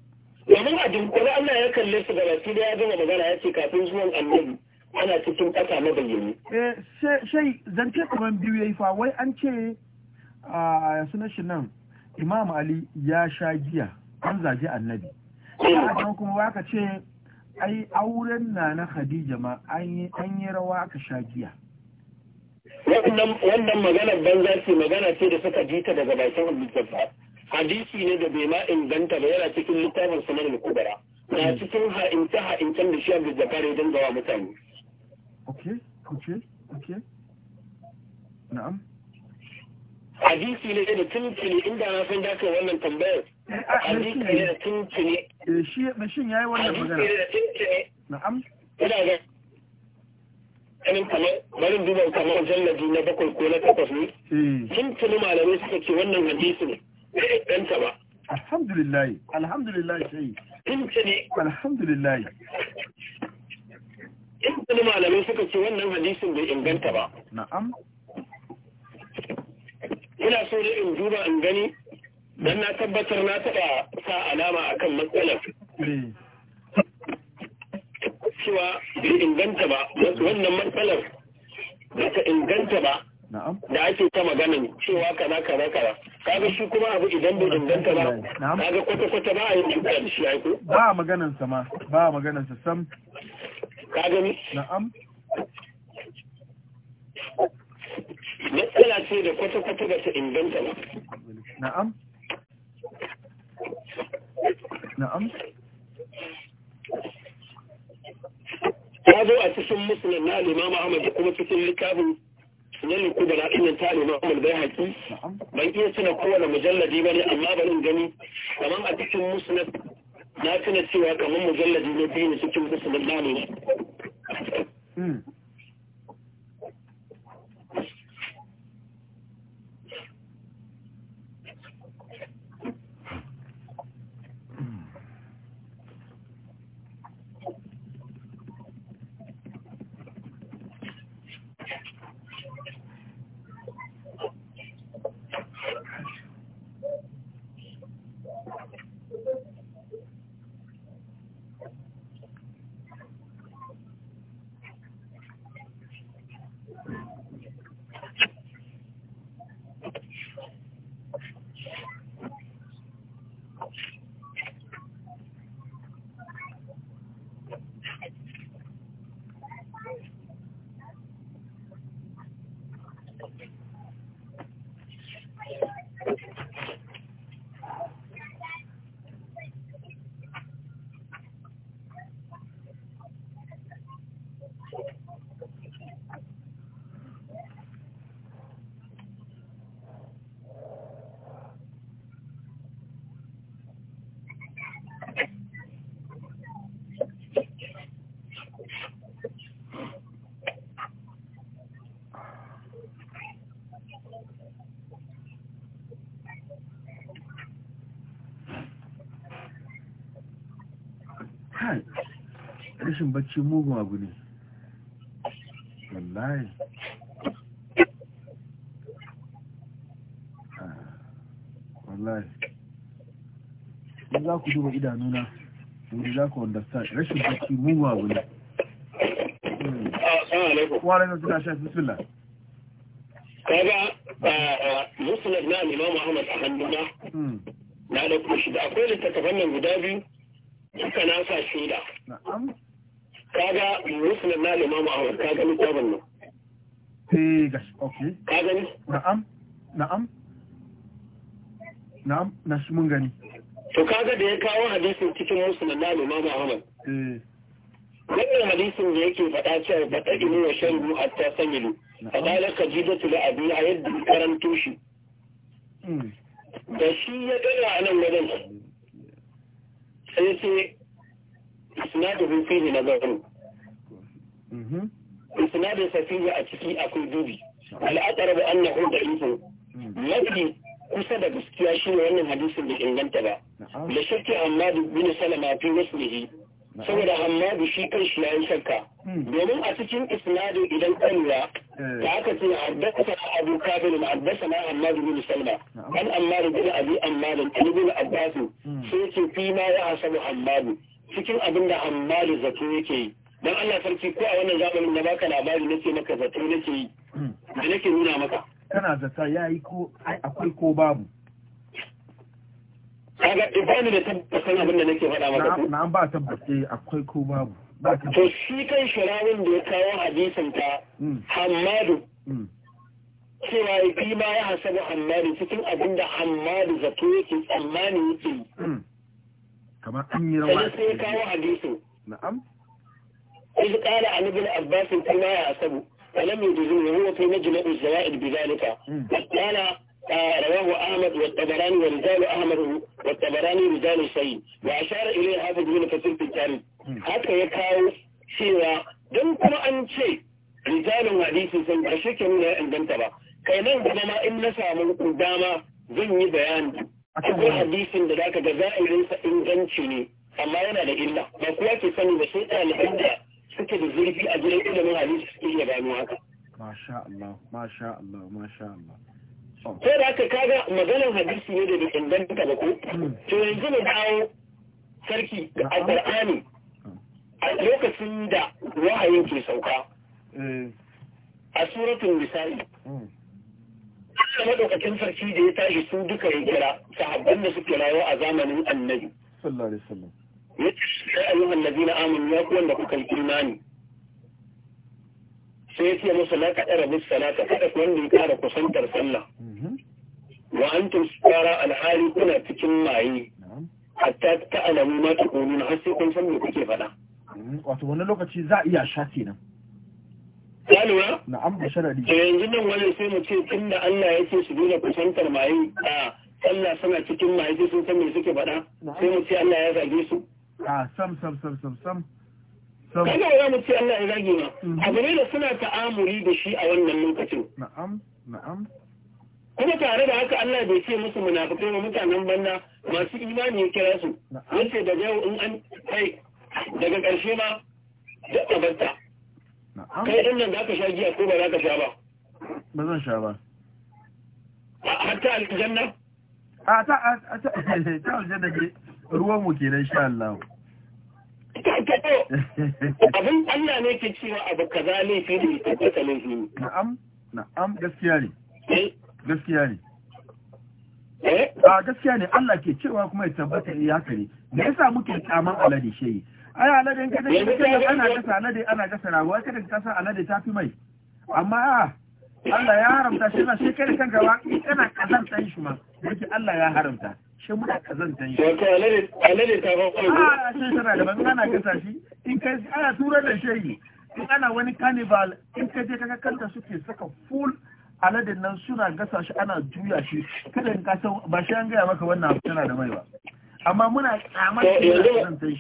domin a dunkule Allah ya kalle su ga baki da ya gama magana ya ce kafin zuwan annabi ana cikin ƙasa na bayyane eh, shai zance kaman biyu ya yi fa wai an ce a sunan shi nan Imam Ali ya sha giya an zage annabi a kuma waka ce ai auren na na Khadija ma an yi rawa ka sha giya wannan maganar banza ce magana ce da suka ta daga bakin Abdul hadisi ne da bai ma inganta ba yana cikin littafin sanar da kubara na cikin ha'inta ha'intan da shi da zakari ya gawa mutane okay okay okay na'am hadisi ne da tuntuni inda na san da wannan tambayar hadisi ne da tuntuni eh shi mashin yayi wannan magana da tuntuni na'am ina ga ganin kamar barin duba kamar jallabi na bakwai ko na takwas ne tuntuni malamai suka ce wannan hadisi ne da yaddanta ba alhamdulillah alhamdulillah sai in ce ne alhamdulillah in wani malamai suka ce wannan hadisin bai inganta ba na'am ina so da in duba in gani don na tabbatar na taɓa sa alama a kan matsalar eh. cewa bai inganta ba wannan matsalar za ta inganta ba da ake ta maganin cewa kaza kaza kaza kaga shi kuma abu idan bai danganta ba kaga kwata-kwata ba a yi cuta da shi aiko ba maganan sa ma ba maganan sa sam ka gani na'am matsala ce da kwata-kwata ba ta inganta ba na'am na'am ta zo a cikin musulun na limama ahmad kuma cikin likafin sunan da inda ta nuna umar bai haƙi ban iya tuna kowane mujalladi ba ne amma barin gani kamar a cikin musnad na tuna cewa kamar mujalladi na biyu ne cikin musnad na ne hmm. rashin bacci mugun abu ne wallahi ah, wallahi in za ku duba idanuna wani za ku understand rashin bacci mugun abu ne wa alaikum suna sha bismillah kaga ah, ah, musulun na nima muhammad a hannuna hmm. na da kushi da akwai littattafan nan guda biyu suka nasa shaida kaga muslim na limamu ahmad ka ga littafin nan eh gashi okay ka gani na'am na'am na'am na shi mun gani to kaga da ya kawo hadisin cikin muslim na limamu ahmad eh. wannan hadisin da yake faɗa cewa ba ta ilu wa shan ruhu hatta sanyilu fa qala kajidatu la a yadda karanto shi hmm. da shi ya gana a nan wajen sai sai suna sinadarin fiye na zaru Mm-hmm. isnadin safihi a ciki akwai dubi al'adar da annahu da ifo mm. mafi kusa da gaskiya shi ne wannan hadisin da inganta ba da shakki amma bin salama fi waslihi saboda hamadu shi kan shi yayin shakka mm. domin a cikin isnadin idan kanura ta eh. aka ce haddasa abu kabir ma haddasa na hamadu bin salma an ammar bin abi ammar an bin Abbasu, mm. sai ce fi ma ya hasabu hamadu cikin abin da hamadu zato yake yi dan Allah sarki ko a wannan zamanin da baka labari nake maka zato nake yi da nake nuna maka kana zata yayi ko ai akwai ko babu kaga ibani eh, da tabbatar abin da nake faɗa maka ko an ba tabbace eh, akwai ko babu to shi kan shirawin da ya kawo hadisin ta mm. Hamadu mm. cewa fi ma ya hasabu Hamadu cikin abin da Hamadu zato yake tsammani yake mm. kamar an yi rawa sai ya kawo hadisin na'am إذ قال عن ابن عباس كما أسبه فلم يجزنه هو في نجل الزوائد بذلك قال آه، رواه أحمد والطبراني ورزال أحمد والطبراني رزال سيد وأشار إليه هذا دون كثير في التاريخ حتى يكاو سيوا دم كما أن شيء رجال وعديث سيد أشيك من عندما تبا كيمان بما إن نسى من قدامة ذن بيان أكبر حديث ذلك جزائر إنسان شيني أما ينا لإلا ما كواكي سنة شيئا لحدة suke da zurfi a gidan ilimin hadisi suke iya gano haka masha Allah masha Allah masha Allah oh. ko da haka kaga maganar hadisi ne da bai inganta ba ko to yanzu mu dawo sarki da alqur'ani hmm. a lokacin da wahayin ke sauka eh. a suratun misali hmm. Allah madaukakin sarki da ya tashi su duka ya kira sahabban da suke rayuwa a zamanin annabi sallallahu alaihi wasallam ya ayyuhan allazina amanu ya ku wanda kuka yi imani sai ya ce musu la ka dara bis salata kada ku wanda ya kara kusantar sallah mhm. wa antum sukara alhali kuna cikin maye hatta ta'lamu ma taquluna har sai kun san me kuke faɗa mhm. wato wani lokaci za a iya sha kenan ya lura na'am da sharadi to yanzu nan wani sai mu ce tunda Allah yake su dole kusantar maye a sallah suna cikin maye sai sun san me suke faɗa sai mu ce Allah ya zage su a ah, sam sam sam sam sam sam kada ya mutu Allah ya zagi na mm-hmm. abu da suna ta'amuri da shi a wannan lokacin na'am na'am kuma tare da haka Allah bai ce musu munafikai wa mutanen banna masu imani ya kira su yace daga yau in an kai daga ƙarshe ma duk tabbata kai din nan zaka sha giya ko ba zaka sha ba ba zan sha ba hatta aljanna a ta *laughs* ta aljanna ke ruwan mu kenan sha Allah abin Allah ne ke cewa abu kaza ne fi ne tabbata ne na'am na'am gaskiya ne eh? gaskiya ne eh? a gaskiya ne Allah ke cewa kuma ya tabbata ya eh, kare me yasa muke kaman alade shehi ai alade ka dai kace ana gasa alade ana gasa rago ka da kasa alade ta fi mai amma Allah ya haramta shi na shekaru kan gaba kana kazanta shi ma yake Allah ya haramta shi muna alade alade ta a ah, shi da ana gasa shi in kai ana turar da shi in ka je kaga suke saka full aladen nan suna gasa shi ana juya shi kada ka san ba shi an gaya maka wannan abu tana da mai ba amma muna kyamar shi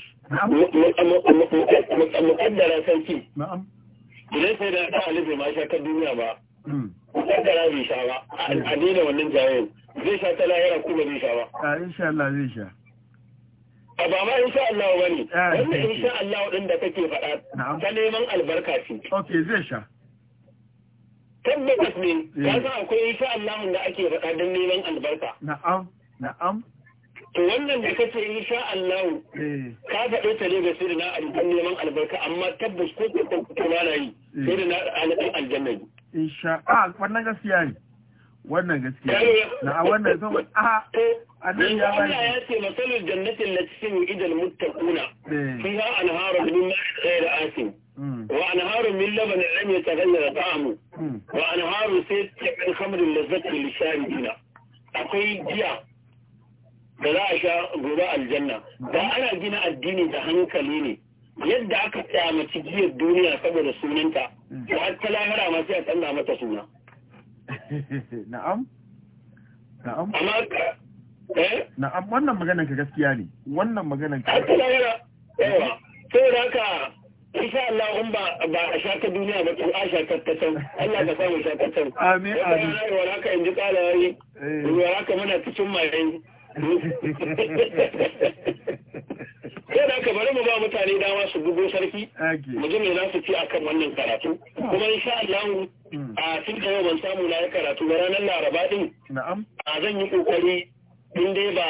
mukaddara sarki idan sai da ta alife ma shakar duniya ba Kuma ta rabi sha ba, a hmm. daina wannan jayen. Zai sha ta lahira kuma zai sha ba. A insha Allah zai sha. A ba ma insha Allah ba ne. Wanda insha Allah ɗin da kake faɗa ta neman albarka ce. Ok zai sha. Tabbas ne, ya eh. san akwai insha Allah da ake faɗa don neman albarka. Na'am, na'am. to wannan da kace insha Allah eh. ka faɗe ta ne ga sai na aljanna neman albarka amma tabbas ko ko ko na yi eh. sai na alƙan aljanna ne insha Allah wannan gaskiya ne wannan gaskiya na a wannan zama a annabi ya bai ya ce masalul jannati allati wa'idal muttaquna eh. fiha anharun min ma'in ghayr asin hmm. wa anharun min labanin lam yataghayyar ta'amu hmm. wa anharun sayyid min khamrin lazzatin lisharibina akwai jiya. da za a sha gobe aljanna ba ana gina addini da hankali ne yadda aka kyamaci giyar duniya saboda sunanta da har ta lamara ma sai a canza mata suna *laughs* na'am na'am amma eh na'am wannan maganar ka gaskiya ne wannan maganar ka har ta lahira sai da haka insha Allah in ba ba a shaka duniya ba to a shaka ta can Allah ka samu shaka can amin amin wala ka inji kala yayi wala eh. ka muna cikin mai kai da aka bari mu ba mutane dama su bugo sarki mu ji mai za ci akan wannan karatu kuma in sha Allah hmm. a tun da yau ban samu na karatu ba ranar Laraba din a zan yi kokari in dai ba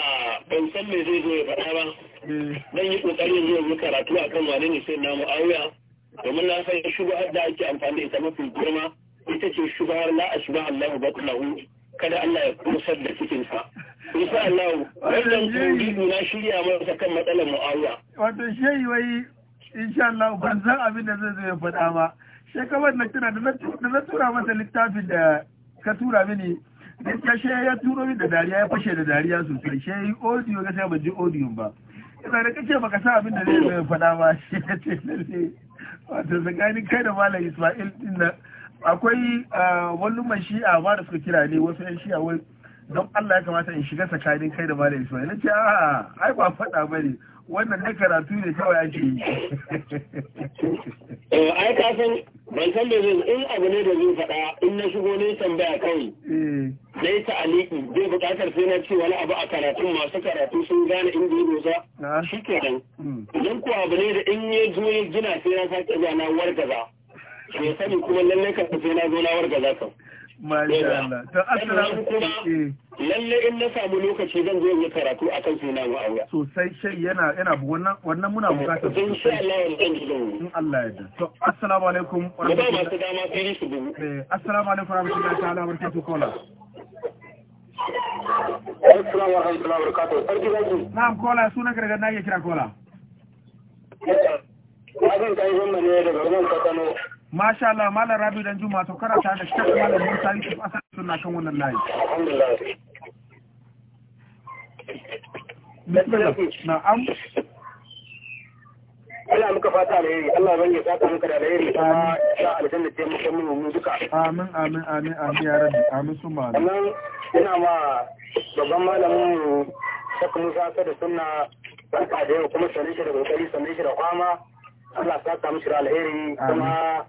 ban san me zai zo ya faɗa ba eh. zan yi kokari in zo yi karatu akan wani ne sai na auya domin na san shubhar da ake amfani da ita mafi girma ita ce shubhar la ashbah Allah batlahu kada Allah ya kusar da cikinsa. Insha Allah, wannan kudu na shirya masa kan matsalar mu'awiya. Wato shehi wai insha Allah ban san abin da zai zai faɗa ba. Shekabar na tuna da na tura masa littafin da ka tura mini Ya shi ya turo min da dariya ya fashe da dariya sosai ya yi audio gaskiya ban ji audio ba ina da kace baka sa abin da zai faɗa ba *laughs* shi ya ce lalle wato tsakanin kai da malam Ismail din nan akwai ah, wani shi'a ba da suka kira ne wasu yan shi'a wai don Allah ya kamata in shiga tsakanin kai da malam Ismail nace a ai ba faɗa bane wannan ne karatu ne kawai ake yi *laughs* eh ai ka san ban san me zai in abu ne da zai faɗa in na shigo ne tambaya kai eh dai ta aliki zai bukatar sai na ce wani abu a karatu masu karatu sun gane inda ya dosa shikenan hmm. idan ko abu ne da in ya zo ya gina sai na sake gana wargaza ke sani kuma lalle ka sai na zo na warga za ka eh. lalle in na samu lokaci zan zo yi karatu a kan suna mu aure sosai shai yana yana wannan wannan muna bukatar eh, in sha Allah ya zan ji in Allah ya da to assalamu alaikum wa rahmatullahi masu dama sai su dubu eh assalamu alaikum wa rahmatullahi ta'ala wa barakatuh kola assalamu alaikum wa barakatuh sarki zaki na'am kola sunan ka daga na iya kira kola Wajen kai zama ne daga ta kano. masha Allah malam Rabi dan Juma to karanta da Sheikh Malam Musa Yusuf Asad suna kan wannan layi na'am Allah muka fata alheri Allah ban ya saka muka da alheri ta sha aljanna ta muka mun mu duka amin amin amin amin ya rabbi amin su ma amin ina ma babban malamin mu Sheikh Musa Asad sunna barka da yau kuma sanin shi da kokari sanin shi da kwama Allah saka mishi da alheri kuma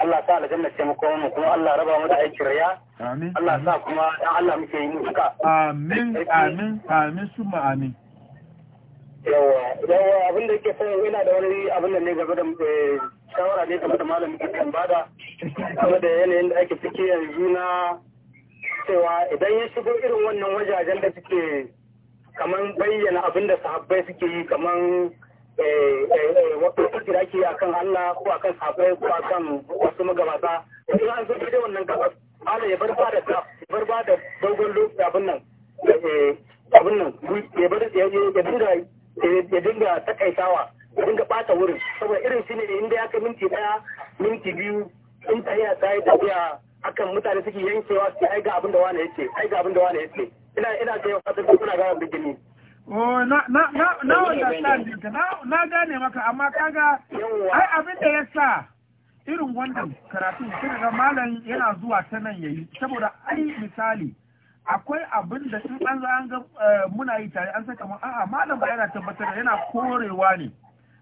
Allah sa aljanna ce mu kuma kuma Allah raba mu da aikin riya amin Allah sa kuma dan Allah muke yi muka. amin amin amin suma amin yawa yawa abin da yake son yana da wani abin da ne gaba da eh, shawara ne kamar da malamin ke kan bada game da yanayin da ake fike yanzu na cewa idan ya shigo irin wannan wajajen da suke kamar bayyana abin da sahabbai suke yi kamar Eh, eh, eh, wata da ake a kan Allah ko a kan sabai ko a kan wasu magabata in an zo da wannan gabas Allah ya bar bada ta bar bada dogon lokaci abin nan abin nan ya bar ya dinga ya dinga takaitawa ya dinga bata wurin saboda irin shi ne inda ya kai minti daya minti biyu in tafiya ta yi tafiya akan mutane suke yankewa su ai ga abin da wani yake ai ga abin da wani yake ina ina ga yau kasar kuna ga bigini Oh, na na na na gane maka amma kaga ai abin da ya sa irin wannan karatun sai ga malam yana zuwa ta nan yayi saboda ai misali akwai abin da in an an ga eh, muna yi tare an saka a'a malam ba yana tabbatar yana korewa ne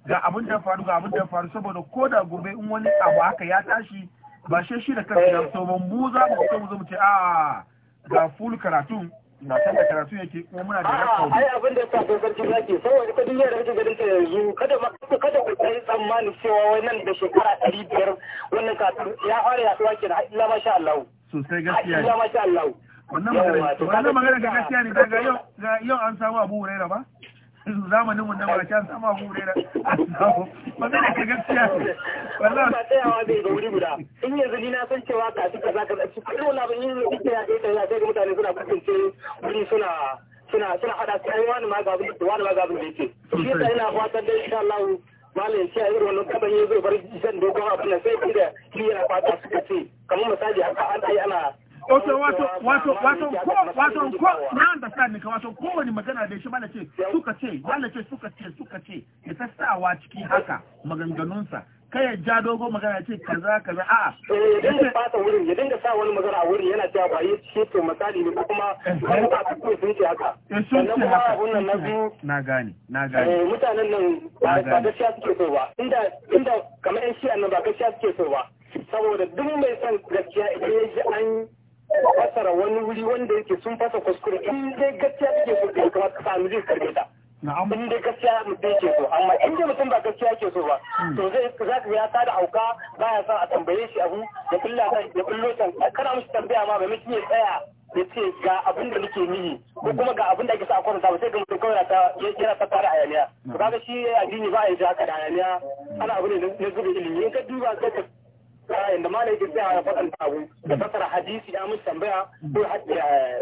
ga abin da faru ga abin da faru saboda ko da gobe in wani abu haka ya tashi ba shi shi da kansa ya so mu za mu ce ga full karatun na san da karatu yake kuma muna da rakka ai abin da yasa sai sarki zaki saboda ka duniya da kake ganin ta yanzu kada ma kada ku kai tsammani cewa wannan da shekara 500 wannan kafin ya fara yaduwa kenan illa masha Allah sosai gaskiya illa masha Allah wannan magana wannan magana gaskiya ne daga yau yau an samu Abu Hurairah ba zamanin mu na barka sama gure da gaskiya ne wallahi ba wa bai ga guda in yanzu ni na san cewa ka suka zaka da su kai wala yin da ya kai ya kai mutane suna kasance wuri suna suna suna hada kai wani ma ga abin wani ma ga abin da yake shi sai ina fatan da insha Allah a irin wannan kaban yanzu bar jishan dogon abin nan sai inda shi yana fata suka ce kamar misali haka an ai ana wato wato wato ko wato ko na understand ne ka wato ko ni magana da shi mallace suka ce mallace suka ce suka ce ya tasawa cikin haka maganganun sa kai ya ja dogo magana ce kaza kaza a'a eh, ya dinga fata wurin ya dinga sa wani magana a wurin yana cewa ba yi shi to misali ne ko kuma wani eh, ba su sun ce haka eh, ce kuma wannan na biyu na gane na gane mutanen nan ba gaskiya suke so ba inda inda kamar yan shi'an nan ba gaskiya suke so ba saboda duk mai son gaskiya idan ya ji an fasara wani wuri wanda yake sun fasa kuskure in dai gaskiya take so da kamata ka samu zai karbe ta in dai gaskiya mutum yake so amma in dai mutum ba gaskiya yake so ba hmm. to zai za ka ya tada hauka ya son a tambaye shi abu ya kulla ya kullo can kana mu tambaya ma bai mutum ya tsaya ya ce ga abin da nake nihi ko kuma ga abin da ake sa a kwanta ba sai ga mutum kawai ya kira ta fara ayaniya to kaga shi addini ba ya ji haka da ayaniya ana abu ne na zuba ilimi in ka duba ka da ma yake tsaya ya faɗanta abu da fasara hadisi ya musu tambaya ko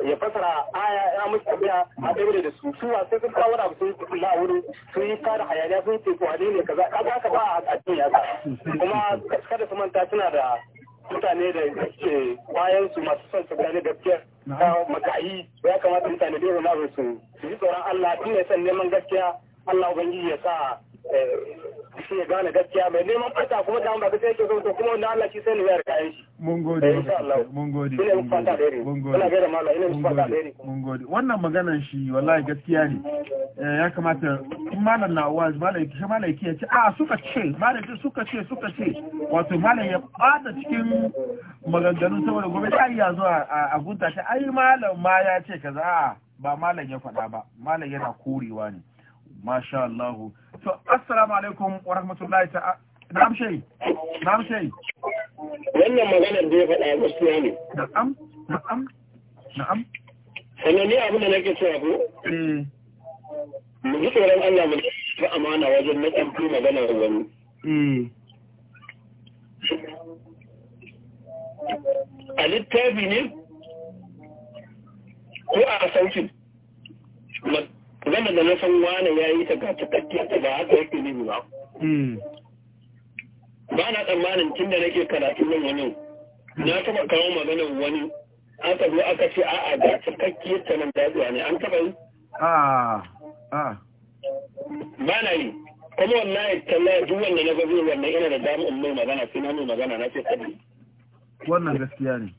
ya fasara aya ya musu tambaya a daure da su su wasu sun kawo abu sun kuɗi na wuri sun yi fara hayaniya sun ce kuwa ne kaza kaza ka ba a duniya ba kuma kada su manta suna da mutane da ke bayan su masu son su gane gaskiya ta makayi ya kamata mutane da yau su ji tsoron Allah tun ne san neman gaskiya Allah Ubangiji ya sa Eh, shi ya gane gaskiya mai neman fata kuma ta ba gaskiya yake zo to kuma wanda Allah shi sai liyar kayan shi mun gode eh, mun gode mun gode mun gode mun gode wannan maganan shi wallahi gaskiya ne eh, ya kamata in malam na waz malam shi ah, malam ya ce a suka ce malam suka ce suka ce wato malam ya bada cikin maganganun saboda gobe ta iya zuwa a gunta ta ai malam ma ya ce kaza ah, ba malam ya faɗa ba malam yana korewa ne masha Allah to assalamu alaikum wa rahmatullahi ta'ala na'am shehi na'am shehi wannan maganar da ya faɗa gaskiya ne na'am na'am na'am sannan ne abin da nake cewa ko eh. mu ji tsoron Allah mu ta amana wajen na ɗan maganar wani eh. a littafi ne ko a sautin Gama da na san wane ya yi takatakakiyarta ba haka yake ne ba. Hmm. Ba na tsammanin tun da nake karatu nan wani na taɓa kawo maganar wani aka zo aka ce a'a ga ta nan zuwa ne an taɓa yi? Ah, ah. Ba na yi. Kuma wallahi talla duk wanda na gazo wannan yana da damu in mai magana sai na mai magana na ce kadi. Wannan gaskiya ne.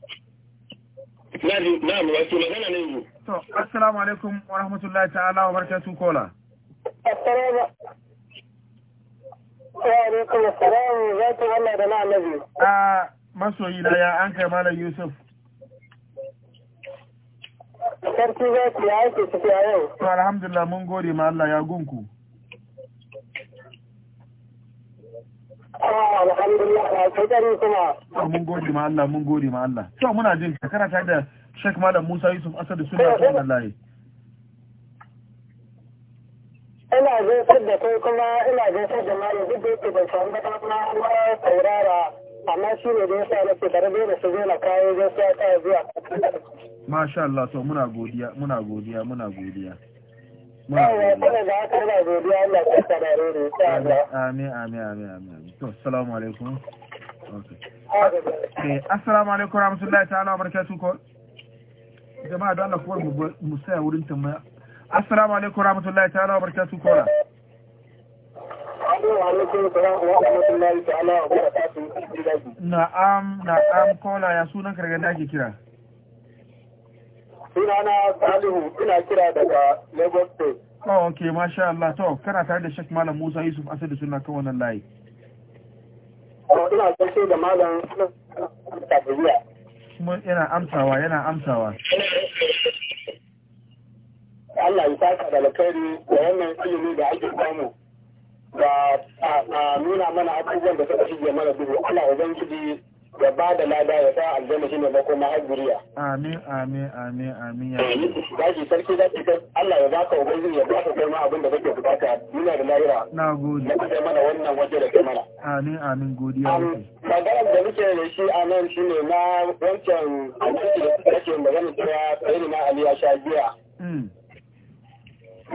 Na ji na mu wasu magana ne yanzu. To, assalamu alaikum wa rahmatullahi ta'ala wa su kola. Assalamu wa alaikum assalam da ma'anabi. A ah, masoyi na ya an kai Malam Yusuf. Sarki za ki ya ake ciki yau. To, alhamdulillah mun gode ma Allah ya gunku. Ah, alhamdulillah, a kuma. Mun gode ma Allah, mun gode ma Allah. Kyau muna jin ka karata da Sheikh Malam Musa Yusuf Asadu suna ta wannan layi. Ina gaisar da kai kuma ina gaisar da malam duk da yake ban samu ba kuma na taurara amma shi ne da yasa nake tare da su zo na kawo gaisuwa ta zuwa. Masha Allah to muna godiya muna godiya muna godiya. Amin, amin, amin, amin. To, salamu alaikum. Okay. Eh, assalamu alaikum, rahmatullahi ta'ala, barkatu ko? jama'a don Allah kowar mu saya wurin tambaya assalamu alaikum rahmatullahi ta'ala wa barakatu kola na'am na'am kola ya sunan kargan da ake kira na, salihu ina kira daga lagos state oh ok masha Allah to kana tare da shek malam musa yusuf asadu suna kan wannan layi ina kashe da malam tafiya kuma yana amsawa yana amsawa Allah ya saka da alkhairi da wannan ilimi da ake samu da a nuna mana abubuwan da suka shige mana duhu Allah ubangiji ya ba da lada ya sa aljanna shi ne bako har Amin amin amin amin ya. Zaki eh, sarki zaki kai Allah ya baka ubangiji ya baka kai ma abin da kake bukata muna da lahira. Na gode. Na kai mana wannan waje da kai mana. Amin amin godiya yake. Maganar da muke da shi a nan shi ne na wancan abinci da kake magana cewa tsayin na Ali ya sha biya. Hmm.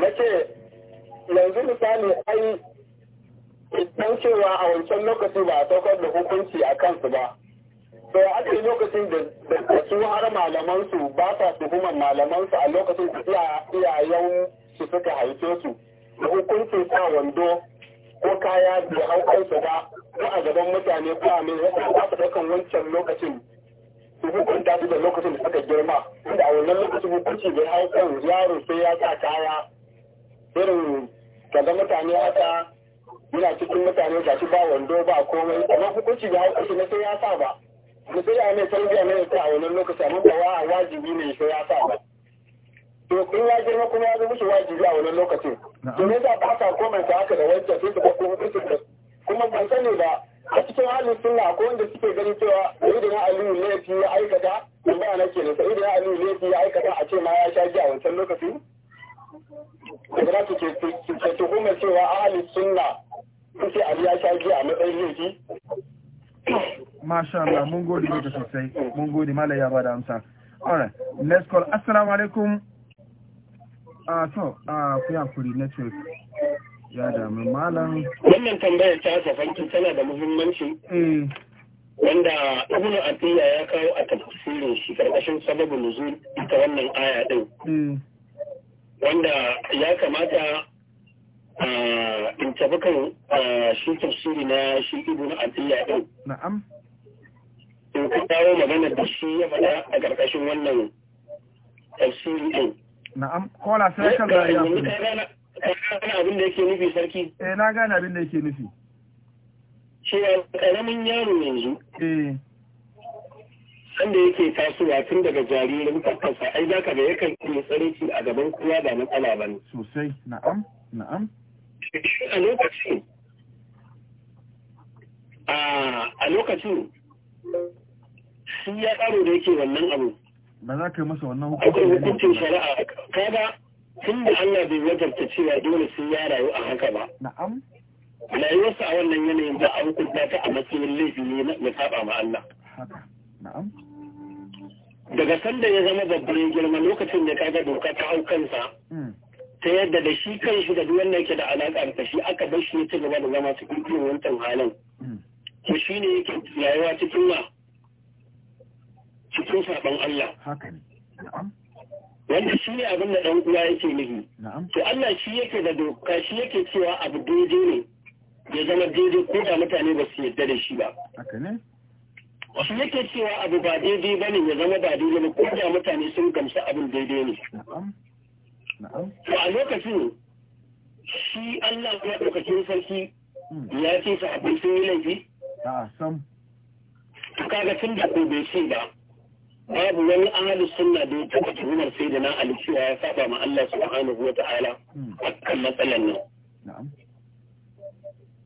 Na ce yanzu misali ai Idan cewa a wancan lokaci ba a saukar da hukunci a kansu ba, to aka yi lokacin da su har malamansu ba sa tuhumar malamansu a lokacin da iyayen su suka haife su da hukuncin sa wando ko kaya da hau ba ko a gaban mutane ko a mai yasa ba su ɗaukan wancan lokacin su hukunta su da lokacin da suka girma inda a wannan lokacin hukunci bai hau yaro sai ya sa kaya irin kaga mutane haka yana cikin mutane ga ba wando ba komai amma hukunci bai hau kansu na sai ya sa ba misali a mai tarbiyya ne ta a wani lokaci amma ba wajibi ne sai ya sa ba to in ya girma kuma ya zama shi wajibi a wani lokaci. to me yasa ba ka komanta haka da wajen sai ka ko hukuncin kuma ban sani ba a cikin halin suna ko wanda suke ganin cewa na aliyu laifi ya aikata in ba tambaya nake ne sayyidina aliyu laifi ya aikata a ce ma ya sha giya wancan lokaci? da ke ke tuhumar cewa ahli sunna sun ce ali ya sha giya a matsayin laifi masha Allah mun gode maka sosai mun gode mallam ya bada amsa all right let's call assalamu alaikum ah so, ah ku ya kuri network ya da mu malam wannan tambayar ta safanci tana da muhimmanci eh wanda ibnu atiya ya kawo a tafsirin shi karkashin sababu nuzul ita wannan aya din eh. wanda ya kamata ah, in tafi kan ah, shi tafsiri na shi ibn atiyya din na'am in ku dawo magana da shi ya faɗa a ƙarƙashin wannan tafsiri din na'am kola sai kan zariya kana abin da yake nufi sarki eh na gane abin da yake nufi Shi cewa ƙaramin yaro yanzu eh wanda yake tasowa tun daga jaririn kakkansa ai zaka ga yakan yi tsareci a gaban kowa ba matsala ba ne. Sosai, na'am, na'am. A lokacin, a lokacin sun ya karo da yake wannan abu ba za ka yi masa wannan hukuncin shari'a kaga tun da Allah bai ta cewa dole sun ya rayu a haka ba na'am rayuwarsa a wannan yanayin ba a hukunta ta a matsayin laifi ne ya saba ma Allah na'am daga sanda ya zama babban girma lokacin da kaga doka ta hau kansa hmm. ta yadda da shi kan shi da duwanda yake da alaƙa da shi aka bar shi ya ci gaba da zama cikin irin wancan halin hmm. to shi ne yake rayuwa cikin wa cikin saɓon Allah. Haka ne. Na'am. Wanda shi ne abin da ɗan uwa yake nufi. Na'am. To Allah shi yake da doka shi yake cewa abu daidai ne ya zama daidai ko da mutane ba su yarda da shi ba. Haka ne. Wasu yake cewa abu ba daidai ba ne ya zama ba daidai ba ko da mutane sun gamsu abin daidai ne. Na'am. Na'am. To a lokacin shi Allah ya ɗaukakin sarki hmm. ya ce abin sun yi laifi? A'a sam. To kaga tun da ko bai ce ba. babu wani ahalus sunna da ya taɓa tuhumar sai da na alkiwa ya saba ma Allah subhanahu wa ta'ala a kan matsalan nan. Na'am.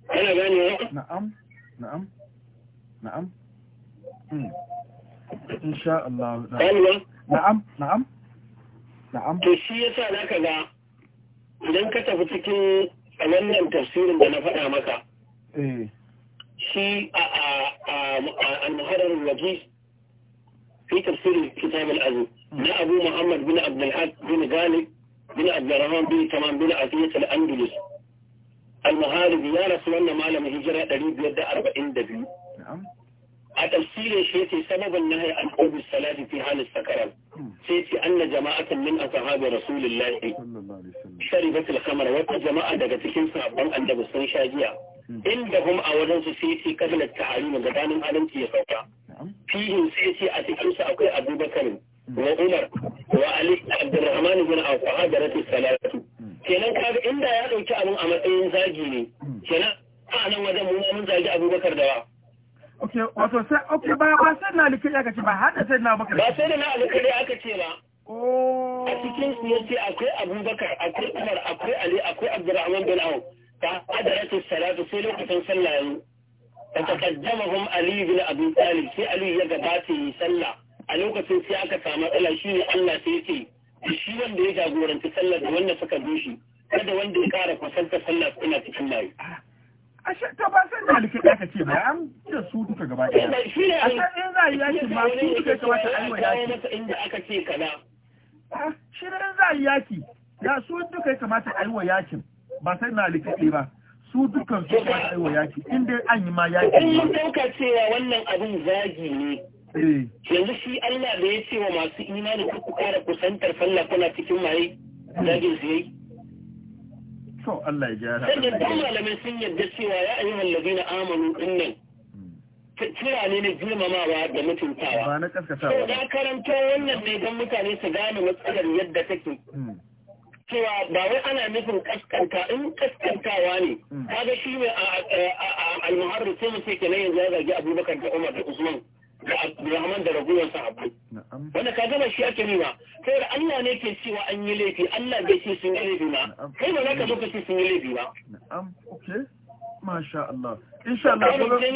Kana gane ya? Na'am, na'am, na'am. Hmm. In sha Allah. Na'am. Na'am, na'am. Na'am. To shi ya sa za ka ga idan ka tafi cikin wannan tafsirin da na faɗa maka. Eh. Shi a al-muharrar wajiz في تفسير كتاب العزيز ده أبو محمد بن عبد الحق بن غالب بن عبد الرحمن بن تمام بن عزيز الأندلس المهارب يا رسول الله ما لم هجرة قريب يد 40 دبي نعم أتفسير شيء سبب النهي عن قرب الصلاة في حال السكران شيء أن جماعة من أصحاب رسول الله شربت الخمر وجماعة دقتكين صحابا أن دبسون شاجية عندهم أولا سيتي قبل التعليم قدان ألم في صوتا fi'in sai ce a cikinsu akwai abubakar wa umar wa ali abdurrahman bin auf wa hadaratu salatu kenan kaga inda ya dauki abin a matsayin zagi ne kenan a nan wajen mun mun zagi abubakar da wa Okay, wato sai okay ba ba sai na likiri ya kace ba har da sai na bakar. Ba sai na likiri aka ce ba. Oh. A cikin su yace akwai Abubakar, akwai Umar, akwai Ali, akwai Abdurrahman bin Auf. Ta hadaratu salatu sai lokacin sallah yayi. ta takaddamahum Ali bin Abi Talib sai Ali ya gabata yi sallah a lokacin sai aka samu matsala shine Allah sai yake shi wanda ya jagoranci sallah da wanda suka bi shi kada wanda ya kara kusanta sallar suna cikin layi a shakka ba san da alfi ka ce ba an da su duka gaba ɗaya eh, a san in za a yi yaki ma su duka ya kamata a yi yaki inda aka ce kaza shi in za a yi yaki ya su duka ya kamata a yi wa yakin ba sai na alfi ba su dukkan su ba a wa yaki in dai an yi ma yaki in dauka cewa wannan abin zagi ne eh. yanzu shi Allah da ya ce wa masu imani ku kara kusantar sallah kuna cikin maye zagin su yayi to Allah ya gyara sannan da malamai sun yarda cewa ya ayyuhal na amanu dinnan hmm. kira ne na girmamawa da mutuntawa ba na kaskatawa sai da karanta wannan ne don mutane su gane matsalar yadda take hmm. cewa ba wai ana nufin kaskanta in kaskantawa ne hmm. kaga shi ne a almuharri sai mu ce kenan yanzu ya zargi abubakar da umar da usman da abdurrahman da ragowar sahabbai wanda ka gama shi ake nuna saboda allah ne ke cewa an yi laifi allah bai ce sun yi laifi ba kai ba za ka zo sun yi laifi ba Masha Allah. Insha Allah, buga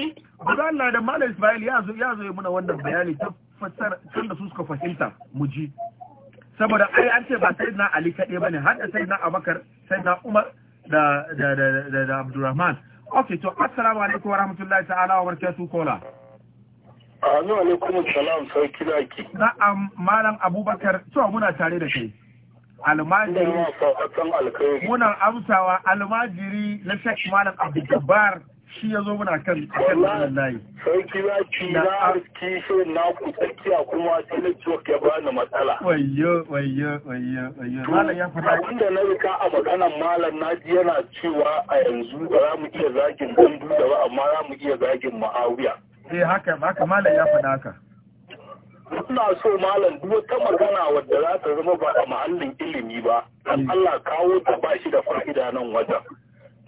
Allah da Malam Ismail ya zo ya zo muna wannan bayani ta fassara tun da su suka fahimta mu ji. saboda ai an ce ba sai na ali kaɗai ba ne har da sai na abakar sai na umar da da da da, da abdurrahman ok to assalamu alaikum wa rahmatullahi ta'ala wa barakatuh kola Allahu alaikum salam sai kira ki. Na'am malam Abubakar to muna tare da kai. Almajiri. Muna amsawa almajiri na Sheikh Malam Abdul Jabbar shi ya zo muna kan kan layi sarki ba ki na ki so na ku tsakiya kuma sai na ciwo ke ba ni matsala wayyo wayyo wayyo wayyo malam ya fara inda na rika a magana malam na ji yana cewa a yanzu ba za mu iya zagin dan duda ba amma za mu iya zagin ma'awiya eh haka haka malam ya fada haka ina so malam duk wata magana wadda za ta zama ba a mahallin ilimi ba eh. Allah kawo ta ba shi da fa'ida nan wajen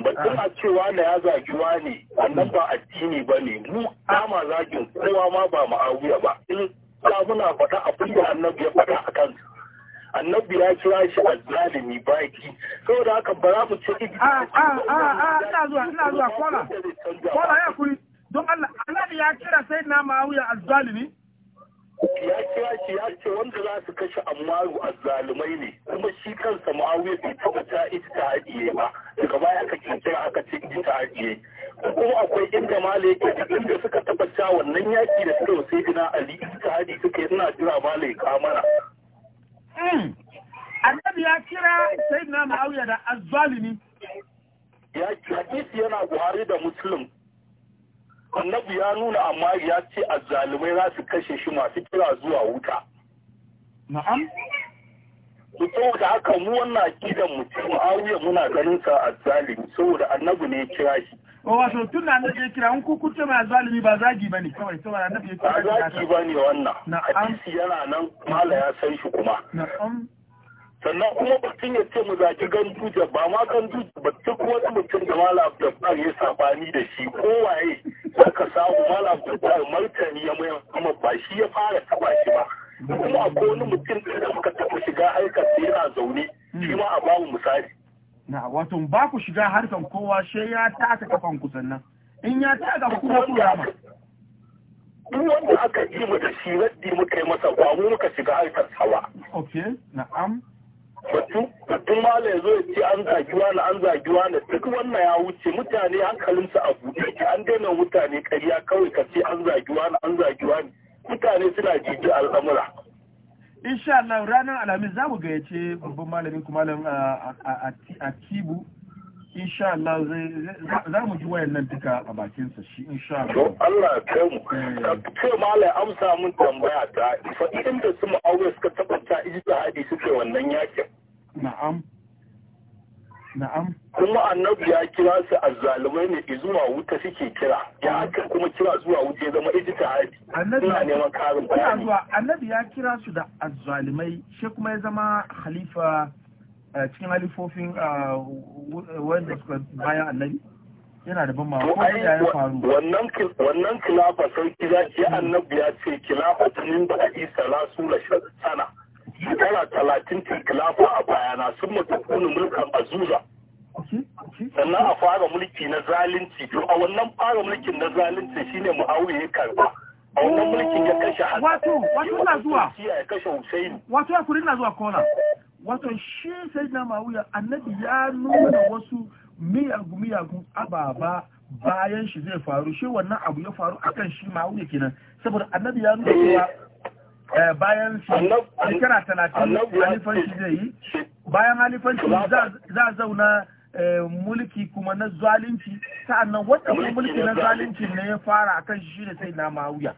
ba ina ah. cewa na ya zagi ne wannan ba addini ba ne mu kama zagin kowa ma ba ma'awiya ba in ta muna faɗa abin da annabi ya faɗa a kan annabi ya kira shi a zalimi baki saboda haka ba za mu ce a a a a ina zuwa ina zuwa kola kola ya kuri don Allah annabi ya kira sai na ma'awiya azzalimi ya kira shi ya ce wanda za su kashe ammaru a zalumai ne kuma shi kansa ma'awiyar bai taɓa ta ita ta haɗiye ba daga baya aka kirkira aka ce ita ta haɗiye kuma akwai inda mala yake da inda suka tabbata wannan yaki da suka wasai, gina ali ita ta haɗi suka yi suna jira mala ya kamara. Hmm. annabi ya kira sai na ma'awiya da azzalumi. ya kira yana buhari da musulun. annabi ya nuna amma ya ce zalumai za su kashe shi masu kira zuwa wuta na'am ku saboda haka mu wannan gidan mu muawiya muna ganin sa zalumi, saboda annabi ne ya kira shi o wato tun da annabi ya kira in ku kuce mai azzalimi ba zagi bane kawai saboda annabi ya kira ba zagi bane wannan hadisi yana nan mala ya san shi kuma na'am sannan kuma batun ya ce mu zaki ganduja ba ma ganduja ba duk wani mutum da malam abdullahi ya sabani da shi kowaye aka samu malam abdullahi martani ya mai kuma ba shi ya fara taba shi ba kuma akwai wani mutum da muka taɓa shiga harkar da yana zaune shi ma a bamu misali na wato ba ku shiga harkar kowa she ya taka kafan ku sannan in ya taka ku kuma ku rama duk wanda aka ji mu da shi raddi muka yi masa ba mu muka shiga harkar sawa okay na'am batun malam ya zo ya ce an zagi wani an zagi wani duk wannan ya wuce mutane hankalinsu a buɗe an daina mutane ƙarya kawai ka ce an zagi wani an zagi wani mutane suna jiji al'amura insha Allah ranar alhamis za mu gayyace babban malamin kuma a tibu insha Allah za mu ji wayan nan duka a bakin sa shi insha Allah. to Allah ya kai mu, eh. ce malai amsa mun tambaya ta, fa inda su aure suka tabbata ijtihadi suke wannan yakin. Na'am. Na'am. Kuma annabi ya kira su azzalumai ne zuwa wuta suke kira. Ya aka kuma kira zuwa wuta zama ijtihadi. Annabi ya neman karin bayani. Annabi ya kira su da azzalumai, shi kuma ya zama khalifa cikin halifofin wanda suka bayan annabi yana da ban ma ko ya ya faru wannan wannan kilafa sarki za ce hmm. annabi ya ce kilafa tunin da Isa la sura sana shekara talatin ta kilafa a bayana sun mutu mutakuni mulkan azuza sannan a fara mulki na zalunci to a wannan fara mulkin na zalunci shine muawiya ya karba a wannan mulkin ya kashe hasan wato wato na zuwa ya kashe husaini wato ya kuri na zuwa kona wato shi sai na mawuya annabi ya nuna wasu miyagun miyagun ababa bayan shi zai faru shi wannan abu ya faru akan shi mawuya kenan saboda annabi ya nuna cewa eh, bayan shi shekara talatin shi zai yi bayan shi za zauna eh, mulki kuma na zalunci sa'annan wata mulki na zalunci ne ya fara akan shi ne sai na mawuya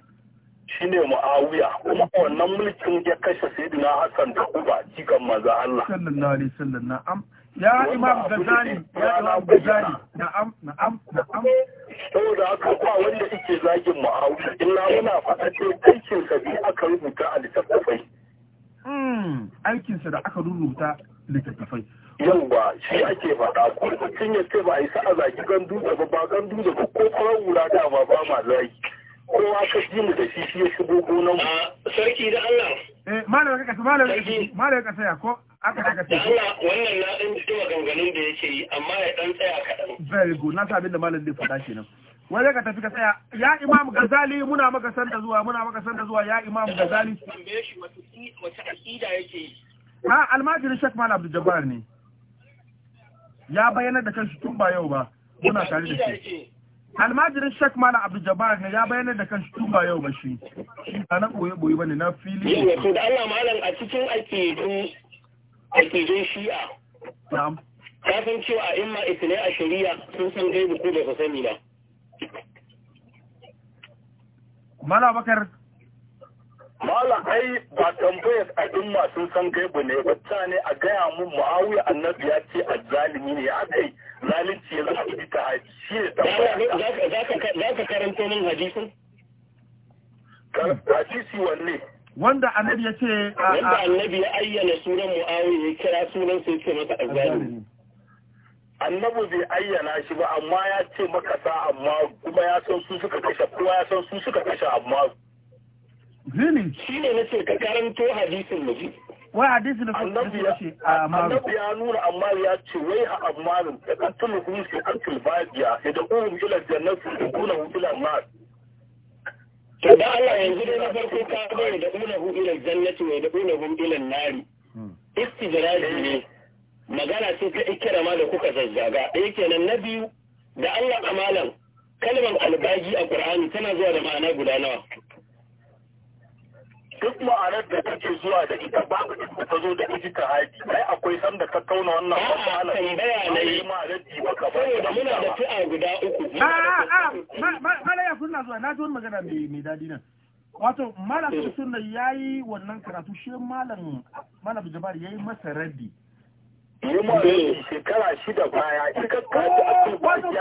shine muawiya kuma wannan mulkin ya kashe sayyidina hassan da uba cikin maza Allah sallallahu alaihi wasallam na'am ya imam gazali ya imam gazali na'am na'am na'am saboda haka ba wanda yake zagin muawiya illa muna faɗa ce aikin sa bi aka rubuta a littattafai mm aikin sa da aka rubuta littattafai yawwa shi ake faɗa ko mutum ya ce ba a yi sa'a zaki gandu da ba gandu da ko kuma wura da ba ba ma zaki kowa ka ji mu da shi shi ya shigo gonan mu sarki da Allah eh malaka ka malaka malaka ka saya ko aka ka ce Allah wannan na ɗan fito maganganun da yake yi amma ya ɗan tsaya kaɗan very good na sa abin da malam zai faɗa kenan wai ka tafi ka tsaya ya imam gazali muna maka sanda zuwa muna maka sanda zuwa ya imam gazali wace aqida yake yi ha almajirin shek malam abdul ne ya bayyana da kanshi tun ba yau ba muna tare da shi almajirin shek malam abdul jabbar ne ya bayyana da kan shi ba yau ba shi shi ba na boye boye bane na fili ne to da Allah malam a cikin ake akidun shi'a na'am ka san cewa imma itinai a shari'a sun san gaibu ko da sani ba malam bakar Malam ai ba tambayar abin masu san gaibu ne wacce ne a gaya mun mu'awiya annabi ya ce azzalimi ne aka yi zalunci ya zama ta haji shi ne tambaya. Za ka karanto min hadisin? Hadisi wanne? Wanda annabi ya ce a Wanda annabi ya ayyana sunan mu'awiya ya kira sunan sai ce masa azzalimi. annabi bai ayyana shi ba amma ya ce makasa amma kuma ya san su suka kashe kowa ya san su suka kashe amma zini shi ne nace ka karanto hadisin mu ji wai hadisin da kuka ce a maru ya nuna amma ya ce wai ha amalu da kantul husi antul badia da uhum ila jannati kuna ila nar to da Allah yanzu dai na farko ka bari da kuna ila jannati wai da kuna ila nari hmm. istijraji ne magana ce ta ikirama da kuka zazzaga ɗaya kenan na biyu da Allah amalan kalmar albaji a Kur'ani tana zuwa da ma'ana guda nawa duk ma'anar da kake zuwa da ita ba ka ka zo da ka haji ai akwai san da ka kauna wannan matsala tambaya ne saboda muna da fi'a guda uku a a mala ya sunna zuwa na ji wani magana mai mai dadi nan wato mala eh. sunna yayi wannan karatu shi malam malam jabari yayi masa raddi eh. shekara shida baya ita oh, wato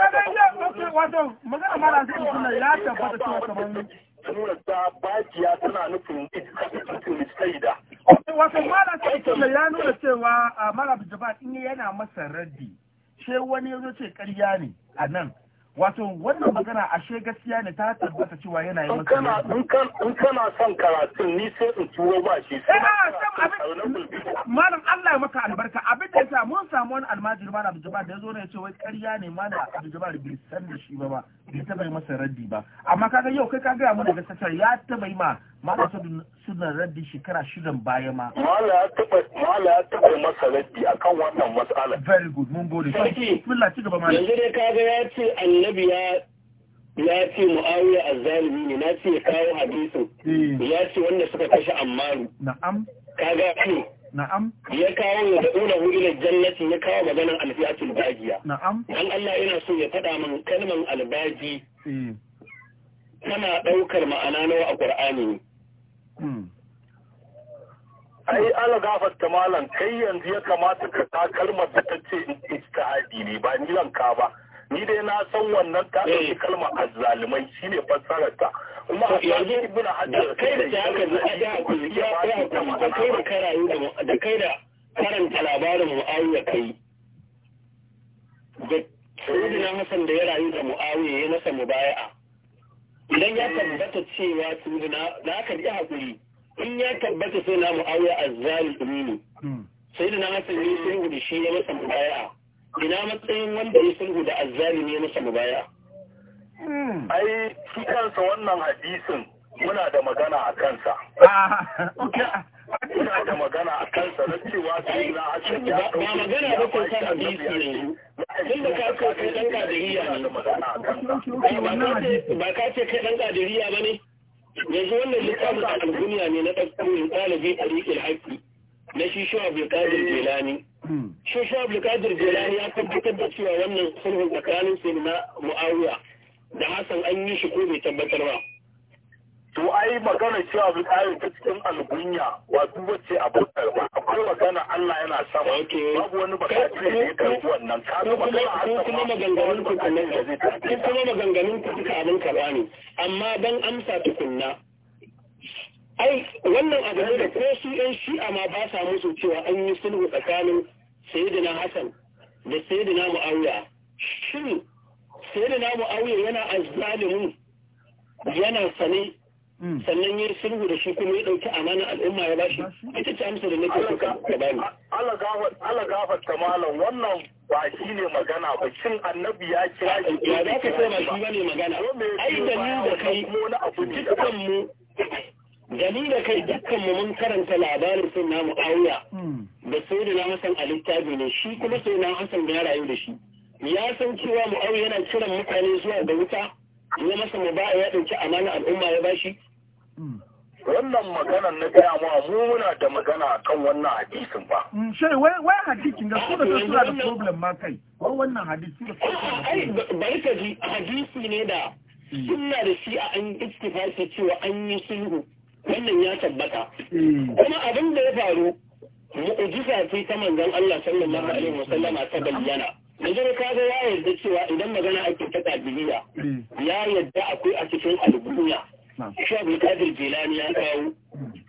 magana mala sunna ya tabbata cewa kamar nuna ta bajiya tana nufin mutum Wato Malam Sa'id ya nuna cewa Malam Jabbar in yana masa raddi. Sai wani ya ce karya ne a nan. wato wannan magana ashe gaskiya ne ta tabbata cewa yana yi maka in kana son karatun ni sai in turo ba shi eh, ah, ah, sai malam Allah ya maka albarka abin da ya sa mun samu wani almajiri malam Abdul da ya zo ne ya ce wai ƙarya ne malam Abdul Jabbar bai san da shi ba ba bai taɓa yi masa raddi ba amma kaga yau kai ka gaya mu da gaskiya ya taɓa yi ma Mala Sadu suna raddi shekara shidan baya ma. Mala ya taɓa Mala ya taɓa masa raddi akan wannan matsalar. Very good mun gode. Sarki. Bismillah ci gaba Mala. Yanzu dai ga ya ce annabi ya ya ce Muawiya azzalimi ne na ce kawo hadisin. Eh. Ya ce wanda suka kashe Ammaru. Na'am. Ka ga ne. Na'am. Ya kawo ya da ula ila jannati ya kawo maganar alfiyatul bagiya. Na'am. Dan Allah yana so ya faɗa min kalmar albaji. Eh. Tana ɗaukar ma'ana nawa a Ƙur'ani ne. ai ala gafarta malam kai yanzu ya kamata ka ta kalmar da ta ce istihadi ne ba ni lanka ba ni dai na san wannan ta ɗauki eh. kalmar azzalimai shine fassarar ta kuma a yanzu ibnu hajar kai da haka da ya kuli ya ya kuli da kai da karayu da kai da karanta labarin mu'awiya kai da eh. sayyidina hasan da ya rayu da mu'awiya ya masa mubaya'a idan ya tabbata cewa tuni na aka ji hakuri in ya tabbata sai na mu'awiya azzalimi ne hmm. sai da na hasan ne sulhu da shi ya masa mubaya ina matsayin wanda ya sulhu da ne ya masa mubaya hmm. ai shi kansa wannan hadisin muna da magana a kansa ah, *laughs* abin magana a kansa na cewa sai na hakan ya dauke ba magana ba ko kan hadisi ne tun da ka ce kai dan kadiriya ne ba ka ce kai dan kadiriya bane yanzu wannan littafin al-dunya ne na ɗauko ɗalibi tariqil haƙƙi na shi shi abu kadir jelani shi shi abu kadir jelani ya tabbatar da cewa wannan sulhun tsakanin sai na mu'awiya da Hassan an yi shi ko bai tabbatar ba to ai magana cewa bi tsari ta cikin wa duba ce a bautar ba akwai magana Allah yana sama babu wani bakatu da ya karbi wannan ka magana kuma maganganun ku kuma zai kuma maganganun ku kuka abin karba ne amma dan amsa tukunna ai wannan abu ne da ko su ɗan shi'a ma ba sa musu cewa an yi sulhu tsakanin sayyidina Hassan da sayyidina Muawiya shin sayyidina Muawiya yana azzalimin yana sane Mm. sannan yi sulhu da shi kuma ya dauki amana al'umma ya bashi ita ce amsa da nake suka ka bani Allah gafar kamalan wannan ba shi ne magana ba shin annabi ya kira shi ya za ka sai ba shi ne magana ai da ni da kai dukkan mu da ni da kai dukkan mu mun karanta labarin sun namu auya mm. da sai da na san a ne shi kuma sai na hasan ya yau da shi ya san cewa mu auya yana kiran mutane zuwa da wuta ne masa mu ba ya ɗauki amana al'umma ya bashi hmm. wannan magana na gaya ma mu muna da magana kan wannan hadisin ba. Hmm, Shai wai hadisin da su da su da problem ma kai. Wai wannan hadisi da su da Bai ka ji hadisi ne da hmm. suna da shi a an istifasa cewa an yi sulhu wannan ya tabbata. Kuma abin da ya faru mu'ujiza ce ta manzon Allah sallallahu alaihi wasallama ta bayyana. idan ka ga ya yarda cewa idan magana ake ta kabiliya hmm. ya yarda akwai a cikin al'umma hmm. shi abu kadir jilani ya kawo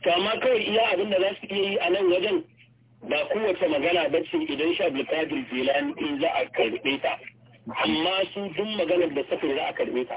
to amma kawai iya abin da za su iya yi a nan wajen ba kowace magana ba ce idan sha bulkadir jilani in za a karɓe ta hmm. amma su dun maganar da suka za a karɓe ta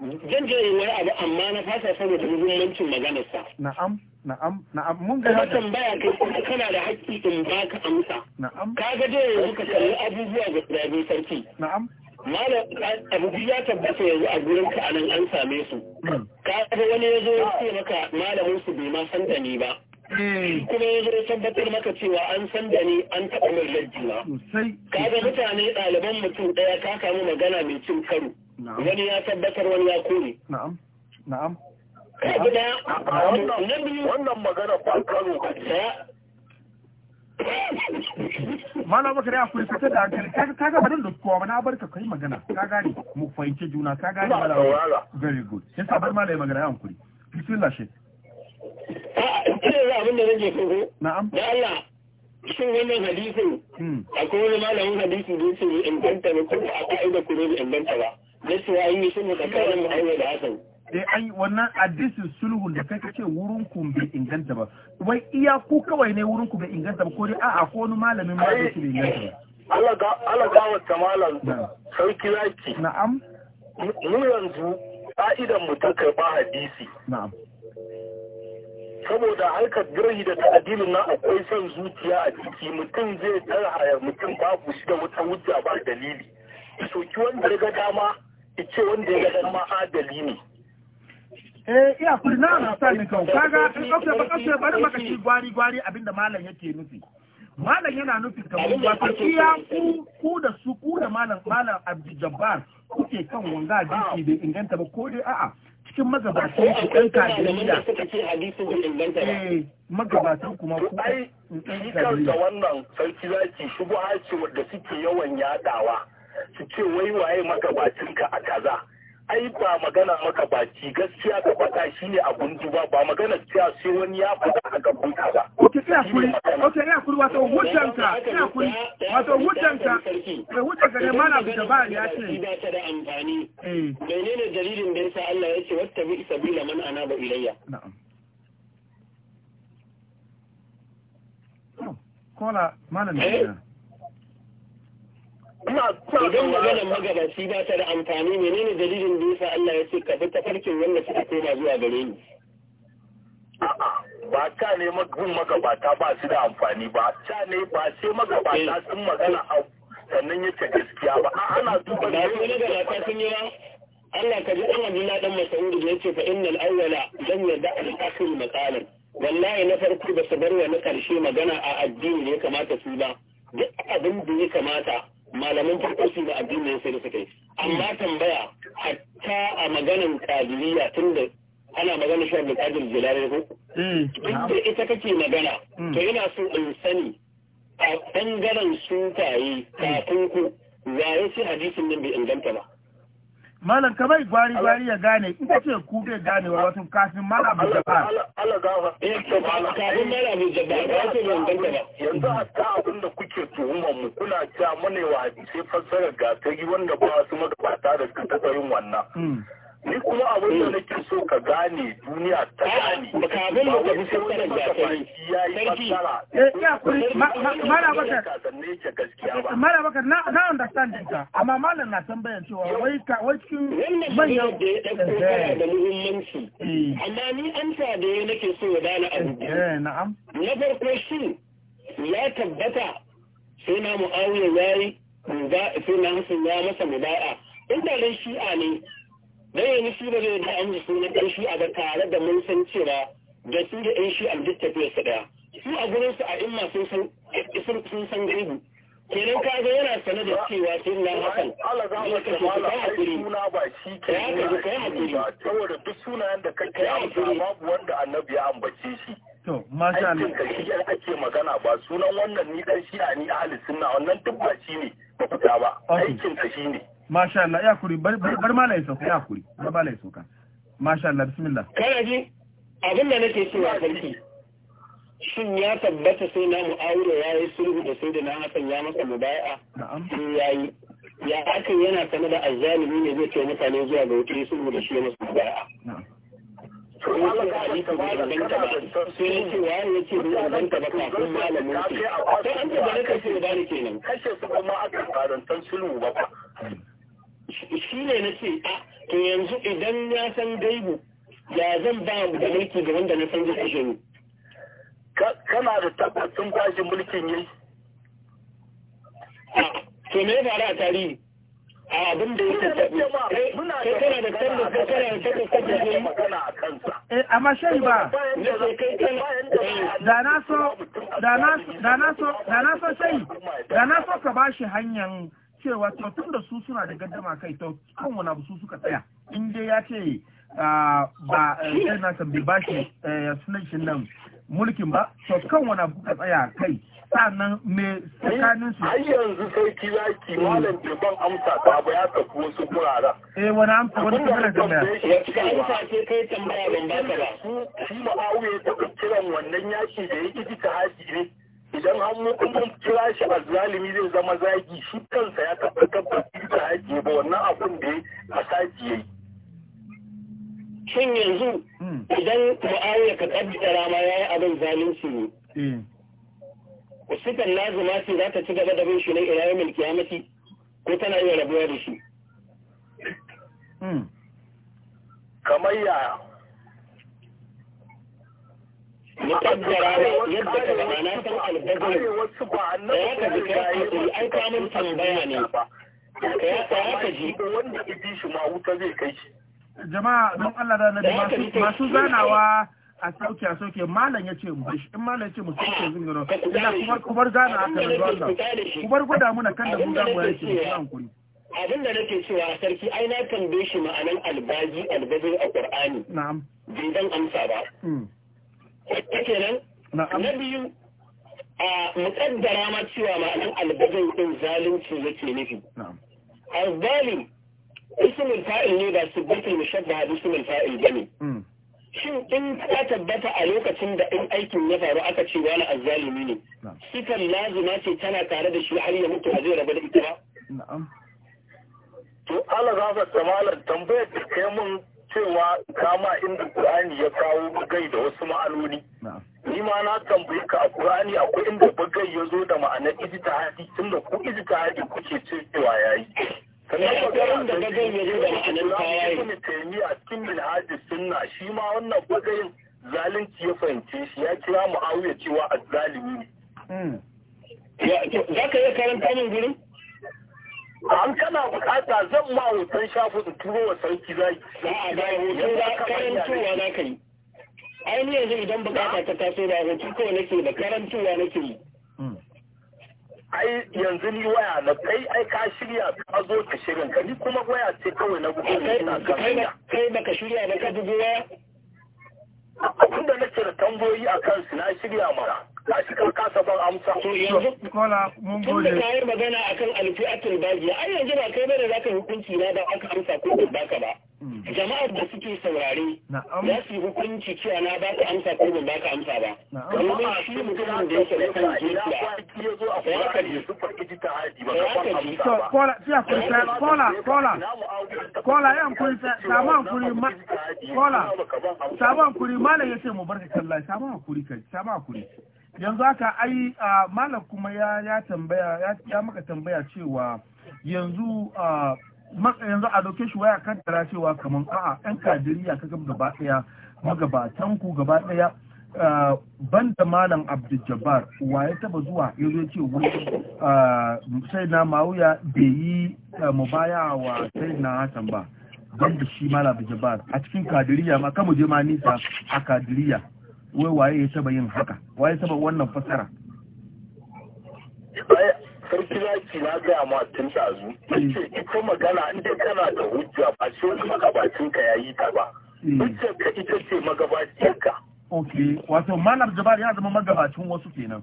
zan je yi wani abu amma na fasa saboda muhimmancin maganarsa. Na'am, na'am, na'am, mun ga hakan. baya kai kuma kana da hakki in baka amsa. Na'am. Ka ga je yanzu ka kalli abubuwa ga tsirabin sarki. Na'am. Malam abubu ya tabbata yanzu a gurin ka anan an same su. Hmm. Ka ga wani ya zo ya ce maka malamin su bai ma san da ni ba. Hmm. kuma ya zo tabbatar maka cewa an san da ni an taɓa mai lajjina. Ka ga mutane ɗaliban mutum ɗaya ka kamu magana mai cin karo. wani ya tabbatar wani ya kore na'am na'am wannan magana ba karo Mana baka da akwai fitar da hankali kaga kaga barin da kowa na barka kai magana ka gane mu fahimci juna ka gane mala very good sai sabar mala ya magana hankali bismillah shi ina da nake so na'am da Allah shin wannan hadisin hmm. akwai wani malamin hadisi da yake inganta ne ko a da inganta ba da su an yi sulhu tsakanin Muhammad da Hassan eh ai wannan addisin sulhun da kai kace wurin ku bai inganta ba wai iya ku kawai ne wurin ku bai inganta ba ko dai a'a ko wani malamin ma bai su inganta ba Allah ga Allah ga wata malam sauki yake. na'am mun yanzu ka'idan mu ta karba hadisi na'am saboda harkar girhi da ta'adilin na akwai son zuciya a ciki mutum zai tarhaya mutum babu shi da wata hujja ba dalili soki wanda daga dama ce wanda ya ga ma adali ne eh iya kuri na na sa ni kan kaga in kafe ba kafe ba da maka shi gwari gwari abinda malam yake nufi malam yana nufi kamar ba ta iya ku ku da su ku da malam malam Abdul Jabbar kuke kan wanga jiki bai inganta ba ko dai a'a cikin magabatan ku ɗan kajiriya eh magabatan kuma ku ai ni kanta wannan sarki zaki shubuha ce wadda suke yawan yadawa su ce wai waye magabacinka a kaza ai ba magana maka baki gaskiya ka faɗa shi ne a gundu ba Ba magana cewa sai wani ya faɗa a gaban ka ba. Ok, ina kuri, ok, ina kuri wato ka ina kuri, wato hujjanka, mai ka ne mana bi ba ya ce. da ta da amfani. Eh. Menene dalilin da yasa Allah ya ce wata bi sabila man ana ba ilayya. Oh, kola, malam ne. Eh? Idan maganar magabaci ba ta da amfani menene dalilin da yasa Allah ya ce ka bi tafarkin wanda suka koma zuwa gare ni. Ba ta ne gun magabata ba su da amfani ba, ta ne ba sai magabata eh. sun magana a sannan yake gaskiya ba. Ana duba da yau. ta sun yi ba? Allah ka ji ɗan Abdullah ɗan Mas'ud ya ce fa innal awwala zan yarda a akhir matsalar." Wallahi na farko ba su bar wa na ƙarshe magana a addini ne kamata su ba. Duk abin da ya kamata malamin farko na addinin sai da suka yi amma tambaya hatta a maganan kadiriya tunda ana magana shi da kadir jilari ko mm. duk da ita kake magana mm. to ina so in sani a bangaren sukaye kafin ku zai shi hadisin nan bai inganta ba malam ka bai gwari gwari ya gane in ce ku bai gane wa wasu kafin mara abu jaba Allah eh kafin ba ce ban ba yanzu hatta abin da kuke tuhumar mu kuna ta mu ne wa hadisi fassara ga ta yi wanda ba su magabata da suka taɓa wannan hmm. ni kuma abin da nake so ka gane duniya ta gane ba ka abin da ka fi fassara da kai sarki eh, ya kuri mara baka mara baka na na understand ka amma malam na tambayan cewa wai ka wai cikin ya dauko eh. da muhimmanci eh. amma ni da ya nake so ya dana abu eh na'am na farko ya tabbata mu'awiya ya masa muda'a inda shi'a ne dan yanzu su ba zai da an ji sunan ɗan shi a ga tare da mun san cewa da su da ɗan shi an su ɗaya su a gurin su a imma sun san sun san gaibu kenan ka ga yana sane da cewa sun na hakan Allah za mu ce mala ai suna ba shi ke ya ga kai hakuri saboda duk sunayen da kake amsa babu wanda annabi ya ambace shi to masha Allah kai shi ake magana ba sunan wannan ni dan shi ni ahli sunna wannan duk ba shi ne ba fita ba aikin ka shi ne masha Allah ya kuri bar ma lai sauka ya kuri bar ma lai sauka masha Allah bismillah kana ji abin da nake cewa sarki shin ya tabbata sai na mu'awira ya yi sulhu da sai da na hasan ya masa mubai'a sai ya yi ya aka yana sanar da azzalimi ne zai ce mutane zuwa ga wuce sulhu da shi ya masa mubai'a kashe su kuma akan karantar sulhu ba shi ne na ce ah, to yanzu idan ya san gaibu ya zan ba da mulki ga wanda na san zai kashe ni kana da tabbacin kwashe mulkin yi ah, to me ya a tarihi a abin da yake tabi eh, kai kana da tabbas kai kana da tabbas kai kana magana eh, a kansa amma shai ba da na so da na so da na so da na so sai da na so ka bashi hanyar cewa to tun da su suna da gaddama kai to kan wani abu su suka tsaya in dai ya ce ah, ba yana eh, na kan bai bashi eh, sunan shi nan mulkin ba to kan wani abu ka tsaya kai sannan me tsakanin su ai yanzu sai ki ki malam da ban amsa ta ba ya tafi wasu kurara eh wani amsa wani kuma da ya ya ci amsa kai tambaya ban ba ta ba shi ma ya ta kiran wannan yaki da yake ji ta haji ne idan an mun kira shi a zalimi zai zama zagi shi kansa ya tabbatar ba ita ake ba wannan abun da a saki yayi shin yanzu hmm. idan mu'awiya ka kaddara ya yayi abin zalunci ne eh. usukan lazima ce za ta ci gaba da bin shi ne ila yawmin kiyamati ko tana iya rabuwa da shi hmm. kamar yaya mukaddara ne yadda ka gaba na san albazin da ya ka ji ka hakuri ai kamun tambaya ne ka ya ka ya ka ji wanda ya shi ma wuta zai kai shi jama'a don Allah da nabi masu zanawa a sauke a sauke malam ya ce mu. in malam ya ce mu ke zin gano ina kuma kubar zana a kan zuwa Allah kubar gwada muna kan da mu za mu yake mu hankuri abin da nake cewa sarki ai na tambaye shi ma'anan albaji albazin a qur'ani na'am bai dan amsa ba hmm. take na biyu a mukaddara ma cewa ma'anar albazai din zalunci yake nufi azzalim ismul fa'il ne ba su bitul mushabbaha ismul fa'il bane hmm. shin in ta tabbata a lokacin da in aikin ya faru aka ce wani azzalimi ne sifan lazima ce tana tare da shi har ya mutu a zai rabu da ita ba to ala za ta malar tambayar da kai mun cewa kama inda kur'ani ya kawo bugai da wasu ma'anoni. Ni ma na tambayi ka a kur'ani akwai inda bugai ya zo da ma'anar ijtihadi tunda ku ijtihadi kuke cewa yayi. Sannan bugayin da bugai ya zo da ma'anar cikin minhaji sunna shi ma wannan bugayin zalunci ya fahimce shi ya kira Muawiya cewa azzalimi ne. Hmm. Za ka iya karanta min gurin? an kana bukata zan ma hoton shafi da turo wa sarki zai a da hoton da karantowa za ka yi ainihin yanzu idan bukata ta taso ba hoton kawai nake da karantowa nake yi hmm. ai yanzu ni waya na kai ai ka shirya ka zo ka shirin ka ni kuma waya ce kawai na gudu na kai kai baka shirya ba ka dubo waya abinda na cire tambayoyi a kansu na shirya mara na shi kan kasa ban amsa to yanzu kola mun gode tun da kayan magana akan alfi'atul bagiya ai yanzu ba kai bane zaka hukunci na da aka amsa ko ba ka ba Mm. jama'ar da suke saurare za su yi hukunci cewa na ba ka amsa ko ban ba ka amsa ba domin shi mutumin da yake da kan jefiya da ya ka ji kola ya kuri sa kola kola kola ya kuri sa saman kuri ma kola saman kuri malam yace mu barka kallai saman kuri kai saman kuri yanzu haka ai malam kuma ya ya tambaya ya maka tambaya cewa yanzu yanzu za a dauke shi waya kan tara cewa kamar a'a yan kadiriya ka gaba gaba daya magabatan ah, ku gaba daya banda malam abdul wa ya taba zuwa ya zo ce wani ah, sai na mawuya bai yi ah, mubaya wa sai na hasan ba banda shi malam abdul a cikin kadiriya ma kamu je ma nisa a kadiriya wai waye ya taba yin haka waye taba wannan fasara sarki zaki na gaya ma tun dazu ce ita magana inda kana da hujja ba ce wani magabacinka ya yi ta ba mm. ka ita ce ka. ok wato malam jabari ya zama magabacin wasu kenan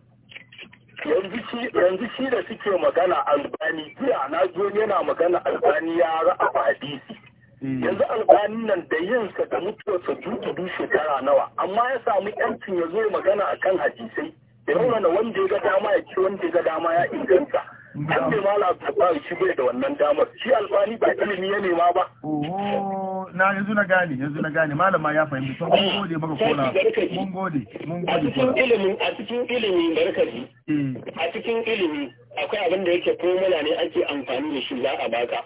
yanzu shi da suke magana albani jiya na zo yana magana albani ya ra'a hadisi mm. yanzu albani nan da yinsa da mutuwarsa dudu shekara nawa amma ya samu yancin ya zo magana akan hadisai ya wanda ya ga dama ya ci wanda ya ga dama ya inganta an ne mala ba shi bai da wannan damar shi alfani ba ilimi ya nema ba na yanzu na gane yanzu na gane malama ya fahimci to mun gode maka kola mun gode mun gode kola ilimi a cikin ilimi barkaji eh. a cikin ilimi akwai abin da yake formula ne ake amfani da shi za a baka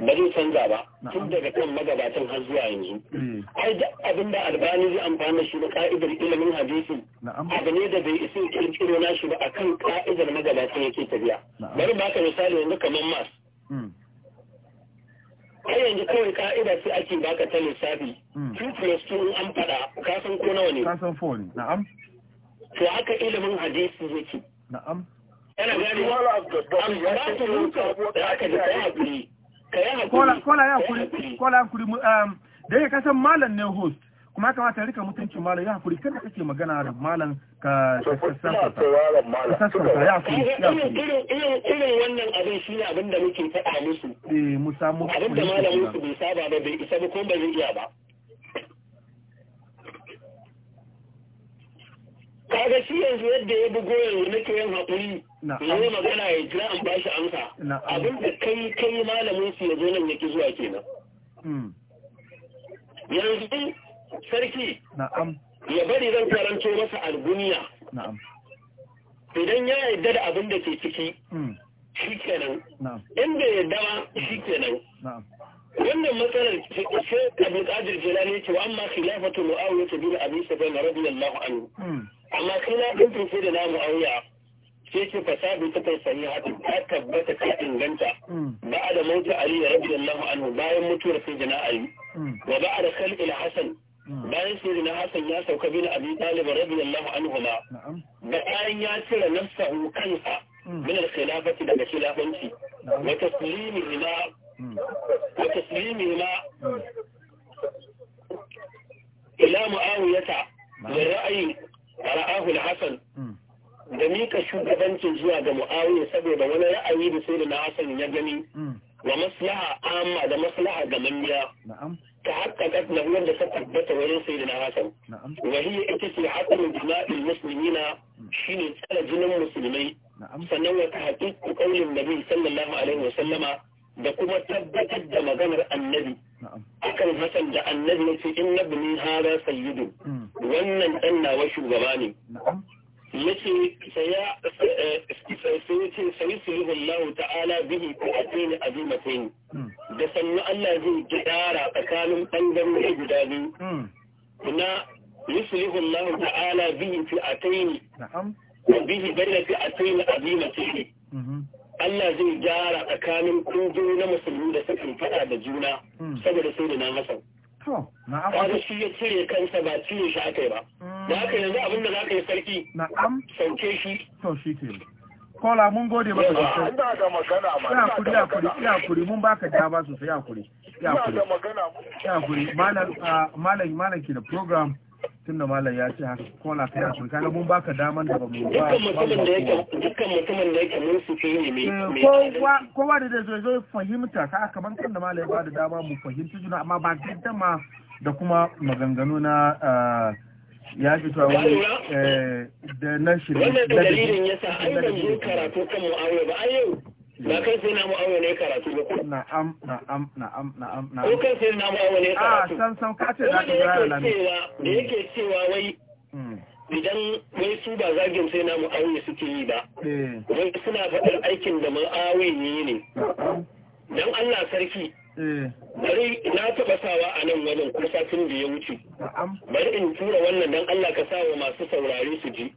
ba zai canza ba tun daga kan magabatan har zuwa yanzu hmm. ai da abin da albani zai amfana shi da ka'idar ilimin hadisi abu ne da bai isa kirkiro na shi ba akan ka'idar magabatan yake tafiya bari baka misali yanzu kamar mas hmm. ai yanzu kawai ka'ida sai ake baka ta lissafi hmm. two plus two in an faɗa ka san ko nawa ne san four ne na'am to haka ilimin hadisi yake na'am yana gani amma ba su rubuta da aka da ta hakuri kola ya kuri kola ya kuri um, da yake kasan malam ne host kuma kamata rika mutuncin malam ya hakuri kada kake magana da malam ka sassauta sassauta ya hakuri irin wannan abin shi ne abin da muke faɗa musu eh mu samu abin da malamin su bai saba ba bai isa ba ko bai iya ba kaga shi yanzu yadda ya bugo yanzu nake yin hakuri yi magana ya jira an bashi amsa abin da kai kai malamin su ya zo nan yake zuwa kenan hmm. yanzu sarki ya bari zan karanto masa alguniya idan ya yarda da abin da ke ciki hmm. shi kenan Inda ya yarda shi kenan wannan matsalar abin abu kadir jilani ce, wa amma khilafatu muawiya bin abi sufyan radiyallahu anhu hmm. amma khilafin sai da na muawiya sai ce fasadu ta kai sani hatu ta tabbata ta inganta hmm. ba da mauti ali da rabbi allahu anhu bayan mutuwar sai jana ali hmm. wa ba da khalqi hasan hmm. bayan sai jana hasan ya sauka bin abi talib rabbi allahu anhu ma da bayan ya cire nafsahu kansa min al-khilafati daga khilafanci wa taslimi ma wa taslimi ma ila muawiyata da ra'ayi ra'ahu al-hasan da mika shugabancin zuwa ga mu'awiya saboda wani ra'ayi da sai da na hasan ya gani mm. wa maslaha amma da maslaha ga manya ta haƙaƙa na wanda ta tabbata wurin sai da na hasan wahiyya ita ce haƙurin jima'in shi mm. shine tsara jinin musulmai sannan wata haƙiƙu ƙaunin nabi sallallahu alaihi wa sallama da kuma tabbatar da maganar annabi akan hasan da annabi ya ce in nabni hara sayyidu mm. wannan ɗan nawa shugaba ne yace saya eh, sai yace sai sirru Allah ta'ala bihi qatayn azimatayn hmm. da sannu Allah zai gyara tsakanin bangarori guda biyu hmm. na yuslihu Allah ta'ala bihi fi atayn na'am wa bihi bayna fi atayn azimatayn mhm. Allah zai gyara tsakanin kungiyoyi na musulmi da sukan fada da juna hmm. saboda sai da na Hassan a shi ya cire kansa ba cire shi aka yi ba. Da haka mm. yanzu abin da za ka yi sarki. Na'am. Sauke shi. To shi ke. Kola mun gode maka sosai. Ina da magana ma. Ya kuri ya kuri kuri mun baka dama sosai ya kuri. Ya kuri. Ina da magana. Ya kuri ah, malam malam malam ki da program tun da malam ya ce haka kola kai a sun kaga mun baka daman da ba mu ba dukkan mutumin da yake mun ne eh, zai zo fahimta ka kamar kan da malam ya ba da dama mu fahimci juna amma ba ta ma da kuma maganganu na eh, ya fi tuwa wani eh, da na shirin da dalilin yasa da karatu kan ba a yau ba kai sai na mu'amala ne karatu ba ko na'am na'am na'am na'am na'am ko kai sai na mu'amala ne ah, karatu a san san ka ce za ka ga lami da yake cewa wai mm. idan wai su ba zagin sai na mu'awiyya suke yi ba eh. wai suna faɗar aikin da mu'awiyya ne dan Allah sarki eh. bari na taɓa sawa a nan wajen ko satin da ya wuce bari in tura wannan dan Allah ka sawa masu saurare su ji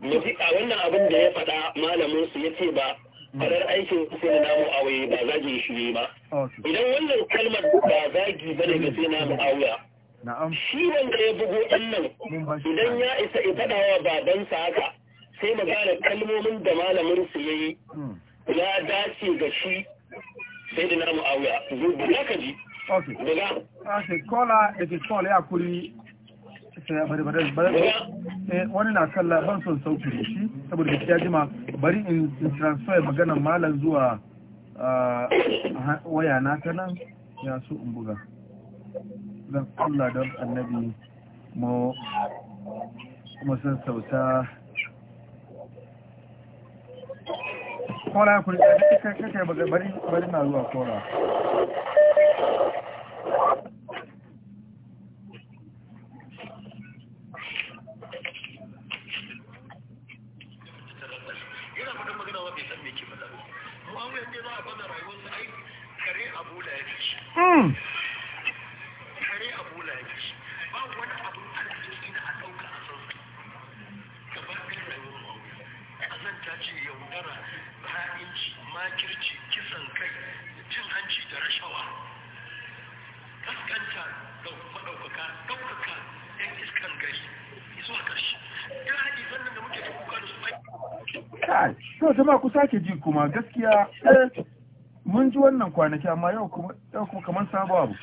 mu ji a wannan abin da ya faɗa malamin su ce ba farar aikin sai na mu awaye ba zagin shi ba oh, idan wannan kalmar ba zagi ba daga sai na mu mu'awiya shi wanda ya bugo ɗan nan idan ya isa ya faɗa wa babansa haka sai mu gane kalmomin da malamin su yayi hmm. ya dace ga shi sai da na mu'awiya zuwa ka ji. Okay. Kola da ke kola ya kuri ya bari bari eh, wani na kalla ban son sauki da shi saboda ya jima bari in transfer magana malam zuwa waya na ta nan ya so in buga zan Allah don annabi kuma san sauta kora kuri da kake bari na zuwa kora za a baza rayuwarsa ai kare abu da ya fi hmm. jama'a ma ku sake ji kuma gaskiya eh, mun ji wannan kwanaki amma yau kuma kamar sabo abu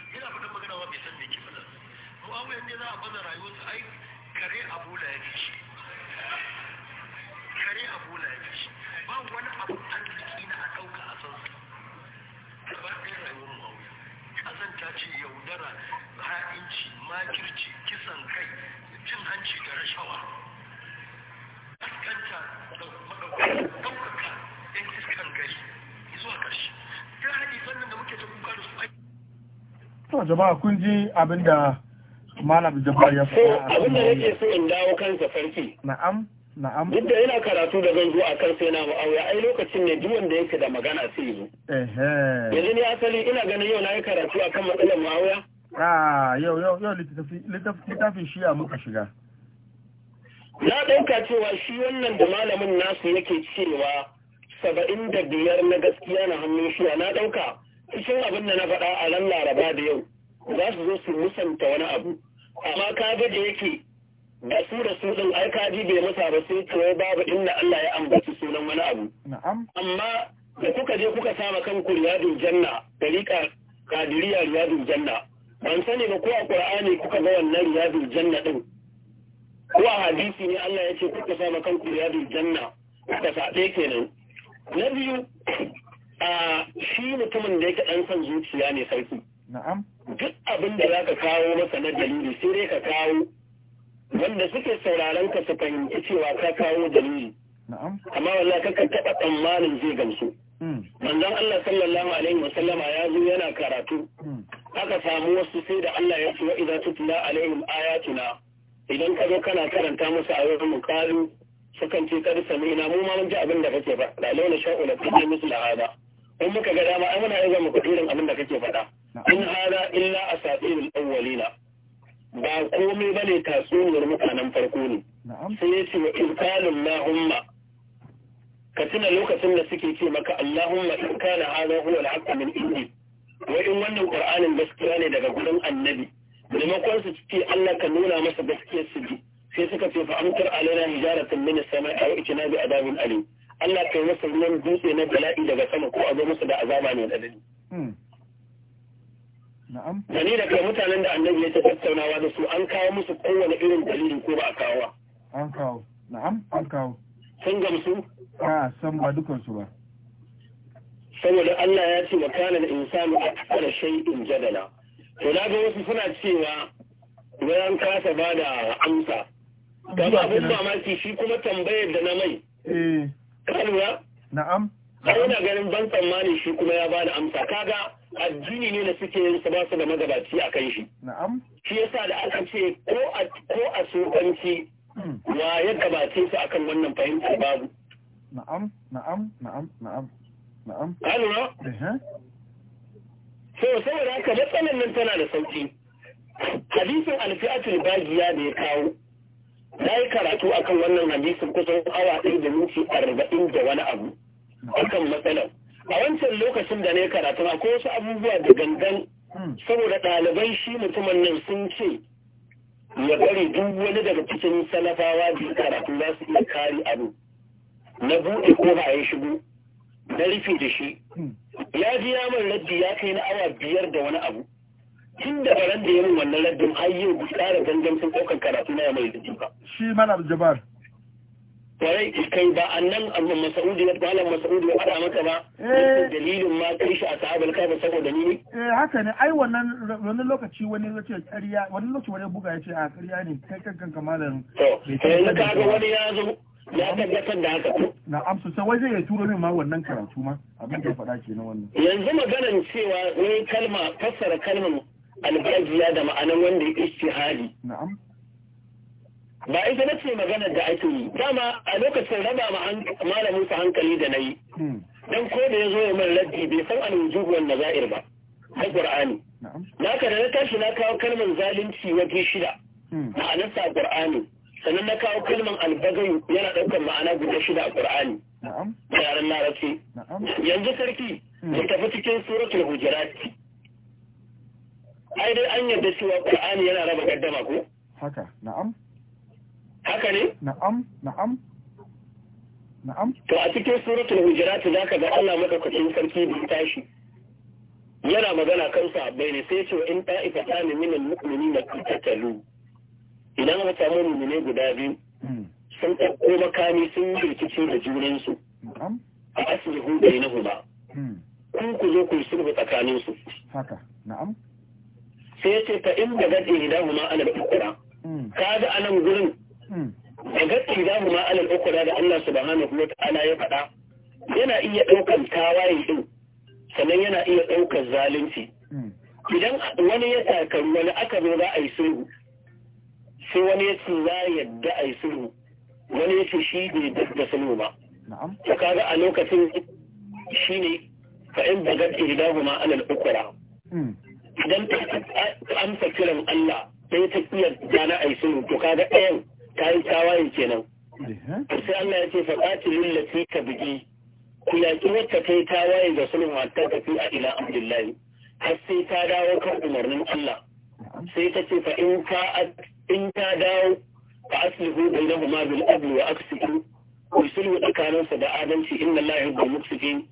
jama'a kun ji abin da malam jabbar ya faɗa abin da yake so in dawo kansa farki na'am na'am duk da yana karatu da zan zo a kan sai na mu'awiya ai lokacin ne duk wanda yake da magana sai ehe yanzu ni asali ina ganin yau na yi karatu akan matsalar ma'auya a ah, yau yau yau littafin shiya muka shiga na ɗauka cewa shi wannan da malamin nasu yake cewa saba'in da biyar na gaskiya na hannun shiya na ɗauka cikin abin da na faɗa a ran laraba da yau za su zo su musanta wani abu amma ka ga da yake da su da su din ai ji bai masa ba sai kawai babu inda Allah ya ambaci sunan wani abu amma da kuka je kuka sama kanku riyadul janna riƙa kadiriya riyadul janna ban sani ba ko a ƙur'ani kuka ga wannan riyadul janna din ko a hadisi ne Allah ya ce kuka sama kanku riyadul janna da sabe kenan na biyu a shi mutumin da yake dan san zuciya ne sarki duk abin da za ka kawo masa na dalili sai dai ka kawo wanda suke sauraron ka su fahimci cewa ka kawo dalili amma wallahi kaka taɓa tsammanin zai gamsu hmm. manzon Allah sallallahu alaihi sallama ya zo yana karatu hmm. aka samu wasu sai da Allah ya ce wa idza tutla alaihim ayatuna idan ka zo kana karanta musu ayoyin mu kalu sukan ce kada Ina mu ma mun ji abin da kake faɗa launa sha'ula fi misli hada in muka ga dama ai muna iya mu kudurin abin da kake faɗa in hada illa a sa'irin awwalina ba komai ne tatsuniyar mutanen farko ne sai ya ce wa izkalin lahumma ka tuna lokacin da suke ce maka allahumma in kana hada huwa al min indi wa in wannan qur'anin gaskiya ne daga gurin annabi maimakon su ce Allah ka nuna masa gaskiyar su sai suka ce fa amtar alaina hijaratan min as-sama'i a itina bi adabin ali Allah kai masa ruwan dutse na bala'i daga sama ko a zo masa da azaba mai tsanani hmm. da ni da kai mutanen da annabi ya ta tattaunawa da su an kawo musu kowane irin dalili ko ba a kawo an kawo na'am an kawo sun gamsu a san ba dukansu ba saboda Allah ya ce wa kana al-insanu shai shay'in jadala to na ga wasu suna cewa bayan kasa ba da amsa ga ba abin mamaki shi kuma tambayar da na mai eh na'am sai na ganin ban tsammani shi kuma ya ba da amsa kaga addini ne da suke yin su ba su da magabaci a kan shi shi sa da aka ce ko a tsokanci wa ya gabace su akan wannan fahimtar babu na'am na'am na'am na'am na'am alura so saboda haka matsalar nan tana da sauki hadisin alfi'atul bagiya da ya kawo na yi karatu akan wannan hadisin kusan awa ɗaya da minti arba'in da wani abu akan matsalar a wancan lokacin da na yi karatu akwai wasu abubuwa da gangan hmm. saboda ɗaliban shi mutumin nan sun ce ya bari duk wani daga cikin salafawa da karatu za su iya kare abu na buɗe ko ba a yi shigo na rufe da shi hmm. ya ji yaman raddi ya kai na awa biyar da wani abu tun da baran da yamin wannan raddin har yau ƙara gangan sun ɗaukar karatu na ya mai da ba. shi mana jabar kwarai kai ba annan abu masaudi ya kwala masaudi ya faɗa maka ba eh. dalilin ma kai shi a sahabar kafa saboda ni ne eh haka ne ai wannan wani lokaci wani ya ce ƙarya wani lokaci wani buga ya ce a ah, ƙarya ne kai kan kan malam to yanzu ka ga wani ya zo ya tabbatar da haka na amsa sai waje ya turo min ma wannan karatu ma abin da faɗa ke na wannan yanzu maganar cewa wani kalma fassara kalmar albaziya da ma'anar wanda ya ishtihadi na'am ba ita na ce maganar da ake yi dama a lokacin raba malamin sa hankali da na yi hmm. dan ko da ya zo ya man raddi bai san alwujubu wan nazair ba na qur'ani na ka da tashi na kawo kalmar zalunci waje shida hmm. ma'anar sa qur'ani sannan na kawo kalmar albagayu yana daukar ma'ana guda shida a qur'ani yaran larabci yanzu sarki ya hmm. tafi cikin suratul hujurat ai dai an yarda cewa qur'ani yana raba gaddama ko haka na'am haka ne na'am na'am na'am to a cikin suratul hujurat zaka ga Allah madaukakin sarki bai tashi yana magana kan sahabbai ne sai cewa in ta'ifa tani min al-mu'minin la qatatalu idan aka samu mu'mine guda biyu hmm. sun ɗauko makami sun yi rikici da junansu a asibihu da na huba hmm. ku ku zo ku yi sulhu tsakaninsu haka na'am sai ce ta in da gaɗe idan huma ana da kukura hmm. ka ga anan nan gurin Hmm. gaske za mu alal ukura da Allah subhanahu wa ta'ala ya faɗa yana iya ɗaukar tawaye ɗin sannan yana iya ɗaukar zalunci. Hmm. Idan wani ya takaru wani aka zo za a yi sulhu sai wani ya ce za yadda a yi sulhu wani ya ce shi bai da sulhu ba. Ta kaga a lokacin shi ne in da gaɗe idahu ma alal ukura. Hmm. Idan ta amsa kiran Allah sai ta iya gana a sulhu to kaga ɗayan yi tawaye kenan sai Allah ya ce fa qatilul lati ka bigi ku yaki wacce kai tawaye ga sulhu hatta ta a ila abdullahi har sai ta dawo kan umarnin Allah sai ta ce fa in ka in ta dawo fa aslihu bainahuma bil adl wa aqsitu ku sulhu tsakaninsa da adalci inna Allah yuhibbul muqsitin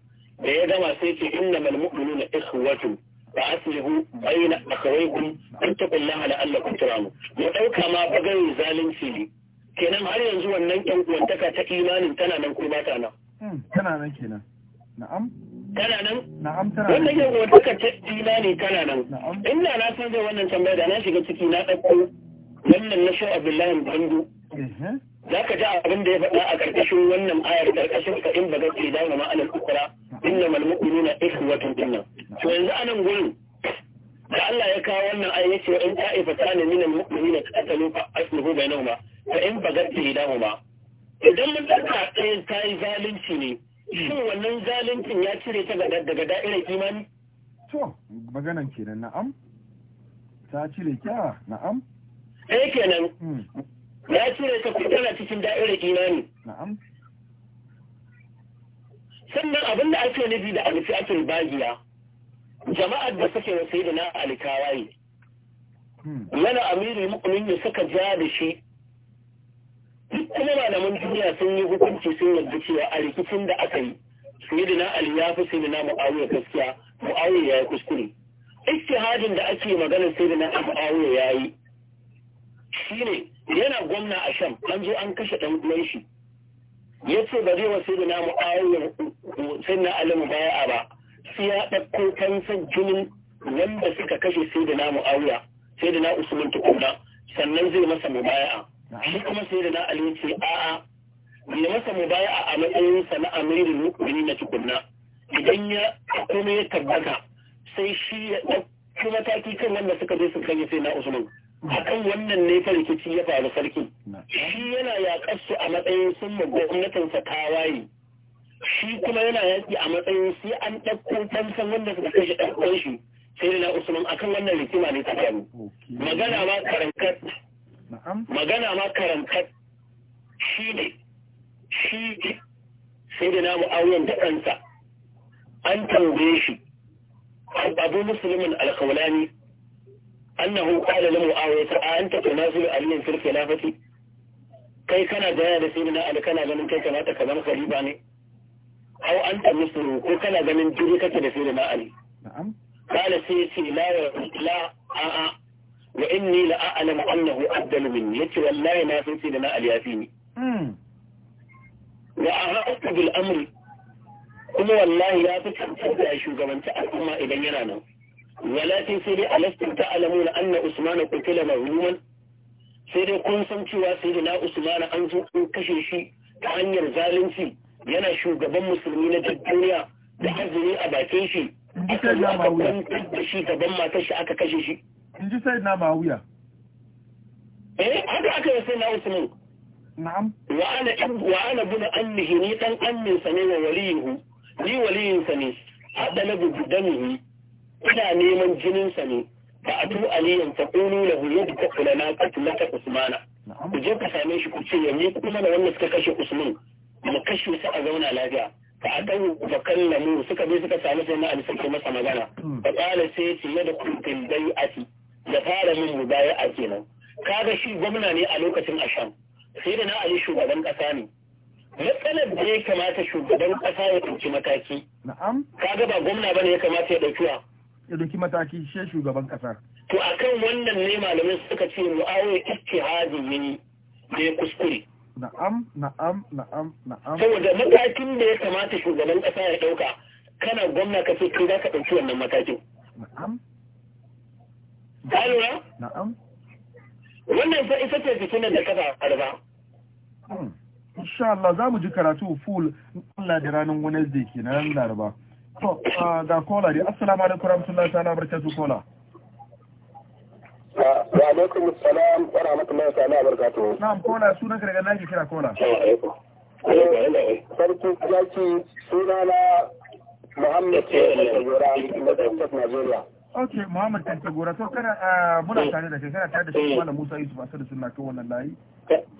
da ya gama sai ce innamal mu'minuna ikhwatu فأسلحوا بين أخويكم واتقوا الله لعلكم ترحمون وأوكا ما بغي ظالم سيدي kenan har yanzu wannan ƴan uwantaka ta imanin tana nan ko ba ta nan hmm, tana nan kenan na'am tana nan na'am tana wannan ƴan uwantaka ta imani tana nan Inna na san zai wannan tambaya da na shiga ciki na ɗauko wannan na sha billahi Bandu za ka ji abin da ya faɗa a ƙarƙashin wannan ayar ƙarƙashin ka in baga ke dama ma alal ukra inna mal mu'minuna ikhwatun dinna to yanzu anan gurin da Allah ya kawo wannan ayar yace wa in ta'ifatan min al mu'minina qatalu fa aslihu bainahuma fa in baga ke dama ma idan mun ɗauka ɗayan ta yi zalunci ne shin wannan zaluncin ya cire ta daga da'irar imani to maganan kenan na'am ta cire kya na'am eh kenan hmm. ya cire ta tana cikin da'irar imani sannan abin da ake nufi da alifi ake bagiya jama'ar da suke wasu da na alikawaye hmm. yana amiri mu'minin ya suka ja da shi duk kuma malaman duniya sun yi hukunci sun yarda cewa a rikicin da aka yi sayyidina ali ya fi na muawiya gaskiya muawiya ya yi kuskure ijtihadin da ake maganar na muawiya ya yi ne. yana gwamna a sham an zo an kashe ɗan uwan shi ya ce ba zai wasu da namu sai na alim baya ba sai ya ɗauko kansan jinin wanda suka kashe sai da namu auya sai da na usman tukuna sannan zai masa mu a shi kuma sai da na alim ce a'a ya masa mu baya a matsayin sa na amirin rukuni na tukuna idan ya kuma ya tabbata sai shi ya ɗauki mataki kan wanda suka je su kanyi sai na usman a kan wannan ne ka rikici ya faru sarki shi yana yaƙar su a matsayin sun ma sa tawaye shi kuma yana yaƙi a matsayin sai an ɗauko tantan wanda suka kashe ɗan shi sai da usman akan wannan rikima ne ta faru magana ma karankar magana ma karankat shi ne shi sai da na mu'awiyar da ɗansa an tambaye shi abu musulmin alkawalani annahu qala li muawiya a anta tunazilu aliyan fil khilafati kai kana jaya da sayyidina ali kana ganin kai kamata ka zama khalifa ne aw anta misru ko kana ganin jiri kake da sayyidina ali na'am qala sai ce la la a a wa inni la a'lamu annahu afdalu minni yace wallahi na san sayyidina ali ya fi ni wa bil amri kuma wallahi ya fi shugabanci al'umma idan yana nan ولكن sai dai تعلمون أن أثمان قتل مظلوما سيدي sai dai kun san cewa sai da na usmana an zo an kashe shi ta hanyar zalunci yana shugaban musulmi a shi aka da shi in sai na mawuya eh haka aka yi sai na usman wa ana wa ana ni dan annin ne wa waliyuhu ni waliyin sa ne Kuna neman jininsa ne ba a aliyan ta ƙunu da huye da ta kula na katulata usmana ku je ka same shi ku ce ya mi kusa da wanda suka kashe usman mu kashe su a zauna lafiya fa atau fa kallamu suka je suka sami sai na alisan masa magana hmm. fa qala sai ce yadda kun fil bai'ati da fara min mubai'a kenan kaga shi gwamna ne a lokacin asham sai da na ali shugaban kasa ne matsalar da ya kamata shugaban kasa ya ɗauki mataki kaga ba gwamna bane ya kamata ya ɗauki wa ya doki mataki shi shugaban kasa to a kan wannan ne malamai suka ce mu'awiyar hajji ne ne kuskure na'am na'am na'am na'am saboda matakin da ya kamata shugaban kasa ya dauka kana gwamna ka ce kai za ka ɗauki wannan matakin na'am ka lura na'am wannan sa isa ce fitinar da kasa arba hmm. insha Allah za mu ji karatu full Allah da ranar Wednesday kenan Laraba To, ga kola dai, assalamu alaikum rahmatullahi ta'ala barkatu kola. Wa alaikum assalam wa rahmatullahi ta'ala barkatu. Na'am kola sunan ka daga nake kira kola. Sarki zaki suna na Muhammad Tantagora na Tantak Ok, Muhammad Tantagora, to kana muna mm. tare da kai tare da shi Malam Musa Yusuf Asadu sunna kan wannan layi.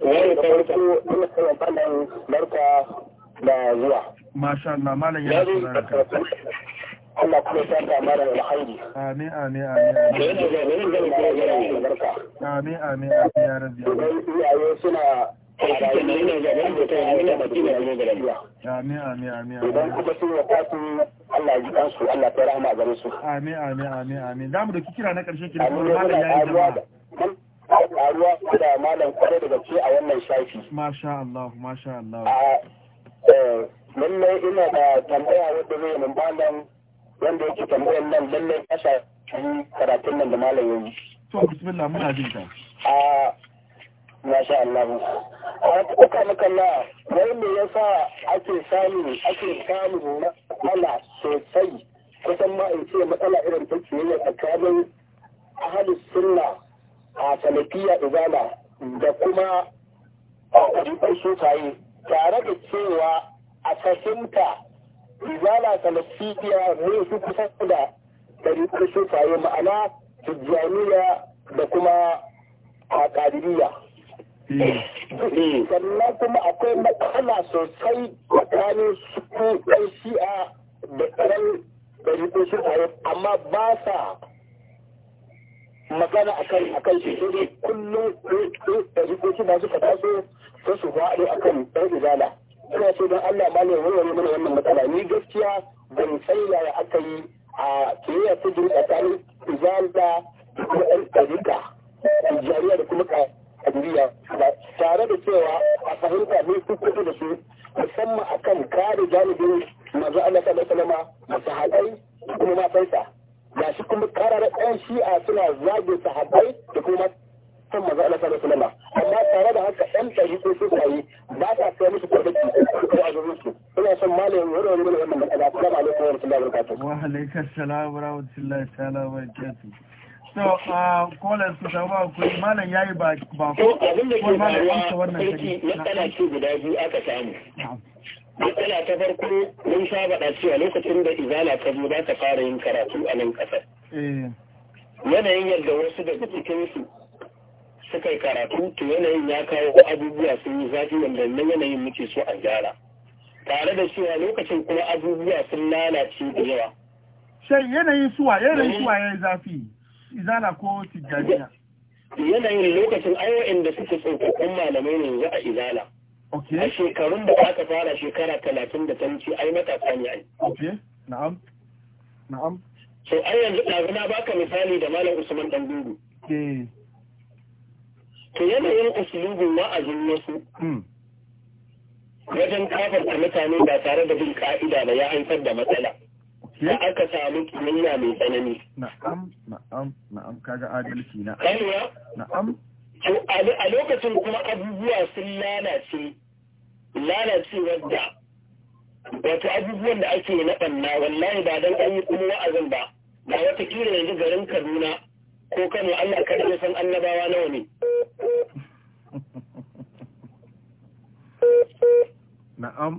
Wani farko ina son barka da zuwa masha Allah malam ya Allah kuma mara amin amin amin amin amin amin ya iyaye suna Amin amin amin Idan Allah ji Allah ta rahama a gare su. Amin amin amin amin. mu da kira na ƙarshen kira malam jama'a. da malam kwarai da gaske a wannan shafi. Masha Allah, masha Allah. Eh, lallai ina da tambaya wadda zai yi malam wanda yake tambayan nan lallai yi karatun nan da malam yi. To bismillah muna jin ka. A masha Allah. A kuka makalla wai me yasa ake samu ake samu mala sosai kusan ma in ce matsala irin ta ciyayya tsakanin ahalus sunna a salafiya izala da kuma a ɗariƙar sufaye tare da cewa a fahimta rizala salafiya ne su kusa da ɗariƙar sufaye ma'ana tijjaniya da kuma a ƙadiriya. Hmm. Hmm. Sannan kuma akwai matsala sosai tsakanin su ɗan shi'a da ɗan ɗariƙar sufaye amma ba sa magana akan kan shi kullum ɗariƙar su masu fata so sai su zaɓe a kan ɗan izala ina so don Allah ba ne wani mana wannan matsala ni gaskiya ban san yaya aka yi a kiyaya ta jin tsakanin izala da ɗan ɗarika jariya da kuma kadiriya tare da cewa a fahimta mun kuka da su musamman a kan kare janibin manzo Allah sallallahu alaihi wasallam masahabai kuma matansa gashi kuma kararar ɗan shi'a suna zage sahabbai da kuma son maza Allah sallallahu amma tare da haka ɗan tashi ko su bayi ba ta kai musu kwadaki ko a gurin su ina son wani wani mai wannan matsala alaikum wa rahmatullahi wa barakatuh wa alaikum assalam wa rahmatullahi ta'ala wa barakatuh so uh, a su da ba ba ba ko ke wannan matsala ce guda biyu aka samu matsala ta farko mun da cewa lokacin da izala ta zo za ta fara yin karatu a nan eh. yanayin yadda wasu daga cikin su suka yi karatu to yanayin ya kawo abubuwa sun yi zafi wanda na yanayin muke so a gyara tare da cewa lokacin kuma abubuwa sun lalace da yawa shai yanayin suwa yanayin suwa ya yi zafi izala ko tijjaniya yanayin lokacin ayoyin da suke tsofaffin malamai ne yanzu a izala a shekarun da aka fara shekara talatin da ta wuce ai matasa ne ai na'am na'am so ai yanzu ɗazu na baka misali da malam usman dan to yanayin usulubin wa'azin wasu hmm. wajen kafarta mutane ba tare da bin ka'ida ba ya haifar da matsala da aka samu kimiyya mai tsanani na'am na'am na'am kaga adalci na'am to a lokacin kuma abubuwa sun lalace lalacewar da wato abubuwan da ake na ɓanna wallahi ba don an yi kuma wa'azin ba ba wata kira yanzu garin kaduna ko kano allah kaɗai san annabawa nawa ne *laughs* na'am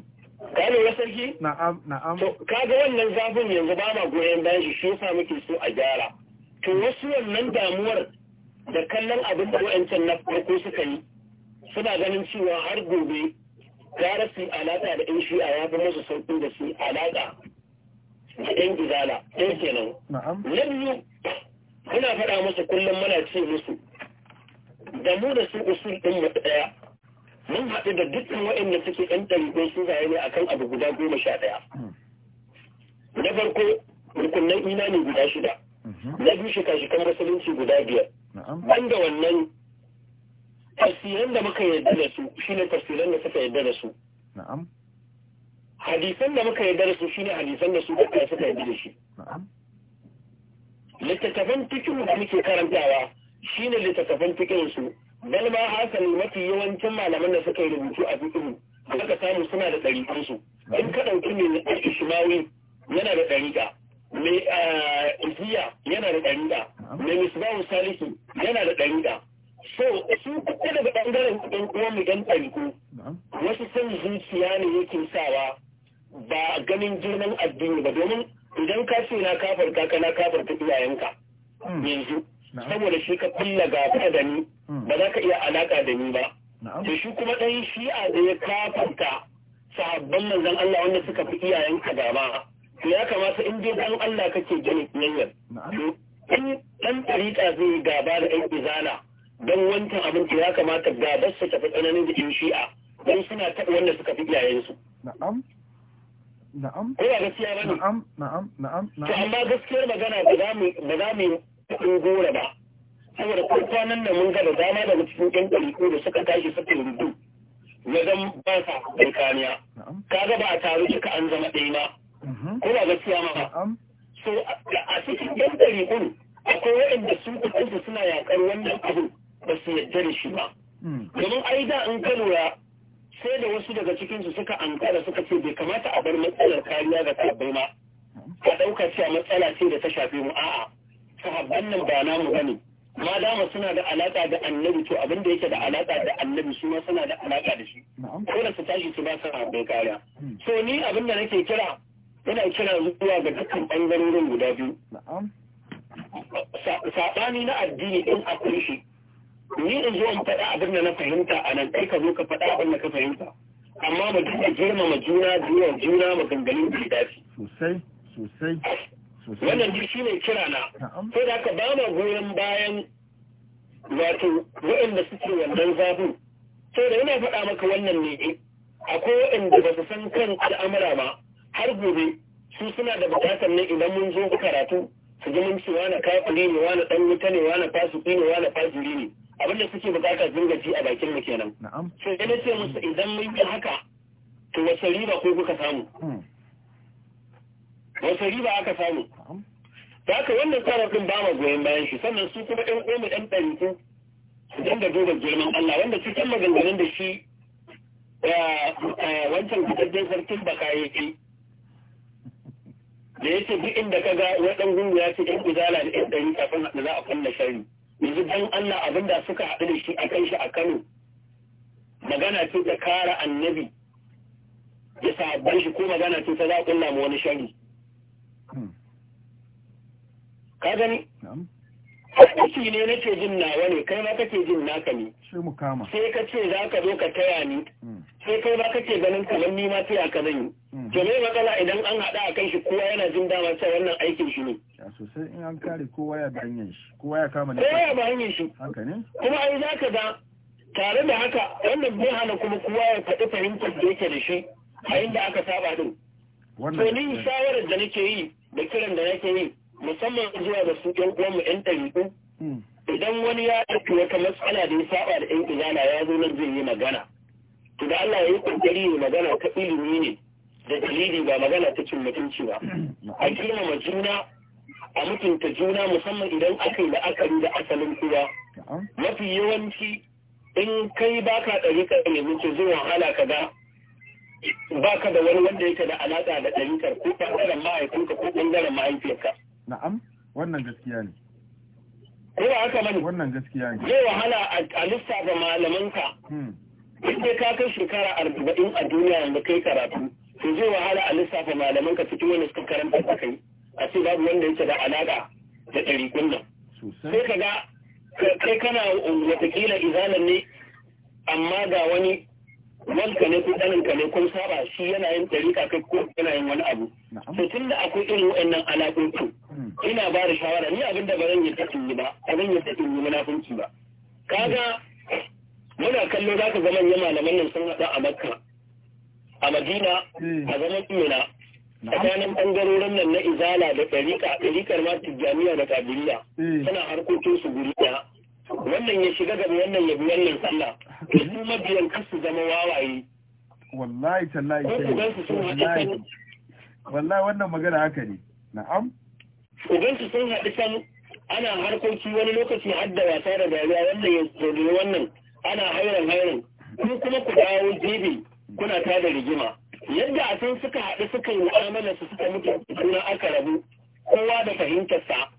Kano ya sarki? Na'am, na'am. To, kaga wannan zafin yanzu ba ma goyon bayan shi shi yasa muke so a gyara. To wasu wannan damuwar da kallon abin da wa'ancan na farko suka yi suna ganin cewa har gobe gara su alaƙa da yan shi'a ya fi musu sauƙin da su alaƙa da yan gizala ɗan kenan. Na'am. Na biyu, muna faɗa musu kullum muna ce musu da mu da su usul ɗin mu daya mun haɗu da dukkan waɗanda suke ɗan ɗariƙon su zaye ne akan abu guda goma sha ɗaya na farko rukunan imani guda shida na biyu kashi kan musulunci guda biyar da wannan tafsiran da muka yarda da su shine tafsiran da suka yarda da su hadisan da muka yarda da su shine hadisan da su suka yarda da shi littattafan cikin da muke karantawa shine littattafan fikin su bal ma ne mafi yawancin malaman da suka yi rubutu a fikin aka samu suna da ɗari su in ka ɗauki mai al-ishmawi yana da ɗariƙa mai ah, yana da ɗariƙa mai misbahu salisu yana da ɗariƙa so su kuɗe daga ɓangaren kuɗin uwan mu ɗan ɗariƙo wasu san zuciya ne yake sawa ba ganin girman addini ba domin idan ka ce na kafar, ka na kafarta iyayenka hmm. yanzu saboda shi ka kulla gaba da ni hmm. ba za ka iya alaka da ni ba da shi kuma ɗan shi'a da ya kafanta sahabban manzon Allah wanda suka fi iyayen ka gaba to ya kamata in dai dan Allah kake gani kiyayyar in dan tariƙa zai yi gaba da ɗan Izana, don wancan abin ya kamata gabar su tafi tsananin da in shi'a don suna taɓa wanda suka fi iyayensu. Na'am. Na'am. Ko ya gaskiya ba Na'am, na'am, na'am. To amma gaskiyar magana ba za mu kuɗin gora ba saboda ko kwanan nan mun ga da dama daga cikin ƴan ɗariƙo da suka tashi suka Na zan ba sa kai kariya ga ba a taru duka an zama ɗaya ba mhm. ko ba gaskiya ma so a cikin ƴan ɗariƙon akwai waɗanda sun kuɗinsu suna yaƙar wannan abu ba su yarda da shi ba mm. domin ai da in ka lura sai da wasu daga cikinsu suka ankara suka ce bai kamata a bar matsalar kariya ga tabbai ma Ka ɗauka cewa matsala ce da ta shafe mu a'a sahabban nan ba namu bane ma dama suna da alaka da annabi to abin da yake da alaka da annabi su ma suna da alaka da shi da su tashi su ba su sahabbai kariya hmm. so ni abin da nake kira ina kira zuwa ga dukkan bangarorin guda biyu saɓani na addini in akwai shi ni in zo in faɗa abin da na fahimta a nan kai ka zo ka faɗa abin da ka fahimta amma mu dinga girmama juna biyan juna maganganun da ya dace sosai sosai wannan duk shi ne kira na sai da aka ba ma goyon bayan wato waɗanda suke wannan zafin sai da yana faɗa maka wannan ne akwai waɗanda ba su san kan al'amura ba har gobe su suna da bukatar ne idan mun zo karatu su ji mun cewa na kafiri ne wani ɗan wuta ne wani fasiki ne wani fasiri ne abinda suke bukata sun gaji a bakin mu kenan sai na ce musu idan mun yi haka to wace riba ko kuka samu hmm. wata riba aka samu ta ka wannan sarrafin ba ma goyon bayan shi sannan su kuma ɗan ƙoma ɗan ɗariku su da duba girman Allah wanda cikin maganganun da shi wancan fitaddin sarkin baka yake da ya ce duk inda ka ga waɗan gungu ya ce ɗan kuzala da ɗan ɗari kafin da za a kunna shari yanzu don Allah abin da suka haɗu da shi a kan shi a Kano magana ce ta kara annabi ya ɗan shi ko magana ce ta za a kunna ma wani shari Hmm. ka gani aiki ne nake jin nawa ne kai ma kake jin naka ne sai ka ce za ka zo ka taya ni hmm. sai kai ma kake ganin kamar ni ma taya ka zan yi hmm. to me matsala idan an haɗa a kan shi kowa yana jin dama cewa wannan aikin shi ne sosai in an kare kowa ya da hanyar shi kowa ya kama ne kowa ya da hanyar shi kuma ai za ka ga tare da haka wannan bai hana kuma kowa ya faɗi fahimtar da yake da shi a inda aka saba din to ni shawarar da nake yi da kiran da nake yi musamman zuwa da su ɗan uwanmu ɗan ɗariƙu hmm. idan wani ya ɗauki wata matsala da ya saba da ɗan ƙizana ya zo nan zai yi magana to da Allah ya yi ƙoƙari ya magana ta ilimi ne da dalili ba magana ta cin mutunci ba hmm. a girmama juna a mutunta juna musamman idan aka yi la'akari da asalin kuwa mafi yawanci in kai baka ɗariƙa ne mutum zai wahala ka ga ba ka da wani wanda yake da alaƙa da ɗarikar ko ɓangaren mahaifinka ko ɓangaren mahaifiyarka. Na'am, wannan gaskiya ne. Ko ba haka bane? Wannan gaskiya ne. Zai wahala a lissafa malamanka. Hmm. Duk da ka kai shekara arba'in a duniya yanzu kai karatu, to zai wahala a lissafa malamanka cikin wani suka karanta da kai. A ce babu wanda yake da alaƙa da ɗarikun nan. Sai ka ga kai kana watakila izalar ne amma ga wani wanka ne ko ɗaninka ne kun saba shi yana yin ɗarika kai ko yana yin wani abu to tun da akwai irin wa'annan alaƙoƙi hmm. ina ba da shawara ni abinda ba zan yi tatin yi ba abin yi tatin yi munafunci ba kaga muna kallo za ka zama yi malaman nan sun haɗa a makka a madina hmm. a zaman imina tsakanin ɓangarorin nan na izala da ɗarika ɗarikar ma tijjaniya da kabiliya hmm. suna harkokin su guri ɗaya wannan ya shiga gaba wannan ya bi wannan sallah to su mabiyan kar su zama wawaye wallahi tallahi wallahi wallahi wannan magana haka ne na'am su sun haɗu sam ana harkoki wani lokaci har da wasa da dariya wannan ya zodi wannan ana hairan hairan ku kuma ku dawo jibi kuna ta da rigima yadda a san suka haɗu suka yi mu'amala su suka mutu suna aka rabu kowa da fahimtar sa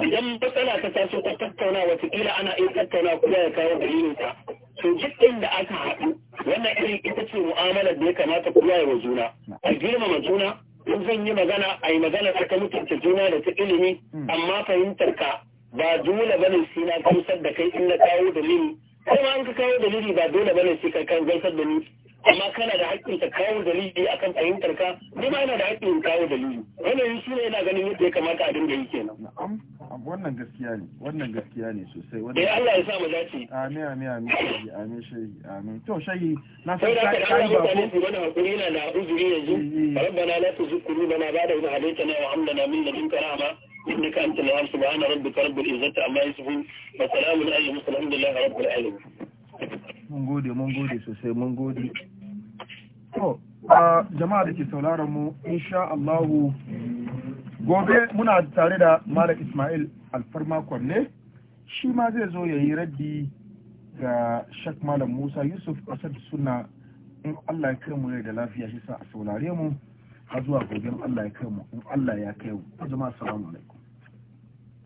idan matsala ta taso ta tattauna watakila ana iya tattauna kuma ya kawo dalilinta to duk inda aka haɗu wannan irin ita ce mu'amalar da ya kamata kuma ya wa juna a girmama juna in zan yi magana a yi magana ta mutunta juna da ta ilimi hmm. amma fahimtar ka ba dole bane sai na gamsar da kai in na kawo dalili kuma an ka kawo dalili ba dole bane sai ka kan gamsar da ni amma kana da haƙƙin ka kawo dalili akan fahimtar ka ni ma yana da haƙƙin kawo dalili wannan shi ne yana ganin yadda ya kamata a dinga yi kenan wannan gaskiya ne wannan gaskiya ne sosai wannan eh Allah ya sa mu dace amin amin amin shi amin shi amin to shi na san ka kai ba ko wannan hakuri yana da uzuri yanzu eh, eh. rabbana la tuzkuru bana ba'da idh hadaytana wa hab min ladunka rahma إنك أنت الوهاب سبحان ربك رب العزة عما يصفون وسلام على المرسلين الحمد لله رب العالمين mun gode mun gode sosai mun gode to a jama'a da ke sauraron mu insha Allahu gobe muna tare da Malam Ismail Alfarma kwalle shi ma zai zo ya yi raddi ga Shak Malam Musa Yusuf Asad Sunna in Allah ya kai mu da lafiya shi sa a saurare mu har zuwa gobe Allah ya kai mu in Allah ya kai mu jama'a assalamu alaikum